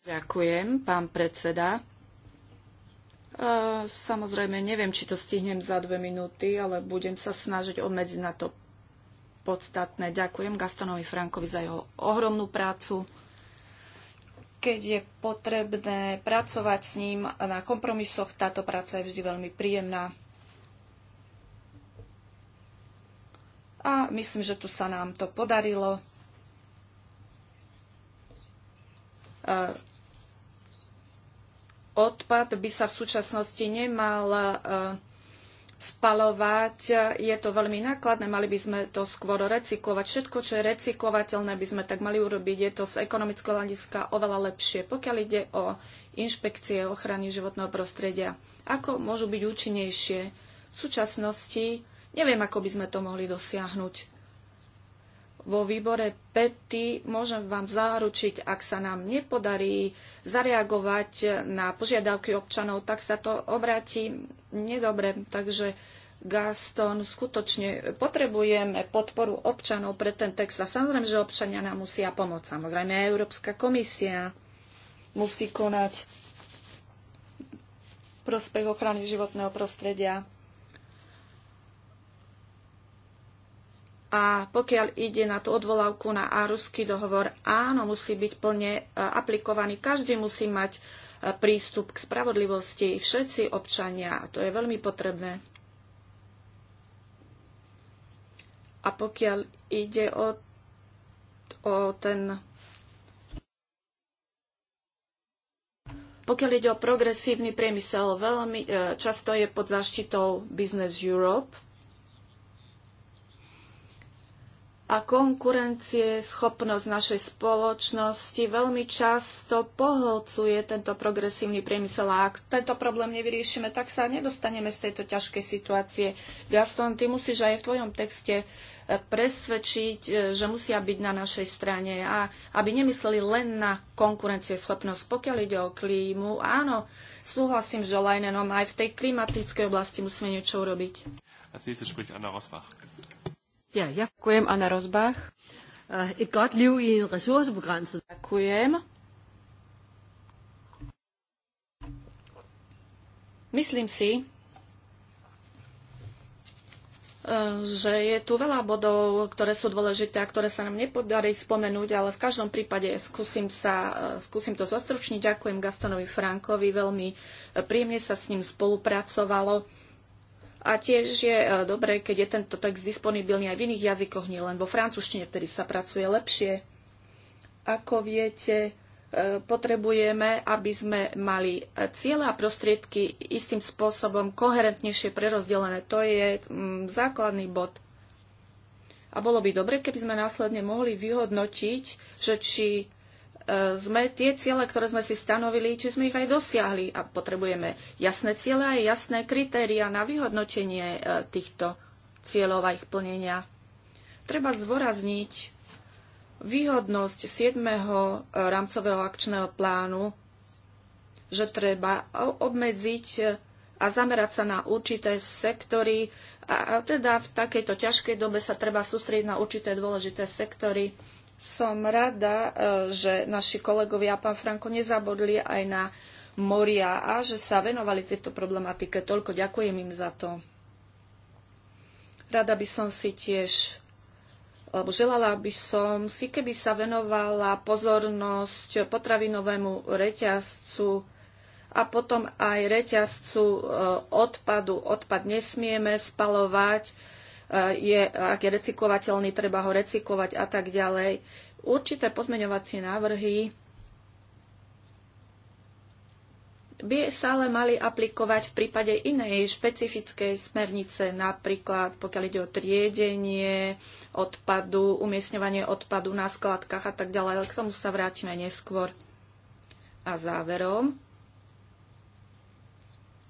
Ďakujem, pán predseda. E, samozrejme, neviem, či to stihnem za dve minúty, ale budem sa snažiť obmedziť na to podstatné. Ďakujem Gastonovi Frankovi za jeho ohromnú prácu. Keď je potrebné pracovať s ním na kompromisoch, táto práca je vždy veľmi príjemná. a myslím, že tu sa nám to podarilo. E, odpad by sa v súčasnosti nemal e, spalovať. Je to veľmi nákladné, mali by sme to skôr recyklovať. Všetko, čo je recyklovateľné, by sme tak mali urobiť. Je to z ekonomického hľadiska oveľa lepšie, pokiaľ ide o inšpekcie ochrany životného prostredia. Ako môžu byť účinnejšie? V súčasnosti Neviem, ako by sme to mohli dosiahnuť. Vo výbore PETI môžem vám zaručiť, ak sa nám nepodarí zareagovať na požiadavky občanov, tak sa to obráti nedobre. Takže Gaston, skutočne potrebujeme podporu občanov pre ten text a samozrejme, že občania nám musia pomôcť. Samozrejme, aj Európska komisia musí konať prospech ochrany životného prostredia. A pokiaľ ide na tú odvolávku na ruský dohovor, áno, musí byť plne e, aplikovaný. Každý musí mať e, prístup k spravodlivosti, všetci občania, a to je veľmi potrebné. A pokiaľ ide o, o ten Pokiaľ ide o progresívny priemysel, veľmi e, často je pod zaštitou Business Europe, a konkurencie schopnosť našej spoločnosti veľmi často pohlcuje tento progresívny priemysel. A ak tento problém nevyriešime, tak sa nedostaneme z tejto ťažkej situácie. Gaston, ty musíš aj v tvojom texte e, presvedčiť, e, že musia byť na našej strane a aby nemysleli len na schopnosť, Pokiaľ ide o klímu, áno, súhlasím s Žolajnenom, aj v tej klimatickej oblasti musíme niečo urobiť. Als nächstes spricht Anna Rosbach. Ja, ďakujem, Anna Rozbach. Et eh, godt liv i en ressourcebegrænset. Ďakujem. Myslím si, eh, že je tu veľa bodov, ktoré sú dôležité a ktoré sa nám nepodarí spomenúť, ale v každom prípade skúsim, sa, eh, skúsim to zostručniť. Ďakujem Gastonovi Frankovi, veľmi príjemne sa s ním spolupracovalo. A tiež je e, dobré, keď je tento text disponibilný aj v iných jazykoch, nielen vo francúzštine, vtedy sa pracuje lepšie. Ako viete, e, potrebujeme, aby sme mali e, ciele a prostriedky istým spôsobom koherentnejšie prerozdelené. To je mm, základný bod. A bolo by dobre, keby sme následne mohli vyhodnotiť, že či E, sme tie ciele, ktoré sme si stanovili, či sme ich aj dosiahli. A potrebujeme jasné ciele a jasné kritéria na vyhodnotenie e, týchto cieľov a ich plnenia. Treba zdôrazniť výhodnosť 7. E, rámcového akčného plánu, že treba obmedziť a zamerať sa na určité sektory a teda v takejto ťažkej dobe sa treba sústrediť na určité dôležité sektory som rada, e, že naši kolegovia pán Franko nezabodli aj na moria a že sa venovali tejto problematike. Toľko ďakujem im za to. Rada by som si tiež, alebo želala by som si, keby sa venovala pozornosť potravinovému reťazcu a potom aj reťazcu e, odpadu. Odpad nesmieme spalovať, E, je, ak je recyklovateľný, treba ho recyklovať a tak ďalej. Určité pozmeňovacie návrhy by sa ale mali aplikovať v prípade inej špecifickej smernice, napríklad pokiaľ ide o triedenie odpadu, umiestňovanie odpadu na skladkách a tak ďalej, ale k tomu sa vrátime neskôr. A záverom,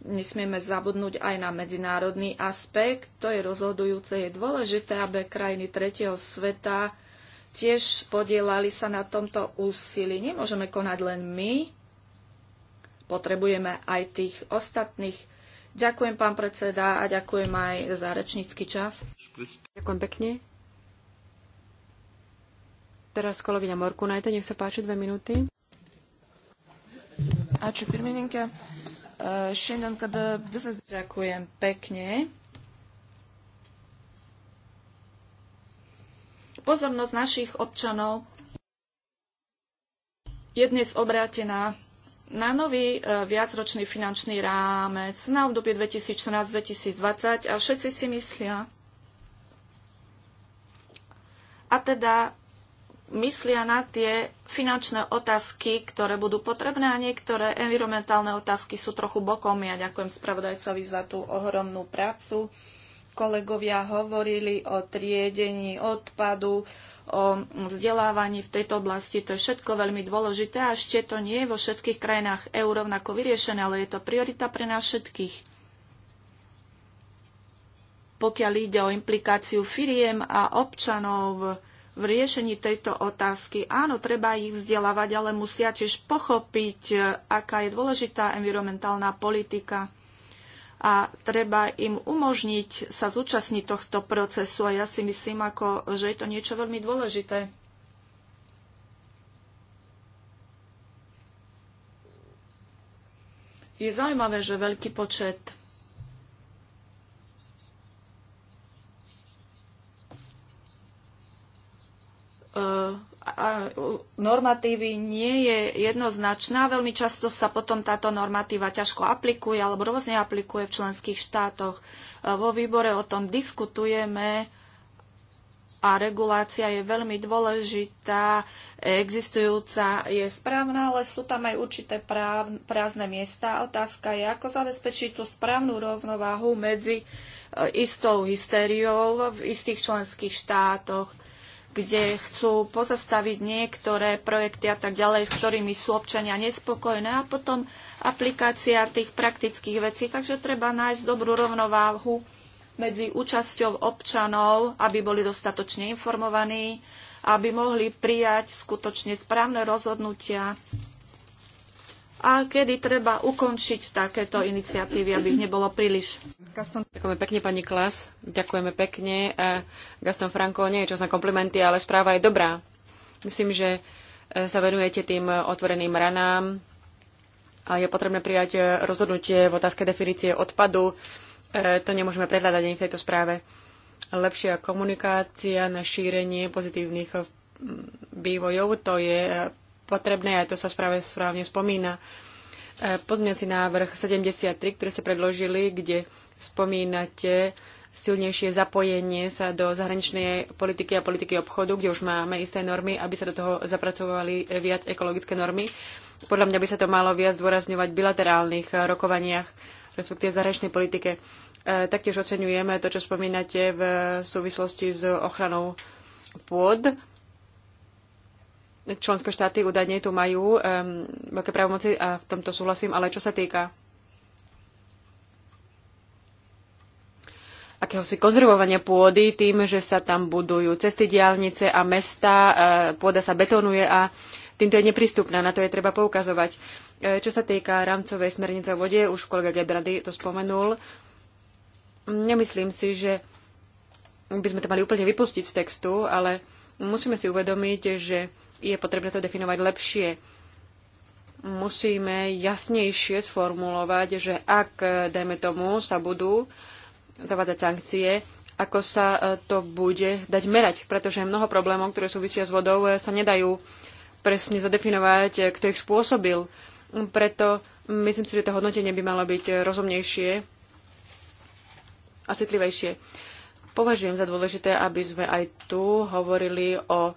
Nesmieme zabudnúť aj na medzinárodný aspekt, to je rozhodujúce. Je dôležité, aby krajiny tretieho sveta tiež podielali sa na tomto úsilí. Nemôžeme konať len my, potrebujeme aj tých ostatných. Ďakujem, pán predseda, a ďakujem aj za rečnícky čas. Ďakujem pekne. Teraz kolegyňa Morku, najte, nech sa páči dve minúty. čo, pirmininkė šiandien, kada visas... Ďakujem pekne. Pozornosť našich občanov je dnes obrátená na nový eh, viacročný finančný rámec na obdobie 2014-2020 a všetci si myslia, a teda myslia na tie finančné otázky, ktoré budú potrebné a niektoré environmentálne otázky sú trochu bokom. Ja ďakujem spravodajcovi za tú ohromnú prácu. Kolegovia hovorili o triedení odpadu, o vzdelávaní v tejto oblasti. To je všetko veľmi dôležité a ešte to nie je vo všetkých krajinách EU rovnako vyriešené, ale je to priorita pre nás všetkých pokiaľ ide o implikáciu firiem a občanov v riešení tejto otázky. Áno, treba ich vzdelávať, ale musia tiež pochopiť, e, aká je dôležitá environmentálna politika a treba im umožniť sa zúčastniť tohto procesu a ja si myslím, ako, že je to niečo veľmi dôležité. Je zaujímavé, že veľký počet E, normatívy nie je jednoznačná. Veľmi často sa potom táto normatíva ťažko aplikuje alebo rôzne aplikuje v členských štátoch. E, vo výbore o tom diskutujeme a regulácia je veľmi dôležitá, existujúca je správna, ale sú tam aj určité práv, prázdne miesta. Otázka je, ako zabezpečiť tú správnu rovnováhu medzi e, istou hysteriou v istých členských štátoch kde chcú pozastaviť niektoré projekty a tak ďalej, s ktorými sú občania nespokojné a potom aplikácia tých praktických vecí. Takže treba nájsť dobrú rovnováhu medzi účasťou občanov, aby boli dostatočne informovaní, aby mohli prijať skutočne správne rozhodnutia a kedy treba ukončiť takéto iniciatívy, aby ich nebolo príliš. Gaston. Ďakujeme pekne, pani Klas. Ďakujeme pekne. Gaston Franco, nie je čas na komplimenty, ale správa je dobrá. Myslím, že e, sa venujete tým otvoreným ranám a je potrebné prijať e, rozhodnutie v otázke definície odpadu. E, to nemôžeme predhľadať ani v tejto správe. Lepšia komunikácia na šírenie pozitívnych vývojov, to je potrebné, aj to sa správe správne spomína pozmeňací návrh 73, ktorý sa predložili, kde spomínate silnejšie zapojenie sa do zahraničnej politiky a politiky obchodu, kde už máme isté normy, aby sa do toho zapracovali viac ekologické normy. Podľa mňa by sa to malo viac dôrazňovať v bilaterálnych rokovaniach, respektíve zahraničnej politike. E, taktiež oceňujeme to, čo spomínate v súvislosti s ochranou pôd členské štáty údajne tu majú um, veľké právomoci a v tomto súhlasím, ale čo sa týka akéhosi konzervovania pôdy tým, že sa tam budujú cesty, diálnice a mesta, e, pôda sa betonuje a týmto je neprístupná, na to je treba poukazovať. E, čo sa týka rámcovej smernice o vode, už kolega Gebrady to spomenul, nemyslím si, že by sme to mali úplne vypustiť z textu, ale musíme si uvedomiť, že je potrebné to definovať lepšie musíme jasnejšie sformulovať, že ak, dajme tomu, sa budú zavádzať sankcie, ako sa e, to bude dať merať, pretože mnoho problémov, ktoré súvisia s vodou, e, sa nedajú presne zadefinovať, e, kto ich spôsobil. Preto myslím si, že to hodnotenie by malo byť rozumnejšie a citlivejšie. Považujem za dôležité, aby sme aj tu hovorili o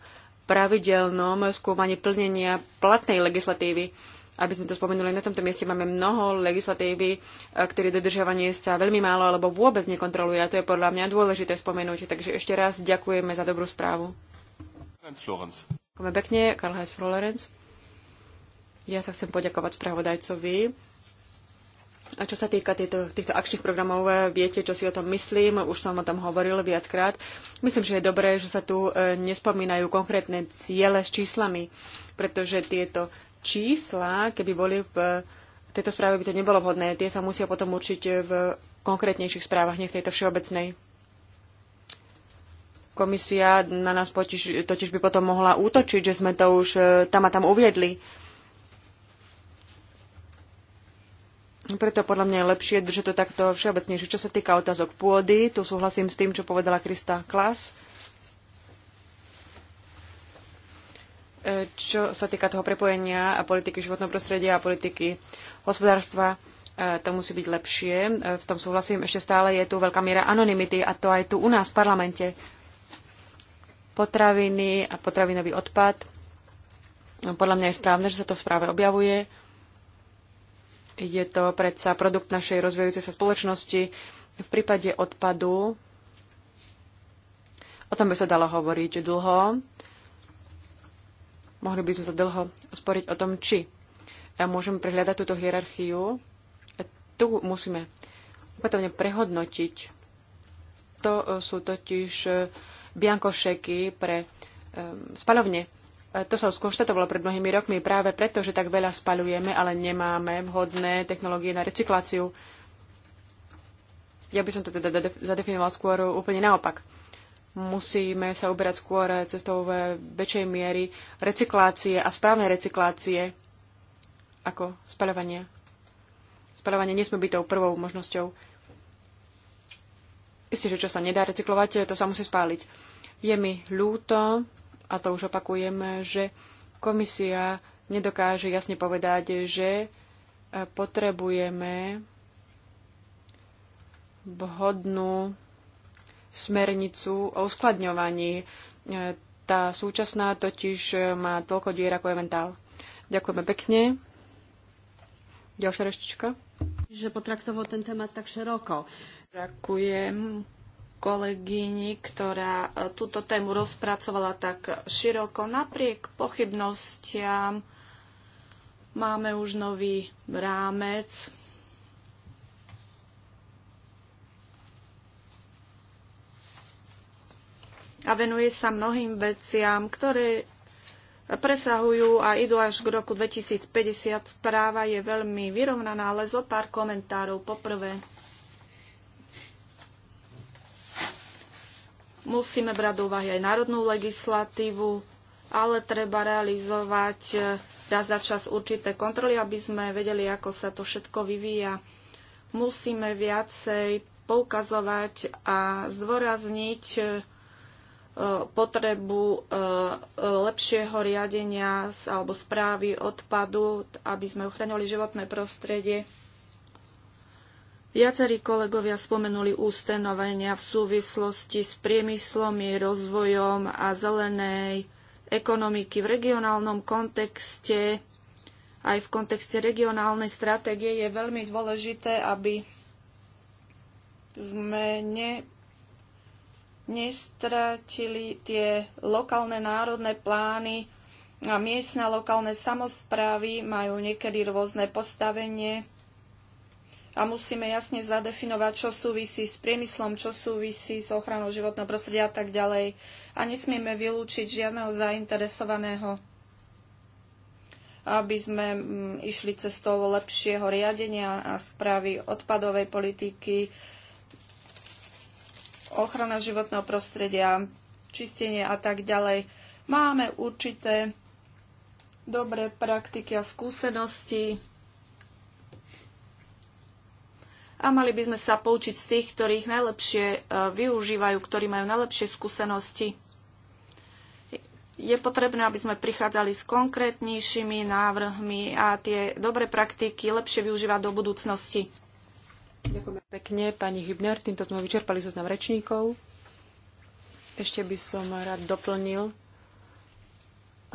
pravidelnom skúmaní plnenia platnej legislatívy aby sme to spomenuli. Na tomto mieste máme mnoho legislatívy, e, ktoré dodržiavanie sa veľmi málo alebo vôbec nekontroluje a to je podľa mňa dôležité spomenúť. Takže ešte raz ďakujeme za dobrú správu. Ďakujeme pekne, Karl Heinz Florenc. Ja sa chcem poďakovať spravodajcovi. A čo sa týka týchto, týchto akčných programov, e, viete, čo si o tom myslím, už som o tom hovoril viackrát. Myslím, že je dobré, že sa tu e, nespomínajú konkrétne ciele s číslami, pretože tieto čísla, keby boli v tejto správe, by to nebolo vhodné. Tie sa musia potom určiť v konkrétnejších správach, nie v tejto všeobecnej. Komisia na nás totiž, totiž by potom mohla útočiť, že sme to už e, tam a tam uviedli. Preto podľa mňa je lepšie držať to takto všeobecnejšie. Čo sa týka otázok pôdy, tu súhlasím s tým, čo povedala Krista Klas. čo sa týka toho prepojenia a politiky životného prostredia a politiky hospodárstva, e, to musí byť lepšie. E, v tom súhlasím, ešte stále je tu veľká miera anonymity a to aj tu u nás v parlamente. Potraviny a potravinový odpad. No, podľa mňa je správne, že sa to v správe objavuje. Je to predsa produkt našej rozvíjajúcej sa spoločnosti. V prípade odpadu, o tom by sa dalo hovoriť dlho, Mohli by sme sa dlho sporiť o tom, či môžeme prehľadať túto hierarchiu. Tu musíme opätovne prehodnotiť. To e, sú totiž e, biankošeky pre e, spalovne. To sa skonštatovalo pred mnohými rokmi práve preto, že tak veľa spalujeme, ale nemáme vhodné technológie na recykláciu. Ja by som to teda zadefinoval skôr úplne naopak musíme sa uberať skôr cestou v väčšej miery recyklácie a správnej recyklácie ako spaľovania. Spaľovanie nesmie byť tou prvou možnosťou. Isté, že čo sa nedá recyklovať, to sa musí spáliť. Je mi ľúto, a to už opakujem, že komisia nedokáže jasne povedať, že e, potrebujeme vhodnú smernicu o uskladňovaní. E, tá súčasná totiž e, má toľko dier ako eventál. Ďakujeme pekne. Ďalšia reštička. Že potraktoval ten témat tak široko. Ďakujem kolegyni, ktorá e, túto tému rozpracovala tak široko. Napriek pochybnostiam máme už nový rámec a venuje sa mnohým veciam, ktoré presahujú a idú až k roku 2050. Správa je veľmi vyrovnaná, ale zo pár komentárov. Poprvé, musíme brať do úvahy aj národnú legislatívu, ale treba realizovať e, dá za čas určité kontroly, aby sme vedeli, ako sa to všetko vyvíja. Musíme viacej poukazovať a zdôrazniť e, potrebu e, lepšieho riadenia alebo správy odpadu, aby sme ochraňovali životné prostredie. Viacerí kolegovia spomenuli ustanovenia v súvislosti s priemyslom, jej rozvojom a zelenej ekonomiky v regionálnom kontexte. Aj v kontexte regionálnej stratégie je veľmi dôležité, aby sme ne nestratili tie lokálne národné plány a miestne lokálne samozprávy majú niekedy rôzne postavenie a musíme jasne zadefinovať, čo súvisí s priemyslom, čo súvisí s ochranou životného prostredia a tak ďalej. A nesmieme vylúčiť žiadneho zainteresovaného, aby sme mm, išli cestou lepšieho riadenia a správy odpadovej politiky, ochrana životného prostredia, čistenie a tak ďalej. Máme určité dobré praktiky a skúsenosti a mali by sme sa poučiť z tých, ktorých najlepšie e, využívajú, ktorí majú najlepšie skúsenosti. Je potrebné, aby sme prichádzali s konkrétnejšími návrhmi a tie dobré praktiky lepšie využívať do budúcnosti. Ďakujem pekne, pani Hübner. Týmto sme vyčerpali zoznam so rečníkov. Ešte by som rád doplnil,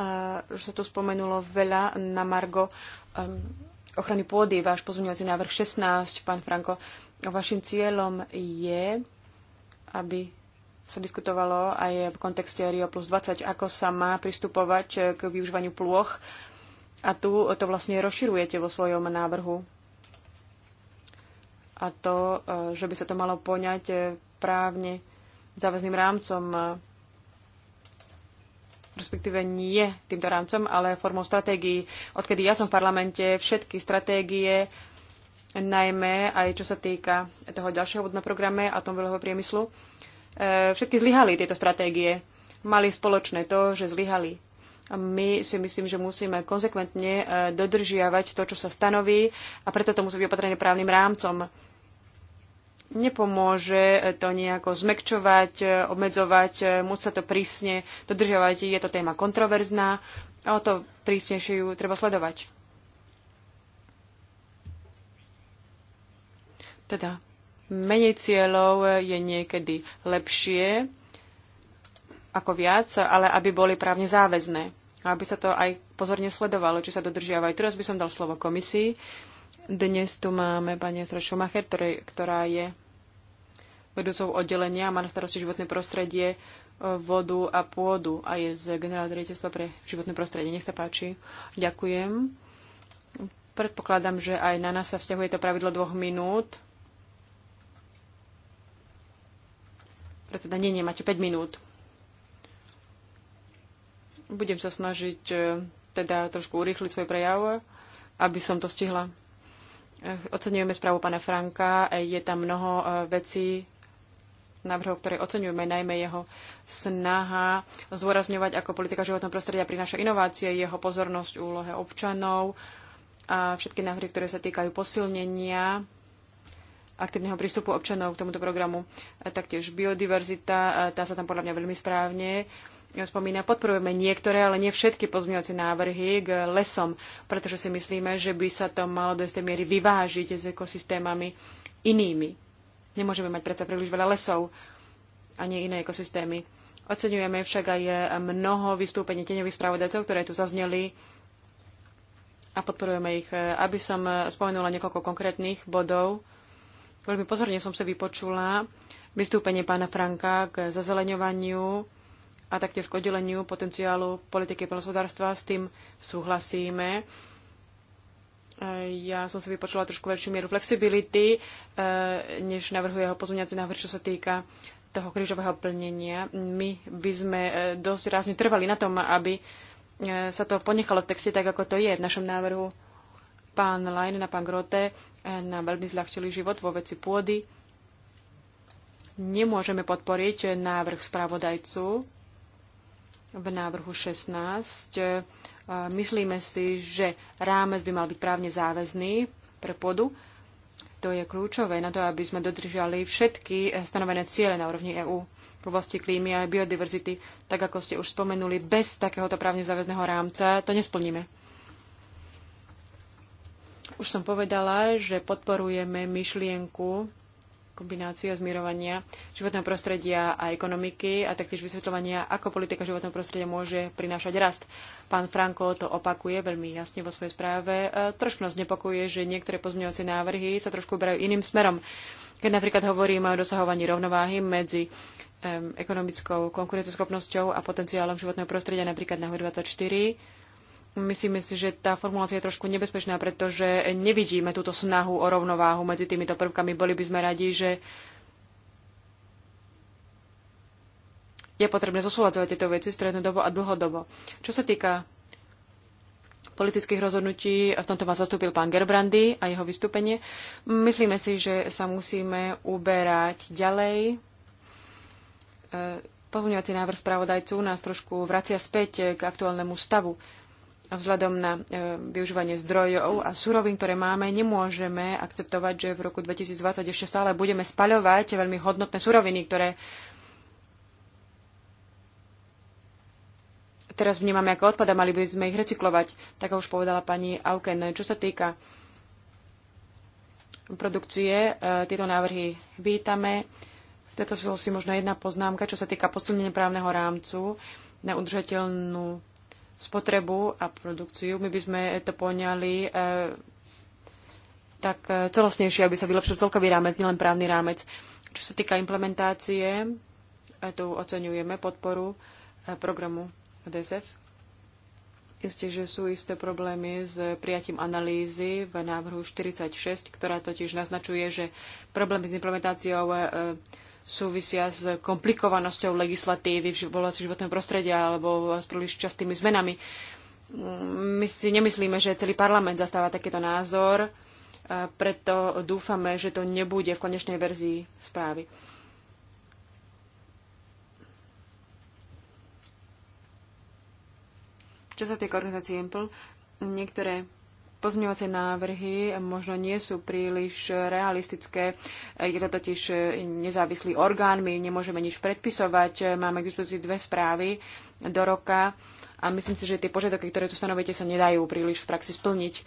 eh, že sa tu spomenulo veľa na Margo eh, ochrany pôdy, váš pozmeňovací návrh 16, pán Franko. Vašim cieľom je, aby sa diskutovalo aj v kontexte Rio plus 20, ako sa má pristupovať k využívaniu plôch. A tu to vlastne rozširujete vo svojom návrhu a to, e, že by sa to malo poňať e, právne záväzným rámcom, e, respektíve nie týmto rámcom, ale formou stratégií. Odkedy ja som v parlamente, všetky stratégie, najmä aj čo sa týka toho ďalšieho bodu na programe atomového priemyslu, všetky zlyhali tieto stratégie. Mali spoločné to, že zlyhali my si myslím, že musíme konsekventne e, dodržiavať to, čo sa stanoví a preto to musí byť opatrené právnym rámcom. Nepomôže e, to nejako zmekčovať, e, obmedzovať, môcť sa to prísne dodržiavať. Je to téma kontroverzná a o to prísnejšie ju treba sledovať. Teda menej cieľov je niekedy lepšie ako viac, ale aby boli právne záväzné. A aby sa to aj pozorne sledovalo, či sa dodržiavajú. Teraz by som dal slovo komisii. Dnes tu máme pani Esra Schumacher, ktorý, ktorá je vedúcou oddelenia a má na starosti životné prostredie, e, vodu a pôdu a je z generálneho riaditeľstva pre životné prostredie. Nech sa páči. Ďakujem. Predpokladám, že aj na nás sa vzťahuje to pravidlo dvoch minút. Predseda, nie, nie, máte 5 minút. Budem sa snažiť e, teda trošku urýchliť svoj prejav, aby som to stihla. E, oceňujeme správu pána Franka, e, je tam mnoho vecí, návrhov, ktoré oceňujeme, najmä jeho snaha zdôrazňovať, ako politika životného prostredia prináša inovácie, jeho pozornosť úlohe občanov a všetky návrhy, ktoré sa týkajú posilnenia aktívneho prístupu občanov k tomuto programu. Taktiež biodiverzita, tá sa tam podľa mňa veľmi správne spomína, podporujeme niektoré, ale nie všetky pozmeňovacie návrhy k lesom, pretože si myslíme, že by sa to malo do istej miery vyvážiť s ekosystémami inými. Nemôžeme mať predsa príliš veľa lesov ani iné ekosystémy. Oceňujeme však aj mnoho vystúpení teňových spravodajcov, ktoré tu zazneli a podporujeme ich. Aby som spomenula niekoľko konkrétnych bodov, veľmi pozorne som sa vypočula vystúpenie pána Franka k zazeleňovaniu a taktiež k oddeleniu potenciálu politiky hospodárstva. S tým súhlasíme. E, ja som si vypočula trošku väčšiu mieru flexibility, e, než navrhuje jeho pozvňací návrh, čo sa týka toho krížového plnenia. My by sme e, dosť rázne trvali na tom, aby sa to ponechalo v texte tak, ako to je v našom návrhu. Pán Lajn a pán Grote nám veľmi zľahčili život vo veci pôdy. Nemôžeme podporiť návrh spravodajcu, v návrhu 16. E, myslíme si, že rámec by mal byť právne záväzný pre podu. To je kľúčové na to, aby sme dodržali všetky e, stanovené ciele na úrovni EÚ v oblasti klímy a biodiverzity, tak ako ste už spomenuli, bez takéhoto právne záväzného rámca to nesplníme. Už som povedala, že podporujeme myšlienku kombinácia zmierovania životného prostredia a ekonomiky a taktiež vysvetľovania, ako politika životného prostredia môže prinášať rast. Pán Franko to opakuje veľmi jasne vo svojej správe. E, trošku nás nepokuje, že niektoré pozmeňovacie návrhy sa trošku berajú iným smerom. Keď napríklad hovoríme o dosahovaní rovnováhy medzi ekonomickou konkurenceschopnosťou a potenciálom životného prostredia, napríklad na 24, Myslíme si, že tá formulácia je trošku nebezpečná, pretože nevidíme túto snahu o rovnováhu medzi týmito prvkami. Boli by sme radi, že je potrebné zosúľadzovať tieto veci strednodobo a dlhodobo. Čo sa týka politických rozhodnutí, v tomto ma zastúpil pán Gerbrandy a jeho vystúpenie. Myslíme si, že sa musíme uberať ďalej. E, pozmeňovací návrh spravodajcu nás trošku vracia späť k aktuálnemu stavu vzhľadom na e, využívanie zdrojov a surovín, ktoré máme, nemôžeme akceptovať, že v roku 2020 ešte stále budeme spaľovať veľmi hodnotné suroviny, ktoré teraz vnímame ako odpad a mali by sme ich recyklovať, tak už povedala pani Auken. Čo sa týka produkcie, e, tieto návrhy vítame. V tejto súvislosti možno jedna poznámka, čo sa týka posunenia právneho rámcu na udržateľnú spotrebu a produkciu. My by sme to poňali e, tak e, celostnejšie, aby sa vylepšil celkový rámec, nielen právny rámec. Čo sa týka implementácie, tu oceňujeme podporu e, programu DSF. Isté, že sú isté problémy s prijatím analýzy v návrhu 46, ktorá totiž naznačuje, že problém s implementáciou súvisia s komplikovanosťou legislatívy v oblasti životného prostredia alebo s príliš častými zmenami. My si nemyslíme, že celý parlament zastáva takýto názor, e, preto dúfame, že to nebude v konečnej verzii správy. Čo sa týka organizácie Impl, niektoré pozmeňovacie návrhy možno nie sú príliš realistické. Je to totiž nezávislý orgán, my nemôžeme nič predpisovať. Máme k dispozícii dve správy do roka a myslím si, že tie požiadavky, ktoré tu stanovíte, sa nedajú príliš v praxi splniť.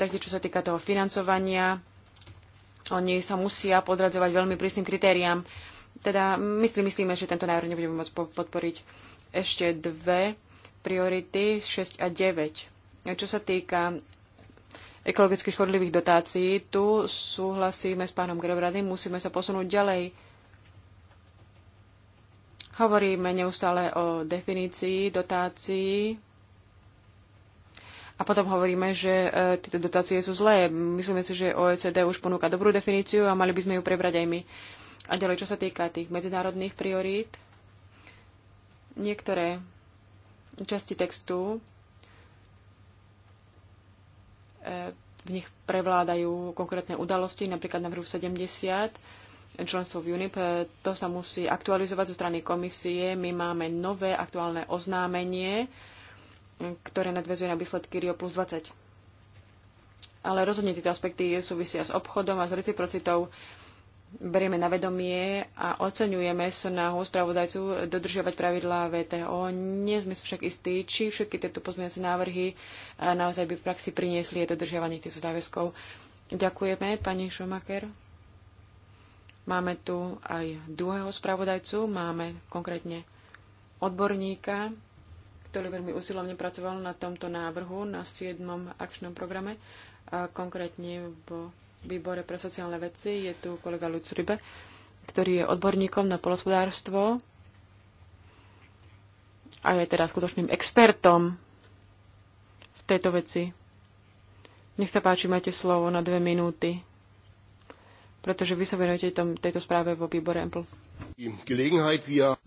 Taktiež, čo sa týka toho financovania, oni sa musia podradzovať veľmi prísnym kritériám. Teda my si myslíme, že tento návrh nebudeme môcť podporiť ešte dve priority 6 a 9. Čo sa týka ekologicky škodlivých dotácií. Tu súhlasíme s pánom Grebrady, musíme sa posunúť ďalej. Hovoríme neustále o definícii dotácií a potom hovoríme, že e, tieto dotácie sú zlé. Myslíme si, že OECD už ponúka dobrú definíciu a mali by sme ju prebrať aj my. A ďalej, čo sa týka tých medzinárodných priorít, niektoré časti textu v nich prevládajú konkrétne udalosti, napríklad na vrhu 70, členstvo v UNIP, to sa musí aktualizovať zo strany komisie. My máme nové aktuálne oznámenie, ktoré nadvezuje na výsledky Rio plus 20. Ale rozhodne tieto aspekty súvisia s obchodom a s reciprocitou berieme na vedomie a oceňujeme snahu spravodajcu dodržiavať pravidlá VTO. Nie sme však istí, či všetky tieto pozmeňujúce návrhy eh, naozaj by v praxi priniesli aj dodržiavanie týchto záväzkov. Ďakujeme, pani Šumaker. Máme tu aj druhého spravodajcu, máme konkrétne odborníka, ktorý veľmi usilovne pracoval na tomto návrhu na 7. akčnom programe, eh, konkrétne vo výbore pre sociálne veci. Je tu kolega Luc Rybe, ktorý je odborníkom na polospodárstvo a je teda skutočným expertom v tejto veci. Nech sa páči, máte slovo na dve minúty, pretože vy sa venujete tejto správe vo výbore AMPL.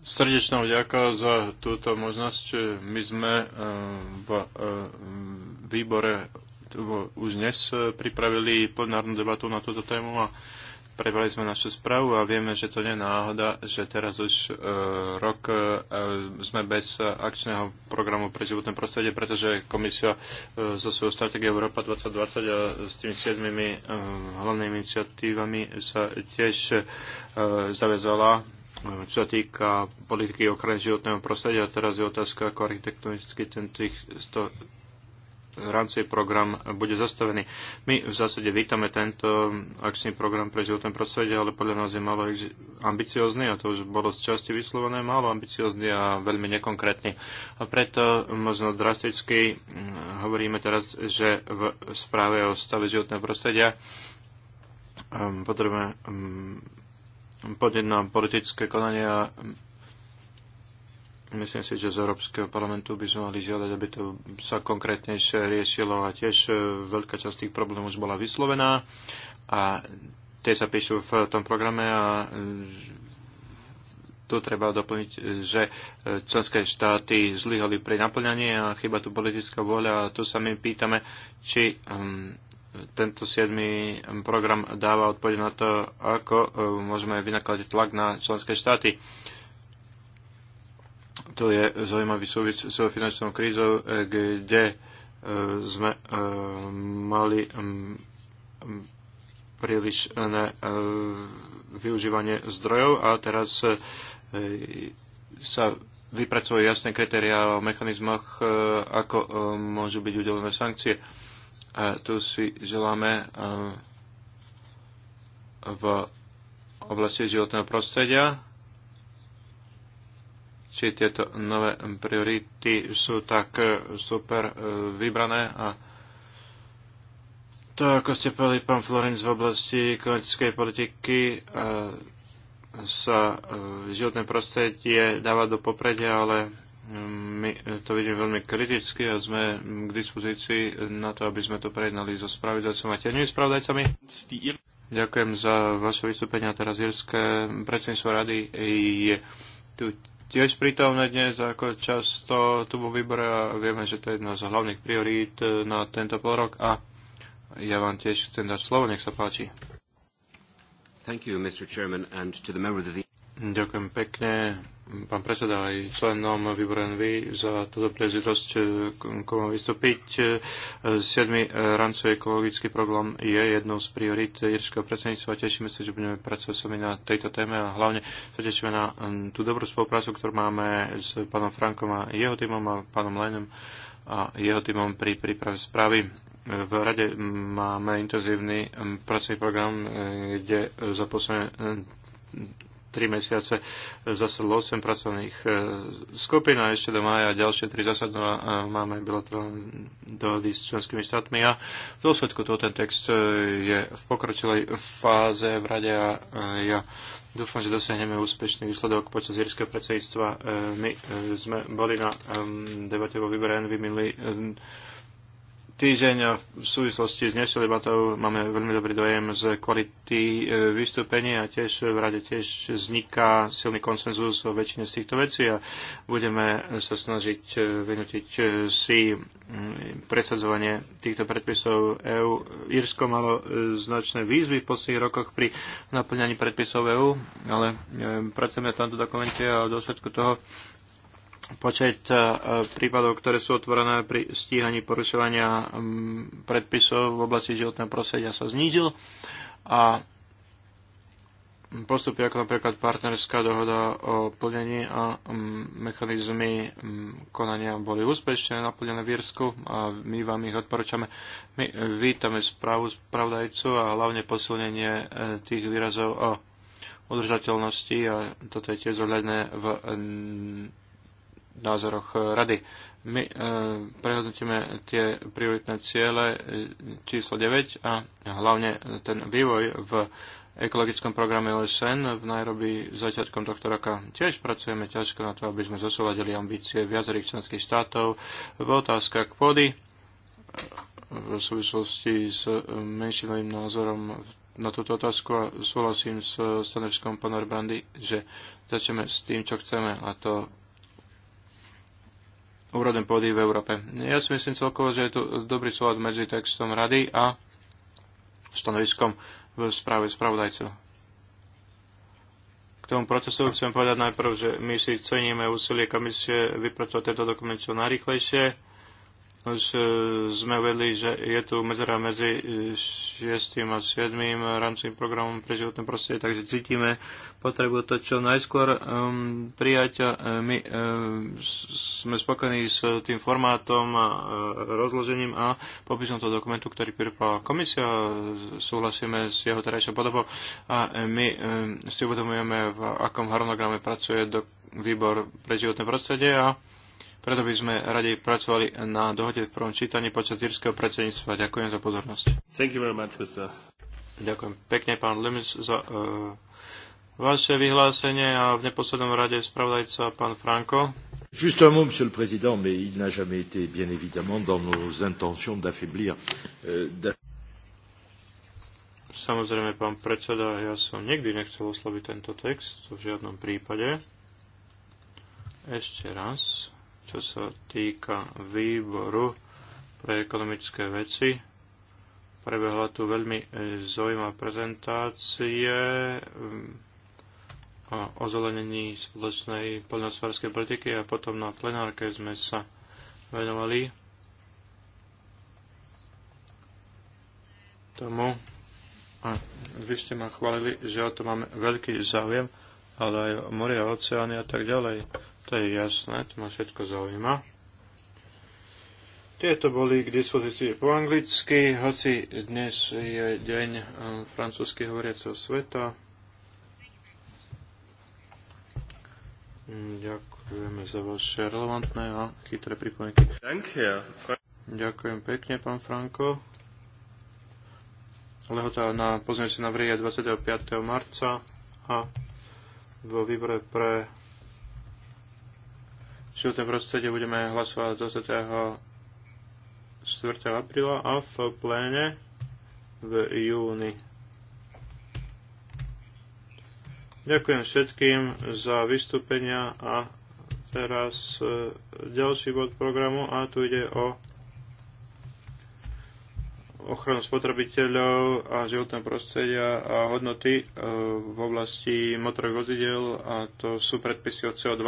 Srdečná vďaka za túto možnosť. My sme eh, v eh, výbore už dnes e, pripravili plenárnu debatu na túto tému a prebrali sme našu správu a vieme, že to nie je náhoda, že teraz už e, rok e, sme bez akčného programu pre životné prostredie, pretože komisia e, so svojou stratégiou Európa 2020 a s tými siedmimi e, hlavnými iniciatívami sa tiež e, zavezala e, čo sa týka politiky ochrany životného prostredia, teraz je otázka, ako architektonicky ten, týchto rámci program bude zastavený. My v zásade vítame tento akčný program pre životné prostredie, ale podľa nás je malo ambiciozný a to už bolo z časti vyslovené, málo ambiciozný a veľmi nekonkrétny. A preto možno drasticky mm, hovoríme teraz, že v správe o stave životného prostredia mm, potrebujeme mm, podneť na politické konania Myslím si, že z Európskeho parlamentu by sme mali žiadať, aby to sa konkrétnejšie riešilo a tiež e, veľká časť tých problémov už bola vyslovená a tie sa píšu v tom programe a e, tu treba doplniť, e, že členské štáty zlyhali pri naplňaní a chyba tu politická vôľa a tu sa my pýtame, či tento 7. program dáva odpoveď na to, ako môžeme vynakladať tlak na členské štáty to je zaujímavý súvis s finančnou krízou, eh, kde eh, sme eh, mali mm, mm, na využívanie zdrojov a teraz sa vypracujú jasné kritériá o mechanizmoch, ako môžu byť udelené sankcie. A tu si želáme v oblasti životného prostredia či tieto nové priority sú tak e, super e, vybrané a to, ako ste povedali, pán Florenc, v oblasti klimatickej politiky e, sa životné prostredie dáva do popredia, ale my to vidíme veľmi kriticky a sme k dispozícii na to, aby sme to prejednali so spravodajcom a tenými spravodajcami. Ďakujem za vaše vystúpenie. Teraz Jirské predsedníctvo rady je tu tiež prítomné dnes, ako často tu vo výbore a vieme, že to je jedna z hlavných priorít eh, na tento pol rok a ja vám tiež chcem dať slovo, nech sa páči. Thank you, Mr. Chairman, and to the member of the... Ďakujem pekne, pán predseda, aj členom výboru NV za túto príležitosť eh, komu vystúpiť. Eh, siedmy rancový ekologický program je jednou z priorít írskeho predsedníctva. Tešíme sa, že budeme pracovať sami na tejto téme a hlavne sa tešíme na hm, tú dobrú spoluprácu, ktorú máme s pánom Frankom a jeho týmom a pánom Lenom a jeho týmom pri príprave správy. V rade máme intenzívny hm, pracovný program, eh, kde za posledné hm, 3 mesiace zasadlo 8 pracovných e, skupín a ešte do mája ďalšie 3 zasadnú a e, máme bilaterálne dohody s členskými štátmi a v dôsledku toho ten text e, je v pokročilej fáze v rade a ja Dúfam, že dosiahneme úspešný výsledok počas írskeho predsedníctva. My sme boli na debate vo výbore Envy minulý týždeň a v súvislosti s dnešnou debatou máme veľmi dobrý dojem z kvality e, vystúpenia a tiež v rade tiež vzniká silný konsenzus o väčšine z týchto vecí a budeme sa snažiť e, vynutiť e, si presadzovanie týchto predpisov EÚ. Írsko malo značné výzvy v posledných rokoch pri naplňaní predpisov EÚ, ale pracujeme na tomto dokumente a v dôsledku toho počet e, prípadov, ktoré sú otvorené pri stíhaní porušovania predpisov v oblasti životného prostredia sa znížil a postupy ako napríklad partnerská dohoda o plnení a mechanizmy konania boli úspešne naplnené v Írsku a my vám ich odporúčame. My e, vítame správu spravodajcu a hlavne posilnenie e, tých výrazov o udržateľnosti a toto je tiež zohľadné v názoroch eh, rady. My eh, prehodnotíme tie prioritné ciele eh, číslo 9 a hlavne ten vývoj v ekologickom programe OSN v Nairobi začiatkom tohto roka. Tiež pracujeme ťažko na to, aby sme zosúladili ambície viacerých členských štátov v otázkach pôdy v súvislosti s menšinovým názorom na túto otázku a súhlasím s stanoviskom pána Brandy, že začneme s tým, čo chceme a to úrodné pôdy v Európe. Ja si myslím celkovo, že je to dobrý súlad medzi textom rady a stanoviskom v správe spravodajcov. K tomu procesu chcem povedať najprv, že my si ceníme úsilie komisie vypracovať tento dokument čo najrychlejšie už e, sme uvedli, že je tu medzera medzi 6. E, a 7. rámcovým programom pre životné prostredie, takže cítime potrebu to čo najskôr um, prijať. My um, sme spokojní s tým formátom a rozložením a popisom toho dokumentu, ktorý pripravila komisia. Súhlasíme s jeho terajšou podobou a my um, si uvedomujeme, v akom harmonograme pracuje do, výbor pre životné prostredie a preto by sme radej pracovali na dohode v prvom čítaní počas írskeho predsedníctva. Ďakujem za pozornosť. Thank you very much, Mr. Ďakujem pekne, pán Lemis, za uh, vaše vyhlásenie a v neposlednom rade spravodajca pán Franko. Juste un mot, Monsieur le Président, mais il n'a jamais été, bien évidemment, dans nos intentions d'affaiblir. Euh, Samozrejme, pán predseda, ja som nikdy nechcel osloviť tento text, v žiadnom prípade. Ešte raz čo sa týka výboru pre ekonomické veci. Prebehla tu veľmi e, zaujímavá prezentácie o ozelenení spoločnej poľnohospodárskej politiky a potom na plenárke sme sa venovali tomu. A vy ste ma chválili, že o to máme veľký záujem, ale aj o more a oceány a tak ďalej. To je jasné, to ma všetko zaujíma. Tieto boli k dispozícii po anglicky, hoci dnes je deň eh, francúzsky hovoriaceho sveta. Mm, ďakujeme za vaše relevantné a chytré pripomienky. Ďakujem pekne, pán Franko. Lehota na pozornici na vrieje 25. marca a vo výbore pre životné prostredie budeme hlasovať 24. apríla a v pléne v júni. Ďakujem všetkým za vystúpenia a teraz e, ďalší bod programu a tu ide o ochranu spotrebiteľov a životného prostredia a hodnoty e, v oblasti motorových vozidel a to sú predpisy o CO2.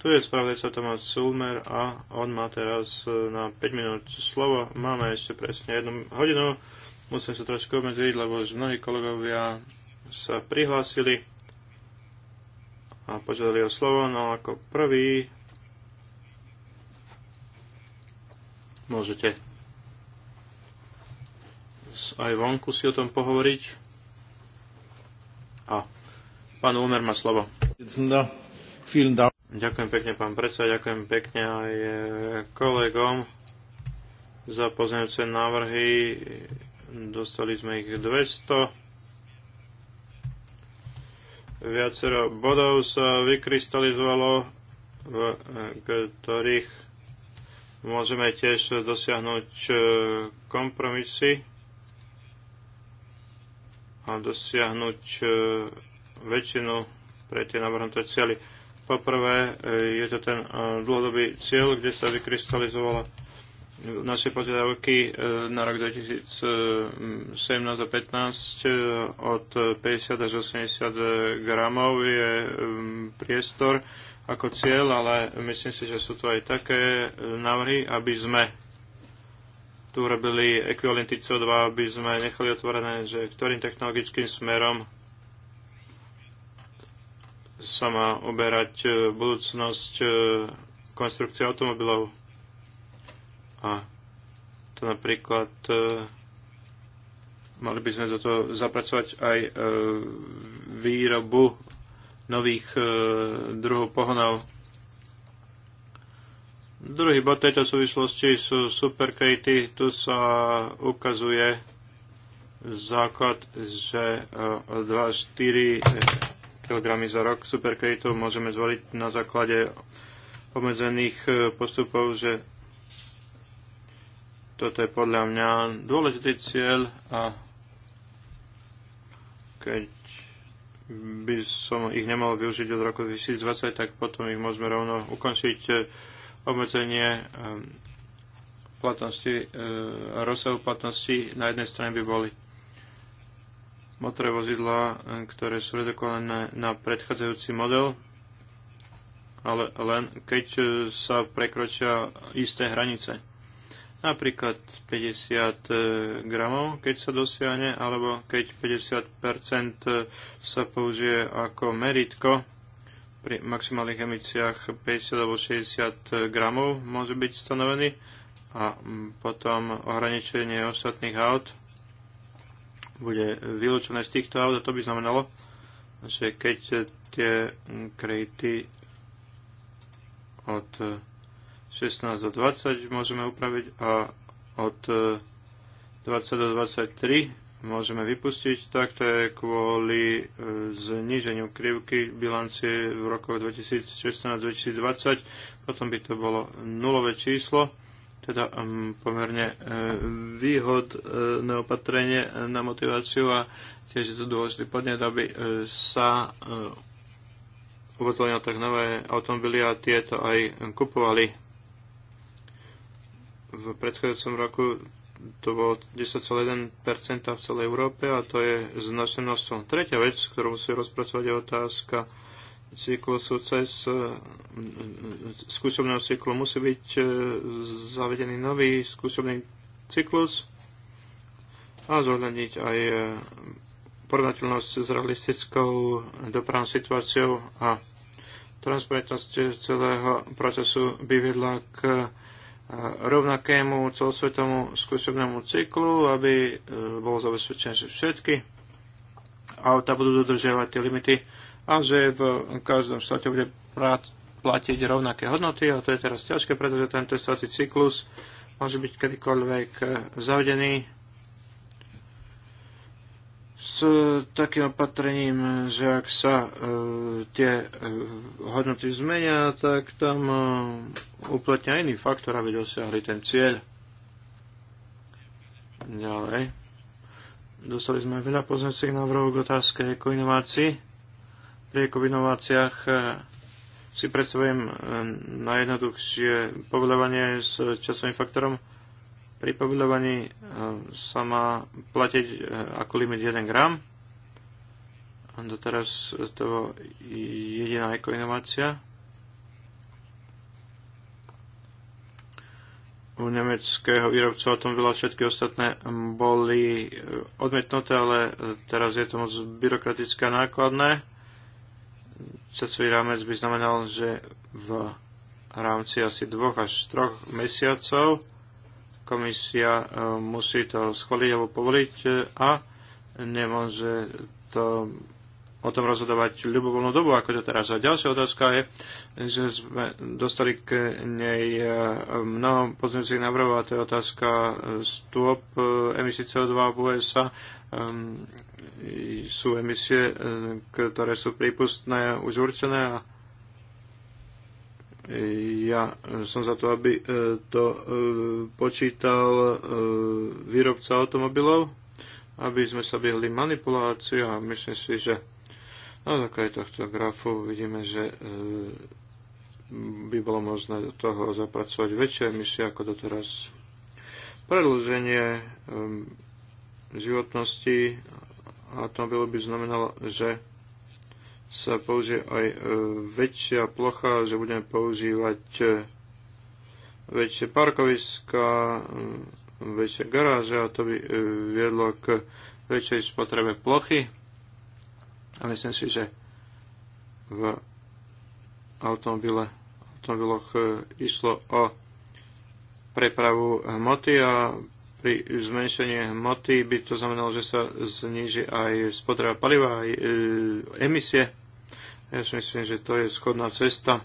Tu je sa Tomáš Sulmer a on má teraz e, na 5 minút slovo. Máme ešte presne jednu hodinu. Musím sa trošku obmedziť, lebo už mnohí kolegovia sa prihlásili a požiadali o slovo, no ako prvý môžete aj vonku si o tom pohovoriť. A pán Ulmer má slovo. Ďakujem pekne, pán predseda, ďakujem pekne aj e, kolegom za pozňujúce návrhy. Dostali sme ich 200 viacero bodov sa vykrystalizovalo, v e, ktorých môžeme tiež dosiahnuť e, kompromisy dosiahnuť e, väčšinu pre tie navrhnuté cieľy. Poprvé e, je to ten e, dlhodobý cieľ, kde sa vykrystalizovala naše požiadavky na rok 2017 a 15 od 50 až 80 gramov je priestor ako cieľ, ale myslím si, že sú to aj také návrhy, aby sme tu robili ekvivalenty CO2, aby sme nechali otvorené, že ktorým technologickým smerom sa má oberať e, budúcnosť e, konstrukcie automobilov. A to napríklad e, mali by sme do toho zapracovať aj výrobu nových druhov pohonov Druhý bod tejto súvislosti sú superkredity. Tu sa ukazuje základ, že 2-4 e, e, kg za rok superkreditov môžeme zvoliť na základe obmedzených e, postupov, že toto je podľa mňa dôležitý cieľ a keď by som ich nemal využiť od roku 2020, tak potom ich môžeme rovno ukončiť obmedzenie ehm, platnosti, ehm, rozsahu platnosti na jednej strane by boli motorové vozidla, ehm, ktoré sú redukované na predchádzajúci model, ale len keď e, sa prekročia isté hranice. Napríklad 50 e, gramov, keď sa dosiahne, alebo keď 50% e, sa použije ako meritko pri maximálnych emisiách 50 alebo 60 gramov môže byť stanovený a mm, potom ohraničenie ostatných aut bude vylúčené z týchto aut a to by znamenalo, že keď tie mm, kredity od 16 do 20 môžeme upraviť a od 20 eh, do 23 môžeme vypustiť, tak to je kvôli e, zníženiu krivky bilancie v rokoch 2016-2020. Potom by to bolo nulové číslo, teda pomerne e, výhodné opatrenie na motiváciu a tiež je to dôležitý podnet, aby e, sa uvodzovali tak nové automobily a tieto aj kupovali. V predchádzajúcom roku to bolo 10,1% v celej Európe a to je značné množstvo. Tretia vec, ktorú musí rozpracovať, je otázka cyklusu cez e, e, skúšobného cyklu. Musí byť e, zavedený nový skúšobný cyklus a zohľadniť aj porovnateľnosť s realistickou dopravnou situáciou a transparentnosť celého procesu by vedla k rovnakému celosvetovému skúšobnému cyklu, aby e, bolo zabezpečené, že všetky auta budú dodržiavať tie limity a že v každom štáte bude platiť rovnaké hodnoty a to je teraz ťažké, pretože ten testovací cyklus môže byť kedykoľvek zavedený s takým opatrením, že ak sa e, tie e, hodnoty zmenia, tak tam e, uplatňa iný faktor, aby dosiahli ten cieľ. Ďalej. Dostali sme veľa poznacích návrhov k otázke ako inovácii. Pri ako inováciách e, si predstavujem e, najjednoduchšie povedovanie s časovým faktorom pri pobilovaní e, sa má platiť e, ako limit 1 gram. Doteraz to je jediná ekoinovácia. u nemeckého výrobcu automobilov všetky ostatné boli e, odmietnuté, ale teraz je to moc byrokratické a nákladné. Cecový rámec by znamenal, že v rámci asi dvoch až troch mesiacov komisia e, musí to schváliť alebo povoliť e, a nemôže to o tom rozhodovať ľubovoľnú dobu, ako to teraz. A ďalšia otázka je, že sme dostali k nej e, mnoho pozmeňujúcich návrhov, a to je otázka stôp emisí CO2 v USA. Ehm, sú emisie, ktoré sú prípustné, už určené a ja som za to, aby e, to e, počítal e, výrobca automobilov, aby sme sa vyhli manipuláciu a myslím si, že na základe tohto grafu vidíme, že by bolo možné do toho zapracovať väčšie emisie ako doteraz. Predlženie životnosti automobilu by znamenalo, že sa použije aj e, väčšia plocha, že budeme používať e, väčšie parkoviska, väčšie garáže a to by e, viedlo k väčšej spotrebe plochy. A myslím si, že v automobile, automobiloch išlo o prepravu hmoty a pri zmenšení hmoty by to znamenalo, že sa zniží aj spotreba paliva, aj e, emisie. Ja si myslím, že to je schodná cesta.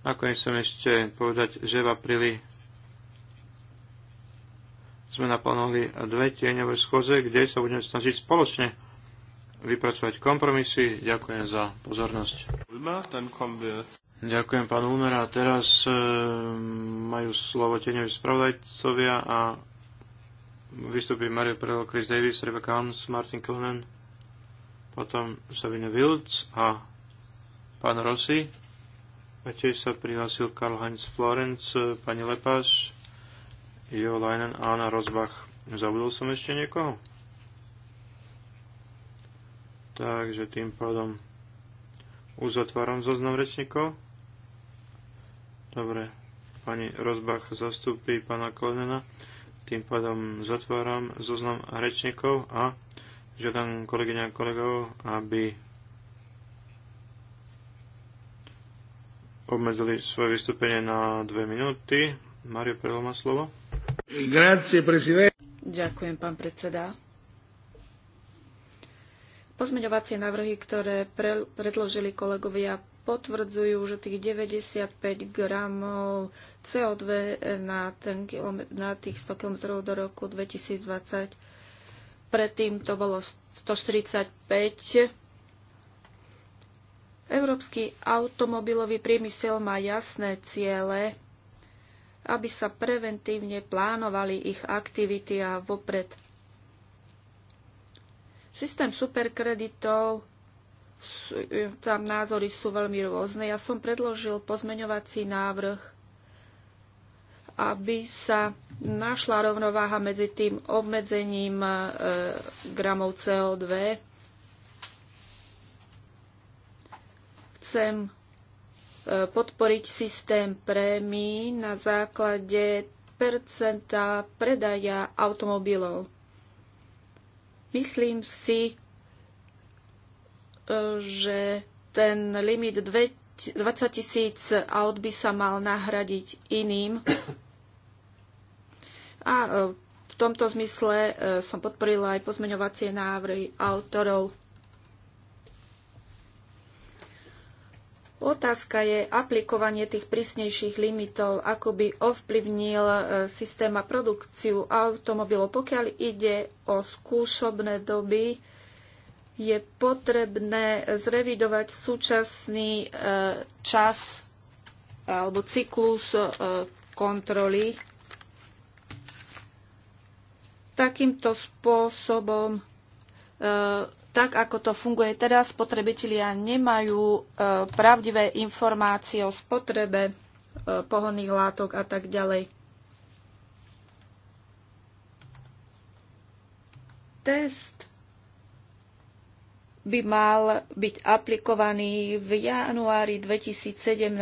Nakoniec som ešte povedať, že v apríli sme naplánovali dve tieňové schôze, kde sa budeme snažiť spoločne vypracovať kompromisy. Ďakujem za pozornosť. Ďakujem pán Ulmer a teraz e, majú slovo tieňové spravodajcovia a vystupí Mario Prelo, Chris Davis, Rebecca Hans, Martin Klonen potom Sabine Wilc a pán Rossi. A tiež sa prihlásil Karl-Heinz Florenc, pani Lepáš, Jo Leinen a Anna Rozbach. Zabudol som ešte niekoho? Takže tým pádom uzatváram zoznam rečníkov. Dobre, pani Rozbach zastupí pána Klenena. Tým pádom zatváram zoznam rečníkov a Žiadam kolegyňa a kolegov, aby obmedzili svoje vystúpenie na dve minúty. Mario Perl má slovo. Grazie, prezident. Ďakujem, pán predseda. Pozmeňovacie návrhy, ktoré pre, predložili kolegovia, potvrdzujú, že tých 95 gramov CO2 na, ten na tých 100 km do roku 2020 predtým to bolo 145. Európsky automobilový priemysel má jasné ciele, aby sa preventívne plánovali ich aktivity a vopred. Systém superkreditov, e, tam názory sú veľmi rôzne. Ja som predložil pozmeňovací návrh aby sa našla rovnováha medzi tým obmedzením e, gramov CO2. Chcem e, podporiť systém prémií na základe percenta predaja automobilov. Myslím si, e, že ten limit 20 tisíc aut by sa mal nahradiť iným a e, v tomto zmysle e, som podporila aj pozmeňovacie návrhy autorov. Otázka je aplikovanie tých prísnejších limitov, ako by ovplyvnil e, systém a produkciu automobilov. Pokiaľ ide o skúšobné doby, je potrebné zrevidovať súčasný čas alebo cyklus kontroly takýmto spôsobom, e, tak ako to funguje teraz, spotrebitelia nemajú e, pravdivé informácie o spotrebe e, pohonných látok a tak ďalej. Test by mal byť aplikovaný v januári 2017.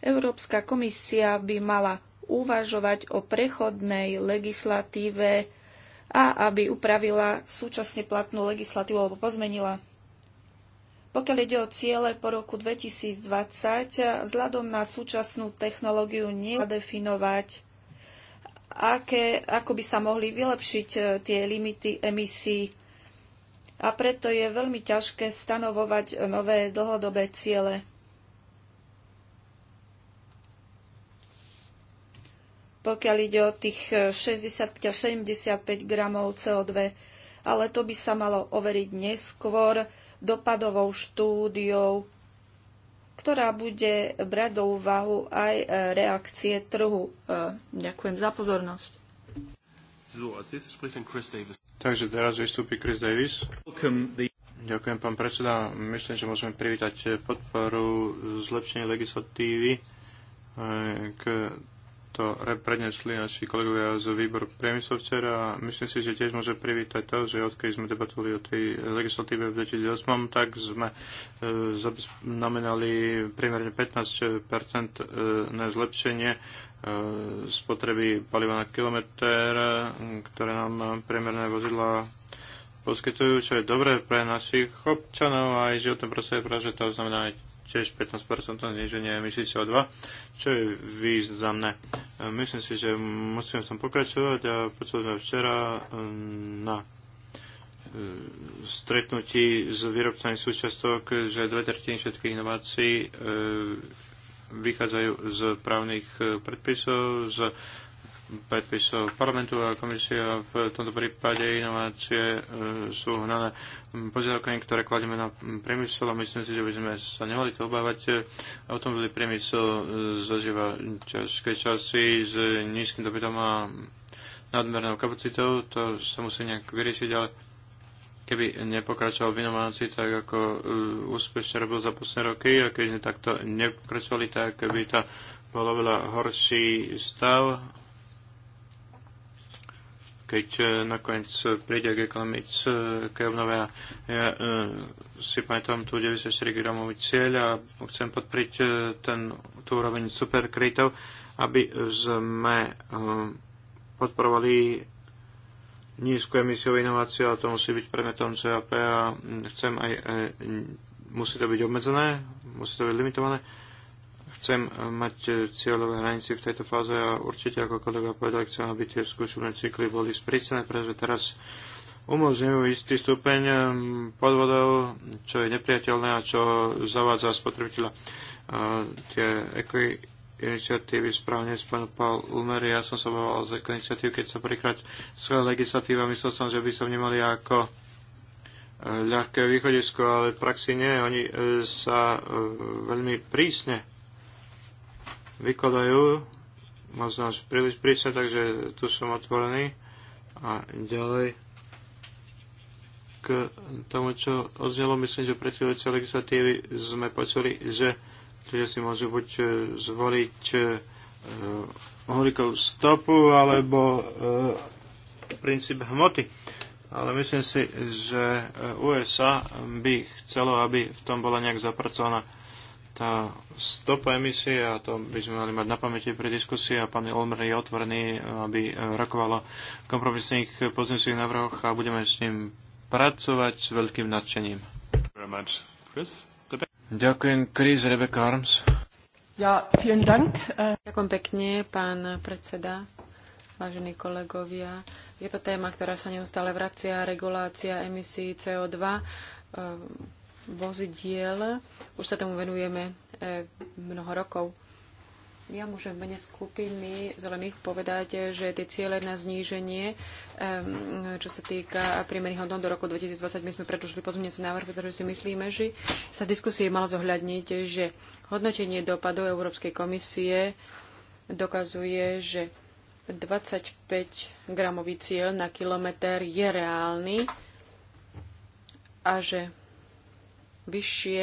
Európska komisia by mala uvažovať o prechodnej legislatíve a aby upravila súčasne platnú legislatívu alebo pozmenila. Pokiaľ ide o ciele po roku 2020, vzhľadom na súčasnú technológiu nedefinovať, aké, ako by sa mohli vylepšiť e, tie limity emisí. A preto je veľmi ťažké stanovovať nové dlhodobé ciele. pokiaľ ide o tých 65 až 75 gramov CO2, ale to by sa malo overiť neskôr dopadovou štúdiou, ktorá bude brať do úvahu aj e, reakcie trhu. E, ďakujem za pozornosť. Takže teraz vystúpi Chris Davis. Ďakujem, pán predseda. Myslím, že môžeme privítať podporu zlepšenia legislatívy, e, to prednesli naši kolegovia z výboru priemyslu včera a myslím si, že tiež môže privítať to, že odkedy sme debatovali o tej legislatíve v 2008, tak sme e, znamenali primerne 15% e, na zlepšenie e, spotreby paliva na kilometr, ktoré nám priemerné vozidla poskytujú, čo je dobré pre našich občanov a aj životné prostredie, pretože to znamená aj tiež 15% zniženie emisí CO2, čo je významné. Myslím si, že musíme v tom pokračovať a počuli sme včera hm, na hm, stretnutí s výrobcami súčastok, že dve tretiny všetkých inovácií hm, vychádzajú z právnych predpisov, z predpisov parlamentu a komisia v tomto prípade inovácie e, sú hnané požiadavkami, ktoré kladieme na priemysel a myslím si, že by sme sa nemali to obávať. E, automobilový priemysel e, zažíva ťažké časy s nízkym dopytom a nadmernou kapacitou. To sa musí nejak vyriešiť, ale keby nepokračoval v inovácii tak, ako úspešne robil za posledné roky a keď sme takto nepokračovali, tak by to bolo veľa horší stav keď e, nakoniec príde k ekonomické obnove. Ja e, si pamätám tu 94-gramový cieľ a chcem podpriť e, ten, tú úroveň superkreditov, aby sme podporovali nízku emisiu inováciu a to musí byť predmetom CAP a chcem aj, musí to byť obmedzené, musí to byť limitované Chcem eh, mať eh, cieľové hranice v tejto fáze a určite, ako kolega povedal, chcem, aby tie skúšobné cykly boli sprísnené, pretože teraz umožňujú istý stupeň eh, podvodov, čo je nepriateľné a čo zavádza spotrebiteľa. Tie iniciatívy správne spomenul pán Ulmer, ja som sa bával z eko iniciatív, keď sa prikrať svoje legislatíva, myslel som, že by som nemali ako ľahké východisko, ale v praxi nie. Oni sa veľmi prísne vykladajú možno až príliš prísne, takže tu som otvorený. A ďalej k tomu, čo odznelo, myslím, že pre chvíľujúce legislatívy sme počuli, že ľudia si môžu buď e, zvoliť e, e, uhlíkovú stopu alebo princíp hmoty. Ale myslím si, že USA by chcelo, aby v tom bola nejak zapracovaná tá stopa emisie a to by sme mali mať na pamäti pri diskusii a pán Olmer je otvorený, aby e, rokovalo kompromisných pozniesných návrhoch a budeme s ním pracovať s veľkým nadšením. Ďakujem, Chris Rebecca Arms. Ja, vielen Dank. Ďakujem pekne, pán predseda, vážení kolegovia. Je to téma, ktorá sa neustále vracia, regulácia emisí CO2 vozidiel. Už sa tomu venujeme e, mnoho rokov. Ja môžem mene skupiny zelených povedať, že tie ciele na zníženie, čo sa týka priemerných hodnot do roku 2020, my sme predložili pozmeňujúci návrh, pretože si myslíme, že sa diskusie diskusii mala zohľadniť, že hodnotenie dopadov Európskej komisie dokazuje, že 25-gramový cieľ na kilometr je reálny a že Vyššie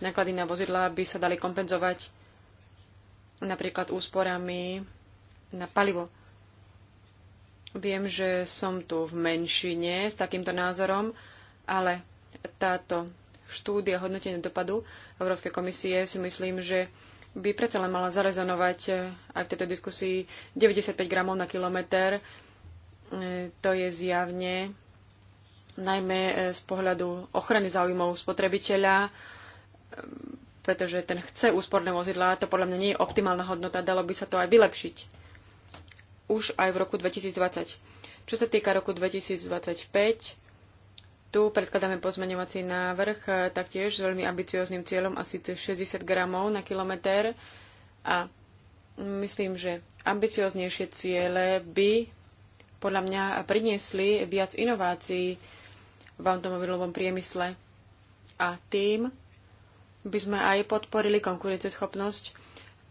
náklady na vozidlá by sa dali kompenzovať napríklad úsporami na palivo. Viem, že som tu v menšine s takýmto názorom, ale táto štúdia hodnotenia dopadu Európskej komisie si myslím, že by predsa len mala zarezonovať eh, aj v tejto diskusii 95 gramov na kilometr. Eh, to je zjavne najmä e, z pohľadu ochrany záujmov spotrebiteľa, e, pretože ten chce úsporné vozidlá, to podľa mňa nie je optimálna hodnota, dalo by sa to aj vylepšiť. Už aj v roku 2020. Čo sa týka roku 2025, tu predkladáme pozmeňovací návrh e, taktiež s veľmi ambiciozným cieľom asi 60 gramov na kilometr a myslím, že ambicioznejšie ciele by podľa mňa priniesli viac inovácií v automobilovom priemysle. A tým by sme aj podporili konkurenceschopnosť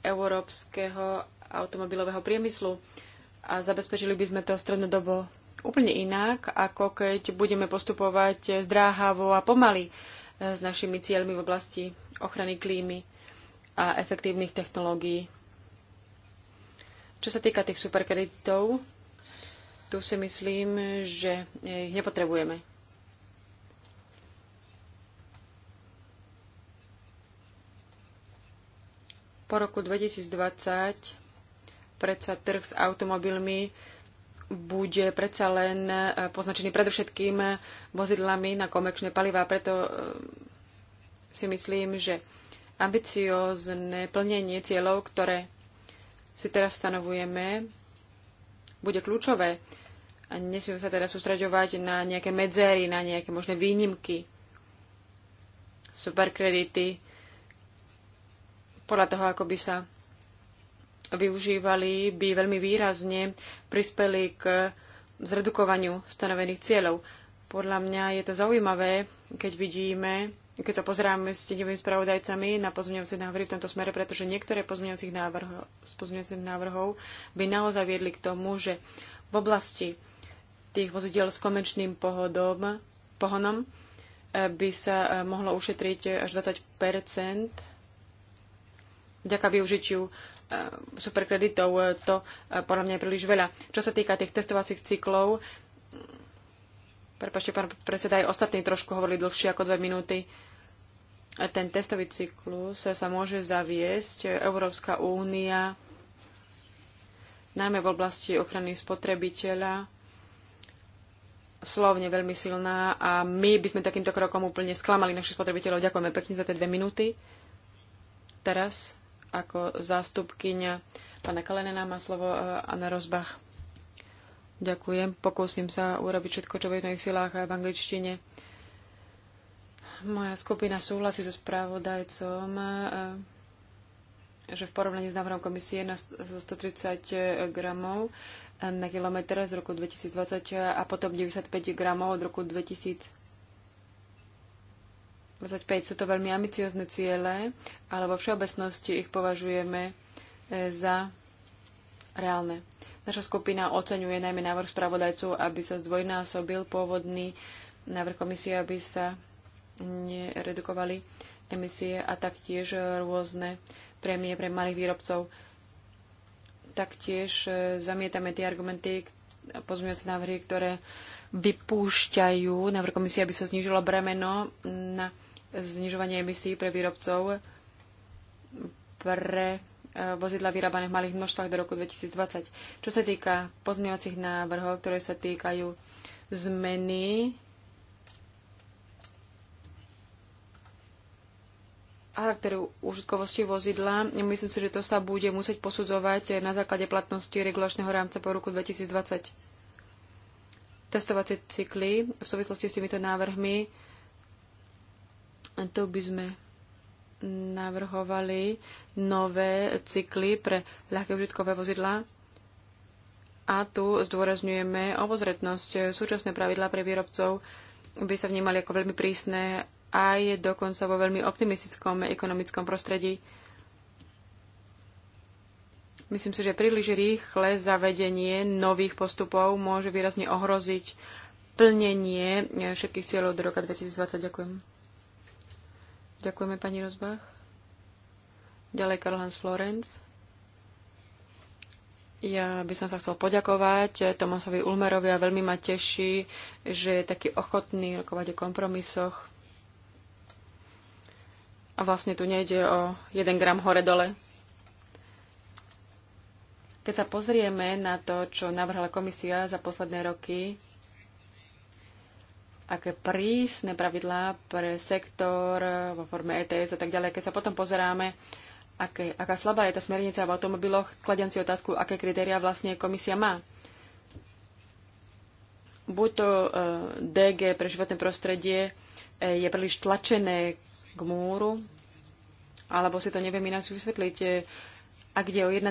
európskeho automobilového priemyslu a zabezpečili by sme to strednodobo úplne inak, ako keď budeme postupovať zdráhavo a pomaly s našimi cieľmi v oblasti ochrany klímy a efektívnych technológií. Čo sa týka tých superkreditov, tu si myslím, že ich nepotrebujeme. po roku 2020 predsa trh s automobilmi bude predsa len e, poznačený predovšetkým vozidlami na komerčné palivá. Preto e, si myslím, že ambiciózne plnenie cieľov, ktoré si teraz stanovujeme, bude kľúčové. A nesmieme sa teda sústraďovať na nejaké medzery, na nejaké možné výnimky, superkredity, podľa toho, ako by sa využívali, by veľmi výrazne prispeli k zredukovaniu stanovených cieľov. Podľa mňa je to zaujímavé, keď vidíme, keď sa pozeráme s tieňovými spravodajcami na pozmeňovací návrhy v tomto smere, pretože niektoré pozmeňovacích návrhov, z pozmeňovacích návrhov by naozaj viedli k tomu, že v oblasti tých vozidiel s komerčným pohodom, pohonom eh, by sa eh, mohlo ušetriť až 20 vďaka využitiu eh, superkreditov. Eh, to eh, podľa mňa je príliš veľa. Čo sa týka tých testovacích cyklov, prepačte, pán predseda, aj ostatní trošku hovorili dlhšie ako dve minúty. Ten testový cyklus sa môže zaviesť. Európska únia najmä v oblasti ochrany spotrebiteľa slovne veľmi silná a my by sme takýmto krokom úplne sklamali našich spotrebiteľov. Ďakujeme pekne za tie dve minúty. Teraz ako zástupkyňa pána Kalenena má slovo e, Anna Rozbach. Ďakujem. Pokúsim sa urobiť všetko, čo v jednoj silách aj v angličtine. Moja skupina súhlasí so správodajcom, e, že v porovnaní s návrhom komisie na 130 gramov na kilometr z roku 2020 a potom 95 gramov od roku 2000 25. Sú to veľmi ambiciozne ciele, ale vo všeobecnosti ich považujeme e, za reálne. Naša skupina oceňuje najmä návrh spravodajcov, aby sa zdvojnásobil pôvodný návrh komisie, aby sa neredukovali emisie a taktiež rôzne prémie pre malých výrobcov. Taktiež e, zamietame tie argumenty, pozmeňujúce návrhy, ktoré vypúšťajú návrh komisie, aby sa znížilo bremeno na znižovanie emisí pre výrobcov pre e, vozidla vyrábané v malých množstvách do roku 2020. Čo sa týka pozmievacích návrhov, ktoré sa týkajú zmeny charakteru užitkovosti vozidla. Myslím si, že to sa bude musieť posudzovať na základe platnosti regulačného rámca po roku 2020. Testovacie cykly v súvislosti s týmito návrhmi tu by sme navrhovali nové cykly pre ľahké užitkové vozidlá. A tu zdôrazňujeme obozretnosť. Súčasné pravidlá pre výrobcov by sa vnímali ako veľmi prísne a je dokonca vo veľmi optimistickom ekonomickom prostredí. Myslím si, že príliš rýchle zavedenie nových postupov môže výrazne ohroziť plnenie všetkých cieľov do roka 2020. Ďakujem. Ďakujeme, pani Rozbach. Ďalej Karl-Hans Florenc. Ja by som sa chcel poďakovať Tomasovi Ulmerovi a veľmi ma teší, že je taký ochotný rokovať o kompromisoch. A vlastne tu nejde o jeden gram hore-dole. Keď sa pozrieme na to, čo navrhla komisia za posledné roky, aké prísne pravidlá pre sektor vo forme ETS a tak ďalej. Keď sa potom pozeráme, aké, aká slabá je tá smernica v automobiloch, kladem si otázku, aké kritéria vlastne komisia má. Buď to uh, e, DG pre životné prostredie e, je príliš tlačené k múru, alebo si to neviem ináč vysvetliť. E, ak ide o 1,7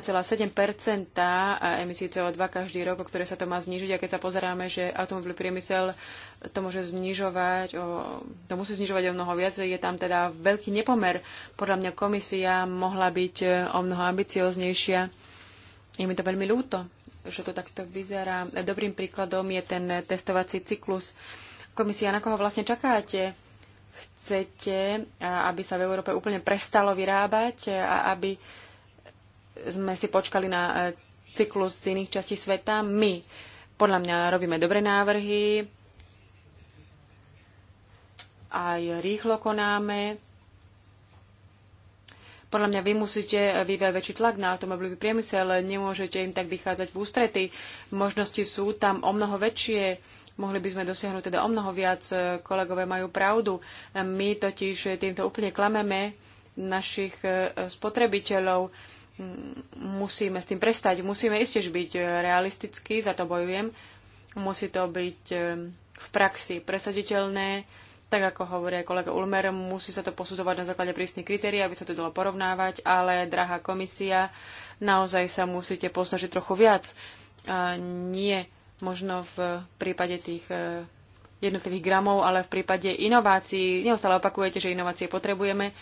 emisí CO2 každý rok, o ktoré sa to má znižiť. A keď sa pozeráme, že automobilový priemysel to môže znižovať, o, to musí znižovať o mnoho viac, je tam teda veľký nepomer. Podľa mňa komisia mohla byť e, o mnoho ambicioznejšia. Je mi to veľmi ľúto, že to takto vyzerá. Dobrým príkladom je ten testovací cyklus. Komisia, na koho vlastne čakáte? Chcete, aby sa v Európe úplne prestalo vyrábať a aby sme si počkali na e, cyklus z iných častí sveta. My podľa mňa robíme dobré návrhy, aj rýchlo konáme. Podľa mňa vy musíte vyvať väčší tlak na automobilový priemysel, nemôžete im tak vychádzať v ústrety. Možnosti sú tam o mnoho väčšie, mohli by sme dosiahnuť teda o mnoho viac, kolegové majú pravdu. My totiž týmto úplne klameme našich e, spotrebiteľov musíme s tým prestať. Musíme istež byť eh, realistickí, za to bojujem. Musí to byť eh, v praxi presaditeľné, tak ako hovorí kolega Ulmer, musí sa to posudzovať na základe prísnych kritérií, aby sa to dalo porovnávať, ale, drahá komisia, naozaj sa musíte posnažiť trochu viac. A nie možno v prípade tých eh, jednotlivých gramov, ale v prípade inovácií. Neustále opakujete, že inovácie potrebujeme,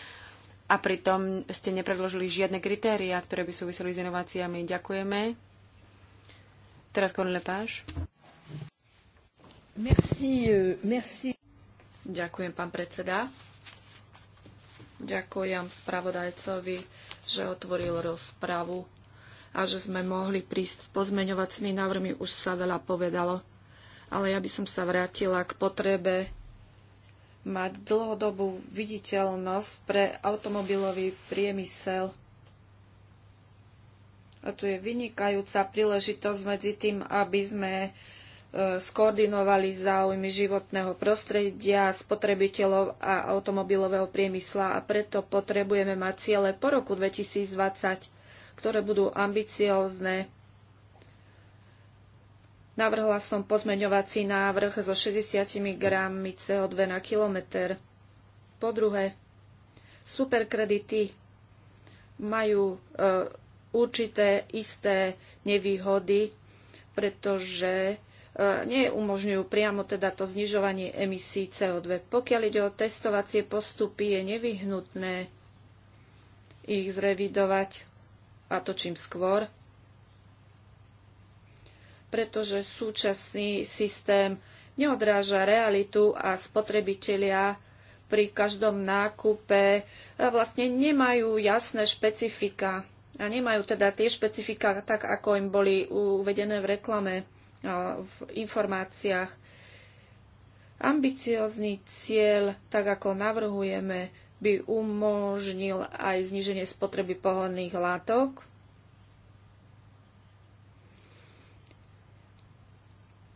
a pritom ste nepredložili žiadne kritéria, ktoré by súviseli s inováciami. Ďakujeme. Teraz Corinne Lepage. Merci, euh, merci. Ďakujem, pán predseda. Ďakujem spravodajcovi, že otvoril rozpravu a že sme mohli prísť s pozmeňovacími návrhmi. Už sa veľa povedalo, ale ja by som sa vrátila k potrebe mať dlhodobú viditeľnosť pre automobilový priemysel. A tu je vynikajúca príležitosť medzi tým, aby sme e, skoordinovali záujmy životného prostredia, spotrebiteľov a automobilového priemysla a preto potrebujeme mať ciele po roku 2020, ktoré budú ambiciózne Navrhla som pozmeňovací návrh so 60 grammi CO2 na kilometr. Po druhé, superkredity majú e, určité isté nevýhody, pretože e, neumožňujú priamo teda to znižovanie emisí CO2. Pokiaľ ide o testovacie postupy, je nevyhnutné ich zrevidovať a to čím skôr, pretože súčasný systém neodráža realitu a spotrebitelia pri každom nákupe eh, vlastne nemajú jasné špecifika a nemajú teda tie špecifika tak, ako im boli uvedené v reklame, eh, v informáciách. Ambiciózny cieľ, tak ako navrhujeme, by umožnil aj zníženie spotreby pohodných látok,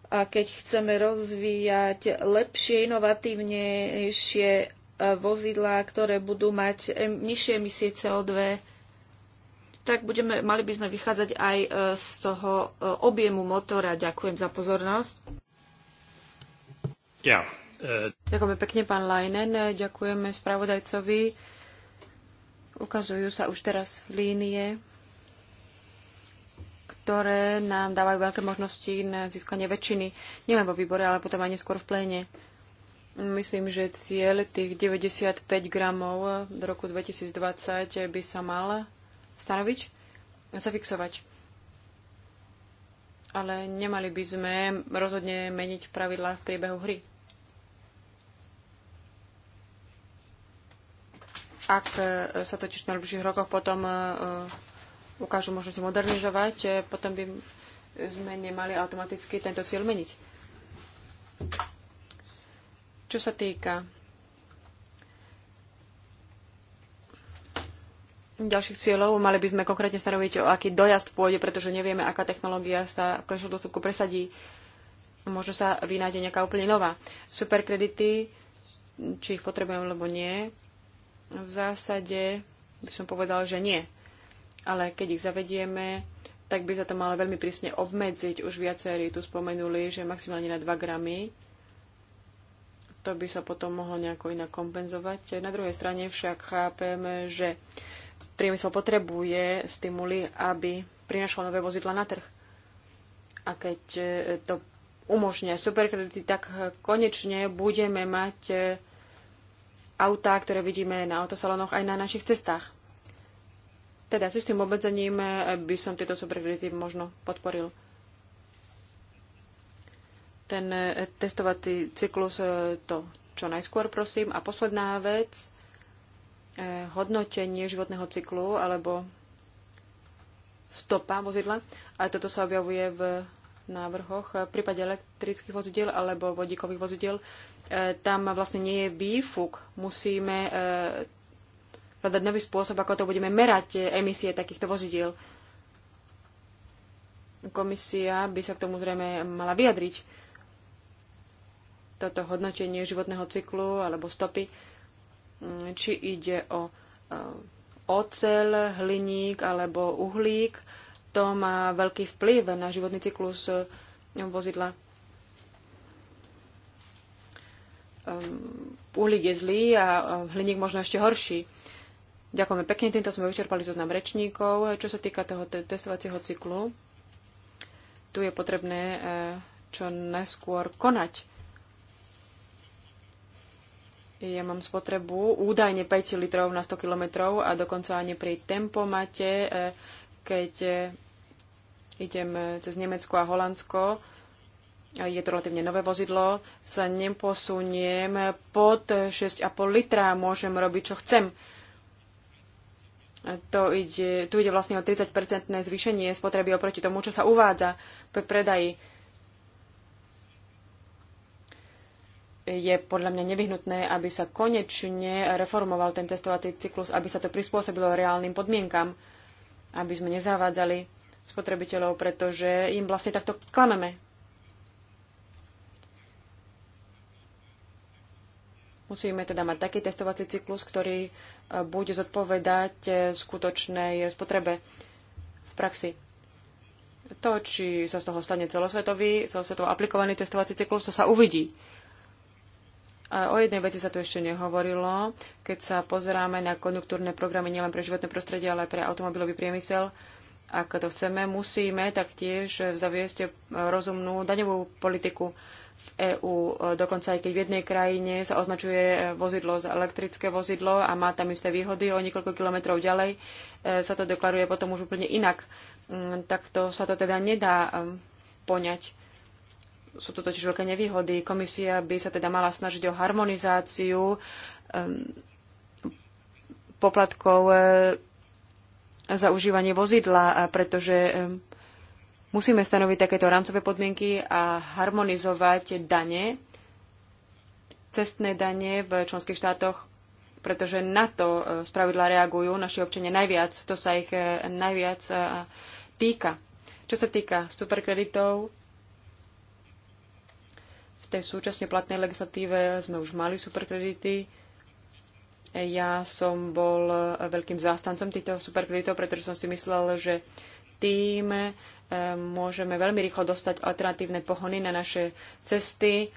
a keď chceme rozvíjať lepšie, inovatívnejšie e, vozidlá, ktoré budú mať nižšie emisie CO2, tak budeme, mali by sme vychádzať aj e, z toho e, objemu motora. Ďakujem za pozornosť. Ja. Ďakujeme pekne, pán Lajnen. Ďakujeme spravodajcovi. Ukazujú sa už teraz línie ktoré nám dávajú veľké možnosti na získanie väčšiny, nielen vo výbore, ale potom aj neskôr v pléne. Myslím, že cieľ tých 95 gramov do roku 2020 by sa mal stanoviť a zafixovať. Ale nemali by sme rozhodne meniť pravidlá v priebehu hry. Ak sa totiž na najbližších rokoch potom eh, ukážu možnosť modernizovať, e, potom by sme nemali automaticky tento cieľ meniť. Čo sa týka ďalších cieľov, mali by sme konkrétne stanoviť, o aký dojazd pôjde, pretože nevieme, aká technológia sa v konečnom dôsledku presadí. Možno sa vynájde nejaká úplne nová. Superkredity, či ich potrebujeme alebo nie, v zásade by som povedal, že nie ale keď ich zavedieme, tak by sa to malo veľmi prísne obmedziť. Už viacerí tu spomenuli, že maximálne na 2 gramy. To by sa potom mohlo nejako inak kompenzovať. Na druhej strane však chápeme, že priemysel potrebuje stimuly, aby prinašlo nové vozidla na trh. A keď e, to umožňuje superkredity, tak konečne budeme mať e, autá, ktoré vidíme na autosalonoch aj na našich cestách. Teda s tým obmedzením eh, by som tieto superkredity možno podporil. Ten eh, testovací cyklus eh, to čo najskôr prosím. A posledná vec, hodnotenie životného cyklu alebo stopa vozidla. A toto sa objavuje v návrhoch v prípade elektrických vozidiel alebo vodíkových vozidiel. Tam vlastne nie je výfuk. Musíme hľadať nový spôsob, ako to budeme merať eh, emisie takýchto vozidiel. Komisia by sa k tomu zrejme mala vyjadriť. Toto hodnotenie životného cyklu alebo stopy, mm, či ide o eh, ocel, hliník alebo uhlík, to má veľký vplyv na životný cyklus eh, vozidla. Ehm, uhlík je zlý a hliník možno ešte horší. Ďakujeme pekne, týmto sme vyčerpali zoznam rečníkov. Čo sa týka toho testovacieho cyklu, tu je potrebné eh, čo najskôr konať. Ja mám spotrebu údajne 5 litrov na 100 kilometrov a dokonca ani pri tempomate, eh, keď eh, idem cez Nemecko a Holandsko, je to relatívne nové vozidlo, sa neposuniem pod 6,5 litra, môžem robiť, čo chcem to ide, tu ide vlastne o 30-percentné zvýšenie spotreby oproti tomu, čo sa uvádza pre predaji. Je podľa mňa nevyhnutné, aby sa konečne reformoval ten testovací cyklus, aby sa to prispôsobilo reálnym podmienkam, aby sme nezavádzali spotrebiteľov, pretože im vlastne takto klameme. Musíme teda mať taký testovací cyklus, ktorý bude zodpovedať eh, skutočnej spotrebe v praxi. To, či sa z toho stane celosvetový, celosvetovo aplikovaný testovací cyklus, to sa uvidí. A o jednej veci sa tu ešte nehovorilo. Keď sa pozeráme na konjunktúrne programy nielen pre životné prostredie, ale aj pre automobilový priemysel, ak to chceme, musíme taktiež zaviesť eh, rozumnú daňovú politiku. EÚ. E e e, dokonca aj keď v jednej krajine sa označuje vozidlo za elektrické vozidlo a má tam isté výhody, o niekoľko kilometrov ďalej sa to deklaruje potom už úplne inak. Mm, tak to sa to teda nedá poňať. Sú to totiž veľké nevýhody. Komisia by sa teda mala snažiť o harmonizáciu poplatkov za užívanie vozidla, pretože Musíme stanoviť takéto rámcové podmienky a harmonizovať dane, cestné dane v členských štátoch, pretože na to spravidla e, reagujú naši občania najviac, to sa ich e, najviac e, týka. Čo sa týka superkreditov, v tej súčasne platnej legislatíve sme už mali superkredity, ja som bol veľkým zástancom týchto superkreditov, pretože som si myslel, že tým môžeme veľmi rýchlo dostať alternatívne pohony na naše cesty.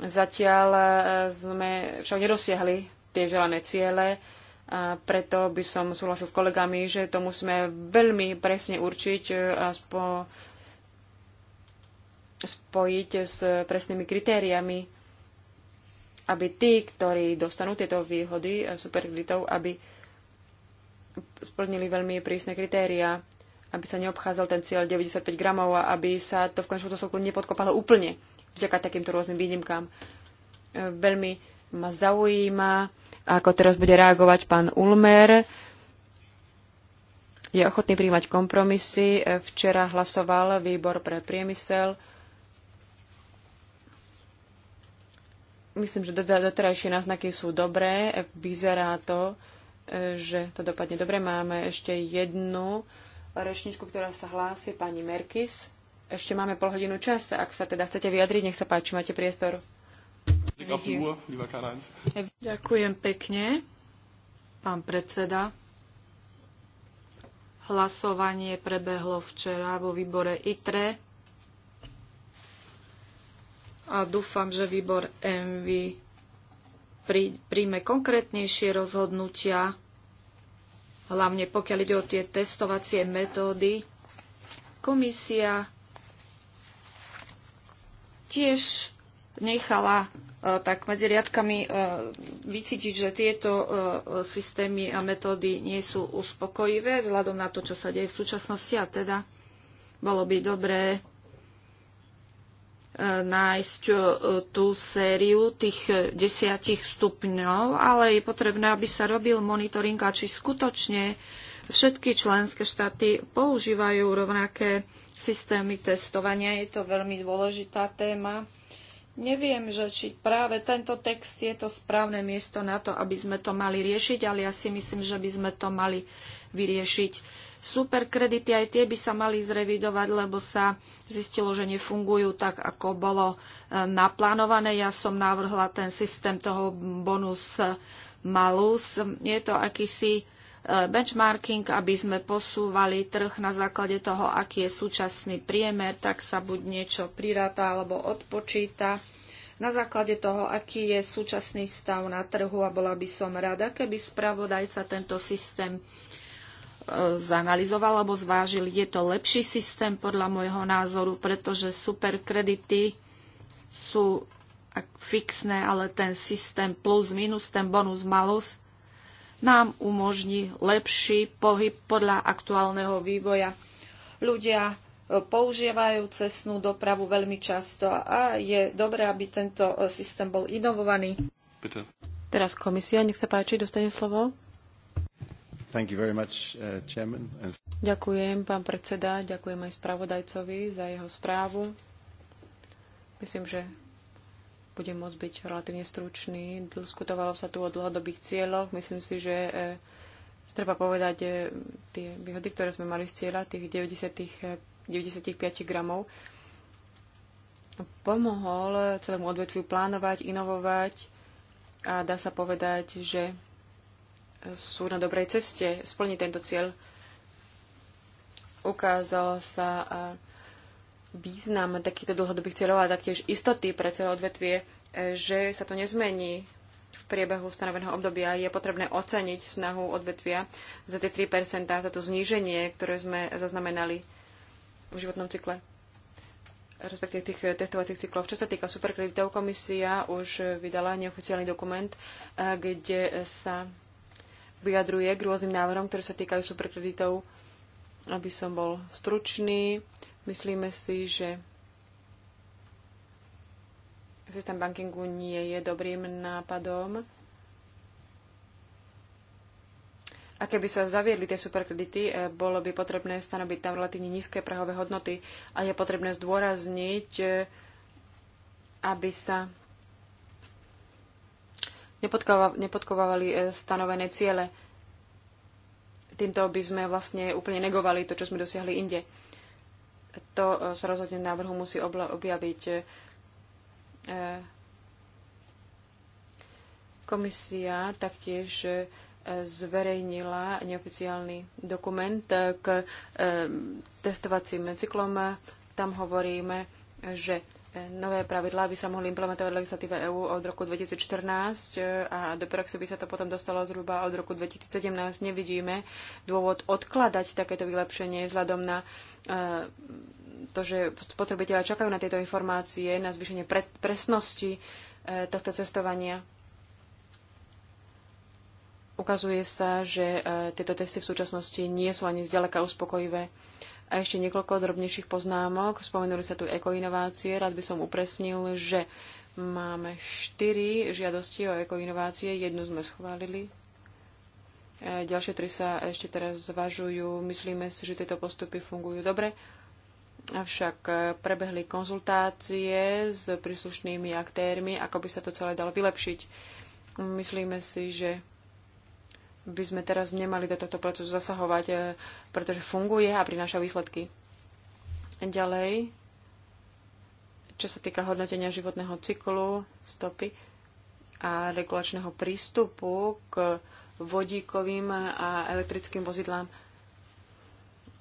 Zatiaľ e, sme však nedosiahli tie želané ciele, a preto by som súhlasil s kolegami, že to musíme veľmi presne určiť a spo... spojiť s presnými kritériami, aby tí, ktorí dostanú tieto výhody superkreditov, aby splnili veľmi prísne kritéria aby sa neobchádzal ten cieľ 95 gramov a aby sa to v končnom dôsledku nepodkopalo úplne vďaka takýmto rôznym výnimkám. E, veľmi ma zaujíma, ako teraz bude reagovať pán Ulmer. Je ochotný príjmať kompromisy. E, včera hlasoval výbor pre priemysel. myslím, že doterajšie náznaky sú dobré. E, vyzerá to, že to dopadne dobre. Máme ešte jednu rečničku, ktorá sa hlási, pani Merkis. Ešte máme pol hodinu čas, ak sa teda chcete vyjadriť, nech sa páči, máte priestor. Ďakujem pekne, pán predseda. Hlasovanie prebehlo včera vo výbore ITRE a dúfam, že výbor MV príjme konkrétnejšie rozhodnutia hlavne pokiaľ ide o tie testovacie metódy. Komisia tiež nechala e, tak medzi riadkami e, vycítiť, že tieto e, systémy a metódy nie sú uspokojivé vzhľadom na to, čo sa deje v súčasnosti a teda bolo by dobré nájsť eh, tú sériu tých eh, desiatich stupňov, ale je potrebné, aby sa robil monitoring a či skutočne všetky členské štáty používajú rovnaké systémy testovania. Je to veľmi dôležitá téma. Neviem, že či práve tento text je to správne miesto na to, aby sme to mali riešiť, ale ja si myslím, že by sme to mali vyriešiť Superkredity aj tie by sa mali zrevidovať, lebo sa zistilo, že nefungujú tak, ako bolo e, naplánované. Ja som navrhla ten systém toho bonus malus. Je to akýsi e, benchmarking, aby sme posúvali trh na základe toho, aký je súčasný priemer, tak sa buď niečo priráta alebo odpočíta. Na základe toho, aký je súčasný stav na trhu a bola by som rada, keby spravodajca tento systém zanalizoval alebo zvážil. Je to lepší systém podľa môjho názoru, pretože superkredity sú fixné, ale ten systém plus minus, ten bonus malus nám umožní lepší pohyb podľa aktuálneho vývoja. Ľudia e, používajú cestnú dopravu veľmi často a je dobré, aby tento e, systém bol inovovaný. Peter. Teraz komisia, nech sa páči, dostane slovo. Uh, ďakujem, pán predseda, ďakujem aj spravodajcovi za jeho správu. Myslím, že budem môcť byť relatívne stručný. Diskutovalo sa tu o dlhodobých cieľoch. Myslím si, že e, treba povedať e, tie výhody, ktoré sme mali z cieľa, tých 90, 95 e, gramov, pomohol celému odvetviu plánovať, inovovať a dá sa povedať, že sú na dobrej ceste splniť tento cieľ. Ukázal sa význam takýchto dlhodobých cieľov a taktiež istoty pre celé odvetvie, e, že sa to nezmení v priebehu stanoveného obdobia. Je potrebné oceniť snahu odvetvia za tie 3%, za to zníženie, ktoré sme zaznamenali v životnom cykle respektíve tých testovacích cyklov. Čo sa týka superkreditov, komisia už vydala neoficiálny dokument, kde sa vyjadruje k rôznym návrhom, ktoré sa týkajú superkreditov. Aby som bol stručný, myslíme si, že systém bankingu nie je dobrým nápadom. A keby sa zaviedli tie superkredity, eh, bolo by potrebné stanoviť tam relatívne nízke prahové hodnoty a je potrebné zdôrazniť, eh, aby sa nepodkovávali e, stanovené ciele. Týmto by sme vlastne úplne negovali to, čo sme dosiahli inde. To e, sa rozhodne návrhu musí objaviť. E, komisia taktiež zverejnila neoficiálny dokument k testovacím cyklom. Tam hovoríme, že nové pravidlá by sa mohli implementovať v legislatíve EÚ od roku 2014 e, a do praxe by sa to potom dostalo zhruba od roku 2017. Nevidíme dôvod odkladať takéto vylepšenie vzhľadom na e, to, že spotrebitelia čakajú na tieto informácie, na zvýšenie pre presnosti e, tohto cestovania. Ukazuje sa, že tieto testy v súčasnosti nie sú ani zďaleka uspokojivé. A ešte niekoľko drobnejších poznámok. Spomenuli sa tu ekoinovácie. Rád by som upresnil, že máme štyri žiadosti o ekoinovácie. Jednu sme schválili. E, ďalšie tri sa ešte teraz zvažujú. Myslíme si, že tieto postupy fungujú dobre. Avšak e, prebehli konzultácie s príslušnými aktérmi, ako by sa to celé dalo vylepšiť. Myslíme si, že by sme teraz nemali do tohto procesu zasahovať, e, pretože funguje a prináša výsledky. Ďalej, čo sa týka hodnotenia životného cyklu, stopy a regulačného prístupu k vodíkovým a elektrickým vozidlám,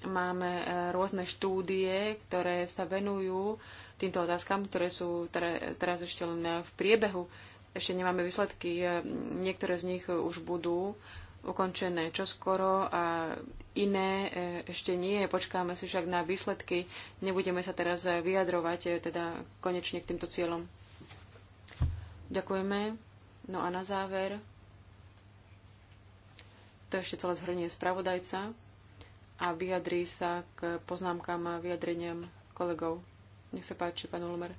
máme e, rôzne štúdie, ktoré sa venujú týmto otázkam, ktoré sú teraz ešte len v priebehu. Ešte nemáme výsledky. E, niektoré z nich už budú ukončené čoskoro a iné e, ešte nie. Počkáme si však na výsledky. Nebudeme sa teraz vyjadrovať e, teda konečne k týmto cieľom. Ďakujeme. No a na záver, to ešte celé zhrnie spravodajca a vyjadrí sa k poznámkam a vyjadreniam kolegov. Nech sa páči, pán Ulmer.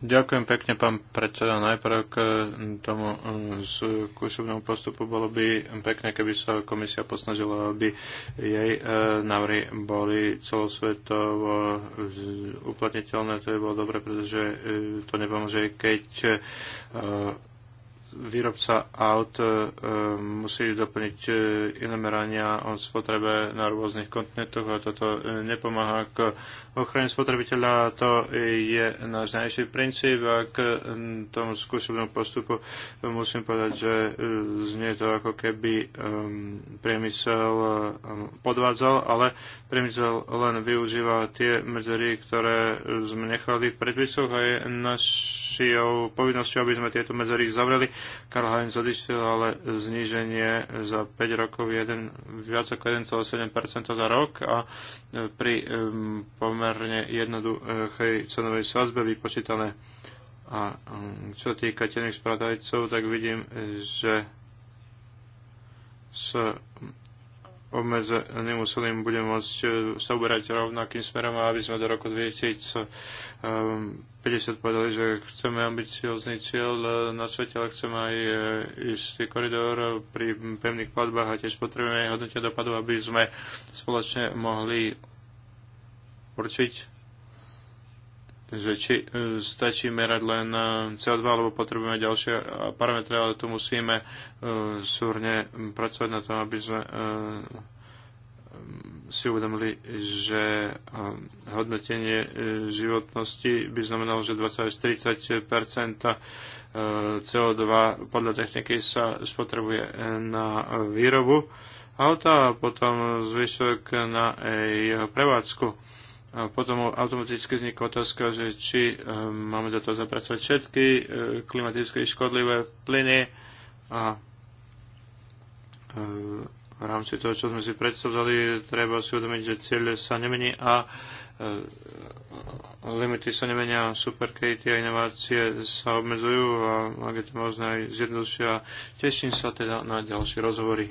Ďakujem pekne, pán predseda. Najprv k mm, tomu skúšobnému mm, postupu bolo by pekne, keby sa komisia posnažila, aby jej e, návrhy boli celosvetovo uplatniteľné. To je bolo dobre, pretože e, to nepomôže, keď e, výrobca aut musí doplniť iné merania o spotrebe na rôznych kontinentoch a toto nepomáha k ochrane spotrebiteľa. To je náš najvyšší princíp a k tomu skúšobnému postupu musím povedať, že e, znie to ako keby e, priemysel e, podvádzal, ale priemysel len využíva tie medzery, ktoré sme nechali v predpisoch a je našou povinnosťou, aby sme tieto medzery zavreli. Karl Heinz odišiel, ale zníženie za 5 rokov je jeden, viac ako 1,7% za rok a pri um, pomerne jednoduchej cenovej sázbe vypočítané. A mm, čo týka tených spravodajcov, tak vidím, že s obmedzeným úsilím budeme môcť e, sa uberať rovnakým smerom a aby sme do roku 2050 e, povedali, že chceme ambiciózny cieľ e, na svete, ale chceme aj istý koridor pri pevných platbách a tiež potrebujeme hodnotia dopadu, aby sme spoločne mohli určiť, že či e, stačí merať len e, CO2, alebo potrebujeme ďalšie e, parametre, ale tu musíme súrne pracovať na tom, aby sme si uvedomili, že hodnotenie životnosti by znamenalo, že 20 až 30 CO2 podľa techniky sa spotrebuje na výrobu auta a potom zvyšok na jeho prevádzku a potom automaticky vznikla otázka, že či e, máme do toho zapracovať všetky e, klimaticky škodlivé plyny a e, v rámci toho, čo sme si predstavili, treba si uvedomiť, že cieľ sa nemení a limity sa nemenia, superkejty a inovácie sa obmedzujú a ak je to možné aj zjednodušia. Teším sa teda na ďalšie rozhovory.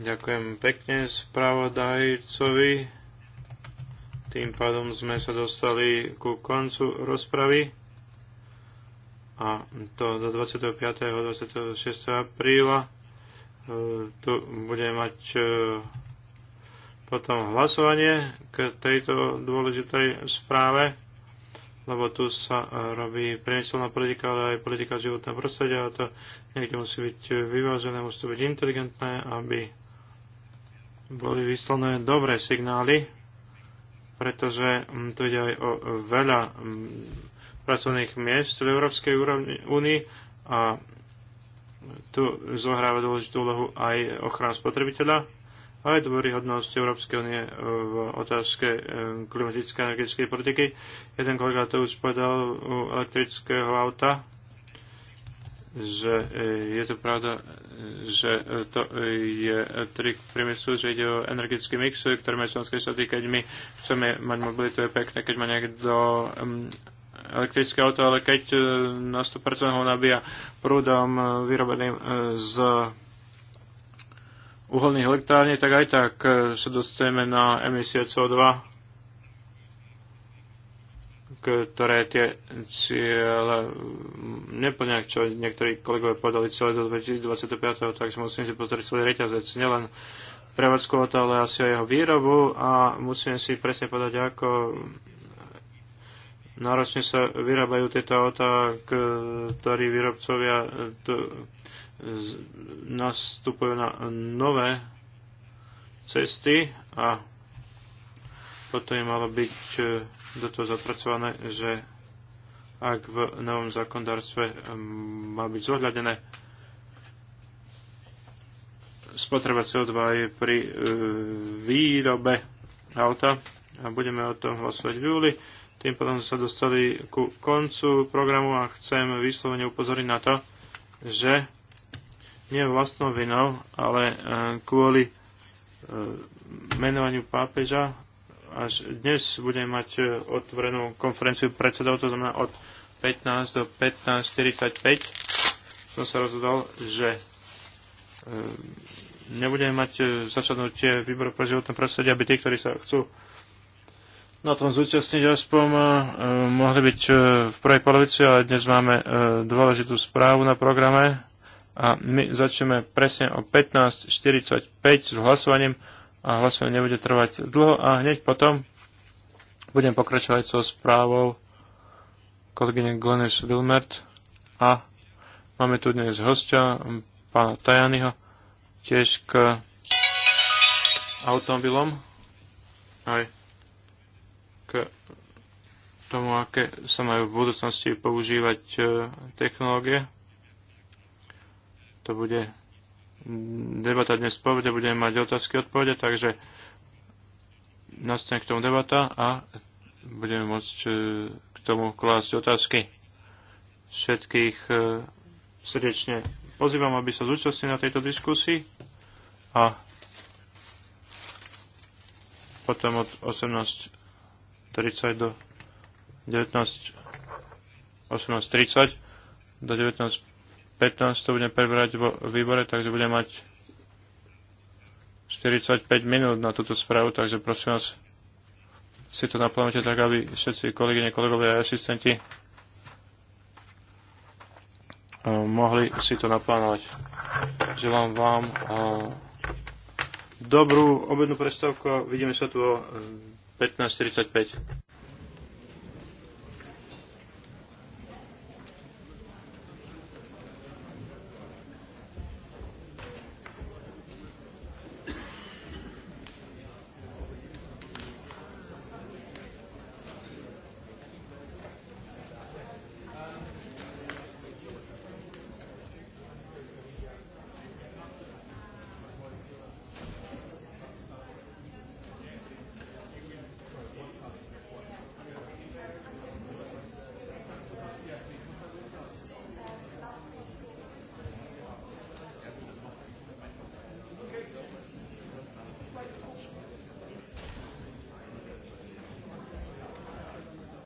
Ďakujem pekne spravodajcovi. Tým pádom sme sa dostali ku koncu rozpravy a to do 25. a 26. apríla e, tu bude mať e, potom hlasovanie k tejto dôležitej správe, lebo tu sa e, robí priemyselná politika, ale aj politika životného prostredia a to niekde musí byť vyvážené, musí to byť inteligentné, aby boli vyslané dobré signály pretože mm, tu ide aj o veľa mm, pracovných miest v Európskej únii a tu zohráva dôležitú úlohu aj ochrana spotrebiteľa, aj dôryhodnosť Európskej únie v otázke e, klimatickej a energetickej politiky. Jeden kolega to už povedal u elektrického auta, že e, je to pravda, že to je trik priemyslu, že ide o energetický mix, ktorý má členské štáty, keď my chceme mať mobilitu, je pekné, keď má niekto mm, elektrické auto, ale keď e, na 100% ho nabíja prúdom e, vyrobeným z uholných elektrární, tak aj tak sa dostaneme na emisie CO2 ktoré tie cieľe neplňa, čo niektorí kolegovia povedali celé do 2025, tak si musíme si pozrieť celý reťazec, nielen prevádzku ale asi aj jeho výrobu a musíme si presne povedať, ako náročne sa vyrábajú tieto autá, ktorí výrobcovia nastupujú na nové cesty a toto je malo byť e, do toho zapracované, že ak v novom zákondárstve e, má byť zohľadené spotreba CO2 aj pri e, výrobe auta a budeme o tom hlasovať v júli. Tým potom sa dostali ku koncu programu a chcem vyslovene upozoriť na to, že nie vlastnou vinou, ale e, kvôli e, menovaniu pápeža až dnes budem mať e, otvorenú konferenciu predsedov, to znamená od 15 do 15.45 som sa rozhodol, že e, nebudeme mať e, zasadnutie výboru pre životné prostredie, aby tí, ktorí sa chcú na tom zúčastniť aspoň mohli byť v prvej polovici, ale dnes máme dôležitú správu na programe a my začneme presne o 15.45 s hlasovaním a hlasovanie nebude trvať dlho a hneď potom budem pokračovať so správou kolegyne Glenis Wilmert a máme tu dnes hostia, pána Tajanyho, tiež k automobilom aj k tomu, aké sa majú v budúcnosti používať e, technológie. To bude debata dnes povede budeme mať otázky odpovede, takže nastane k tomu debata a budeme môcť e, k tomu klásť otázky. Všetkých e, srdečne pozývam, aby sa zúčastnili na tejto diskusii a potom od 18.30 do 19.18.30 do 19.50 15 to budem prebrať vo výbore, takže budem mať 45 minút na túto správu, takže prosím vás, si to naplánujte tak, aby všetci kolegyne, kolegovia a asistenti eh, mohli si to naplánovať. Želám vám eh, dobrú obednú predstavku. a vidíme sa tu o 15.45. Eh,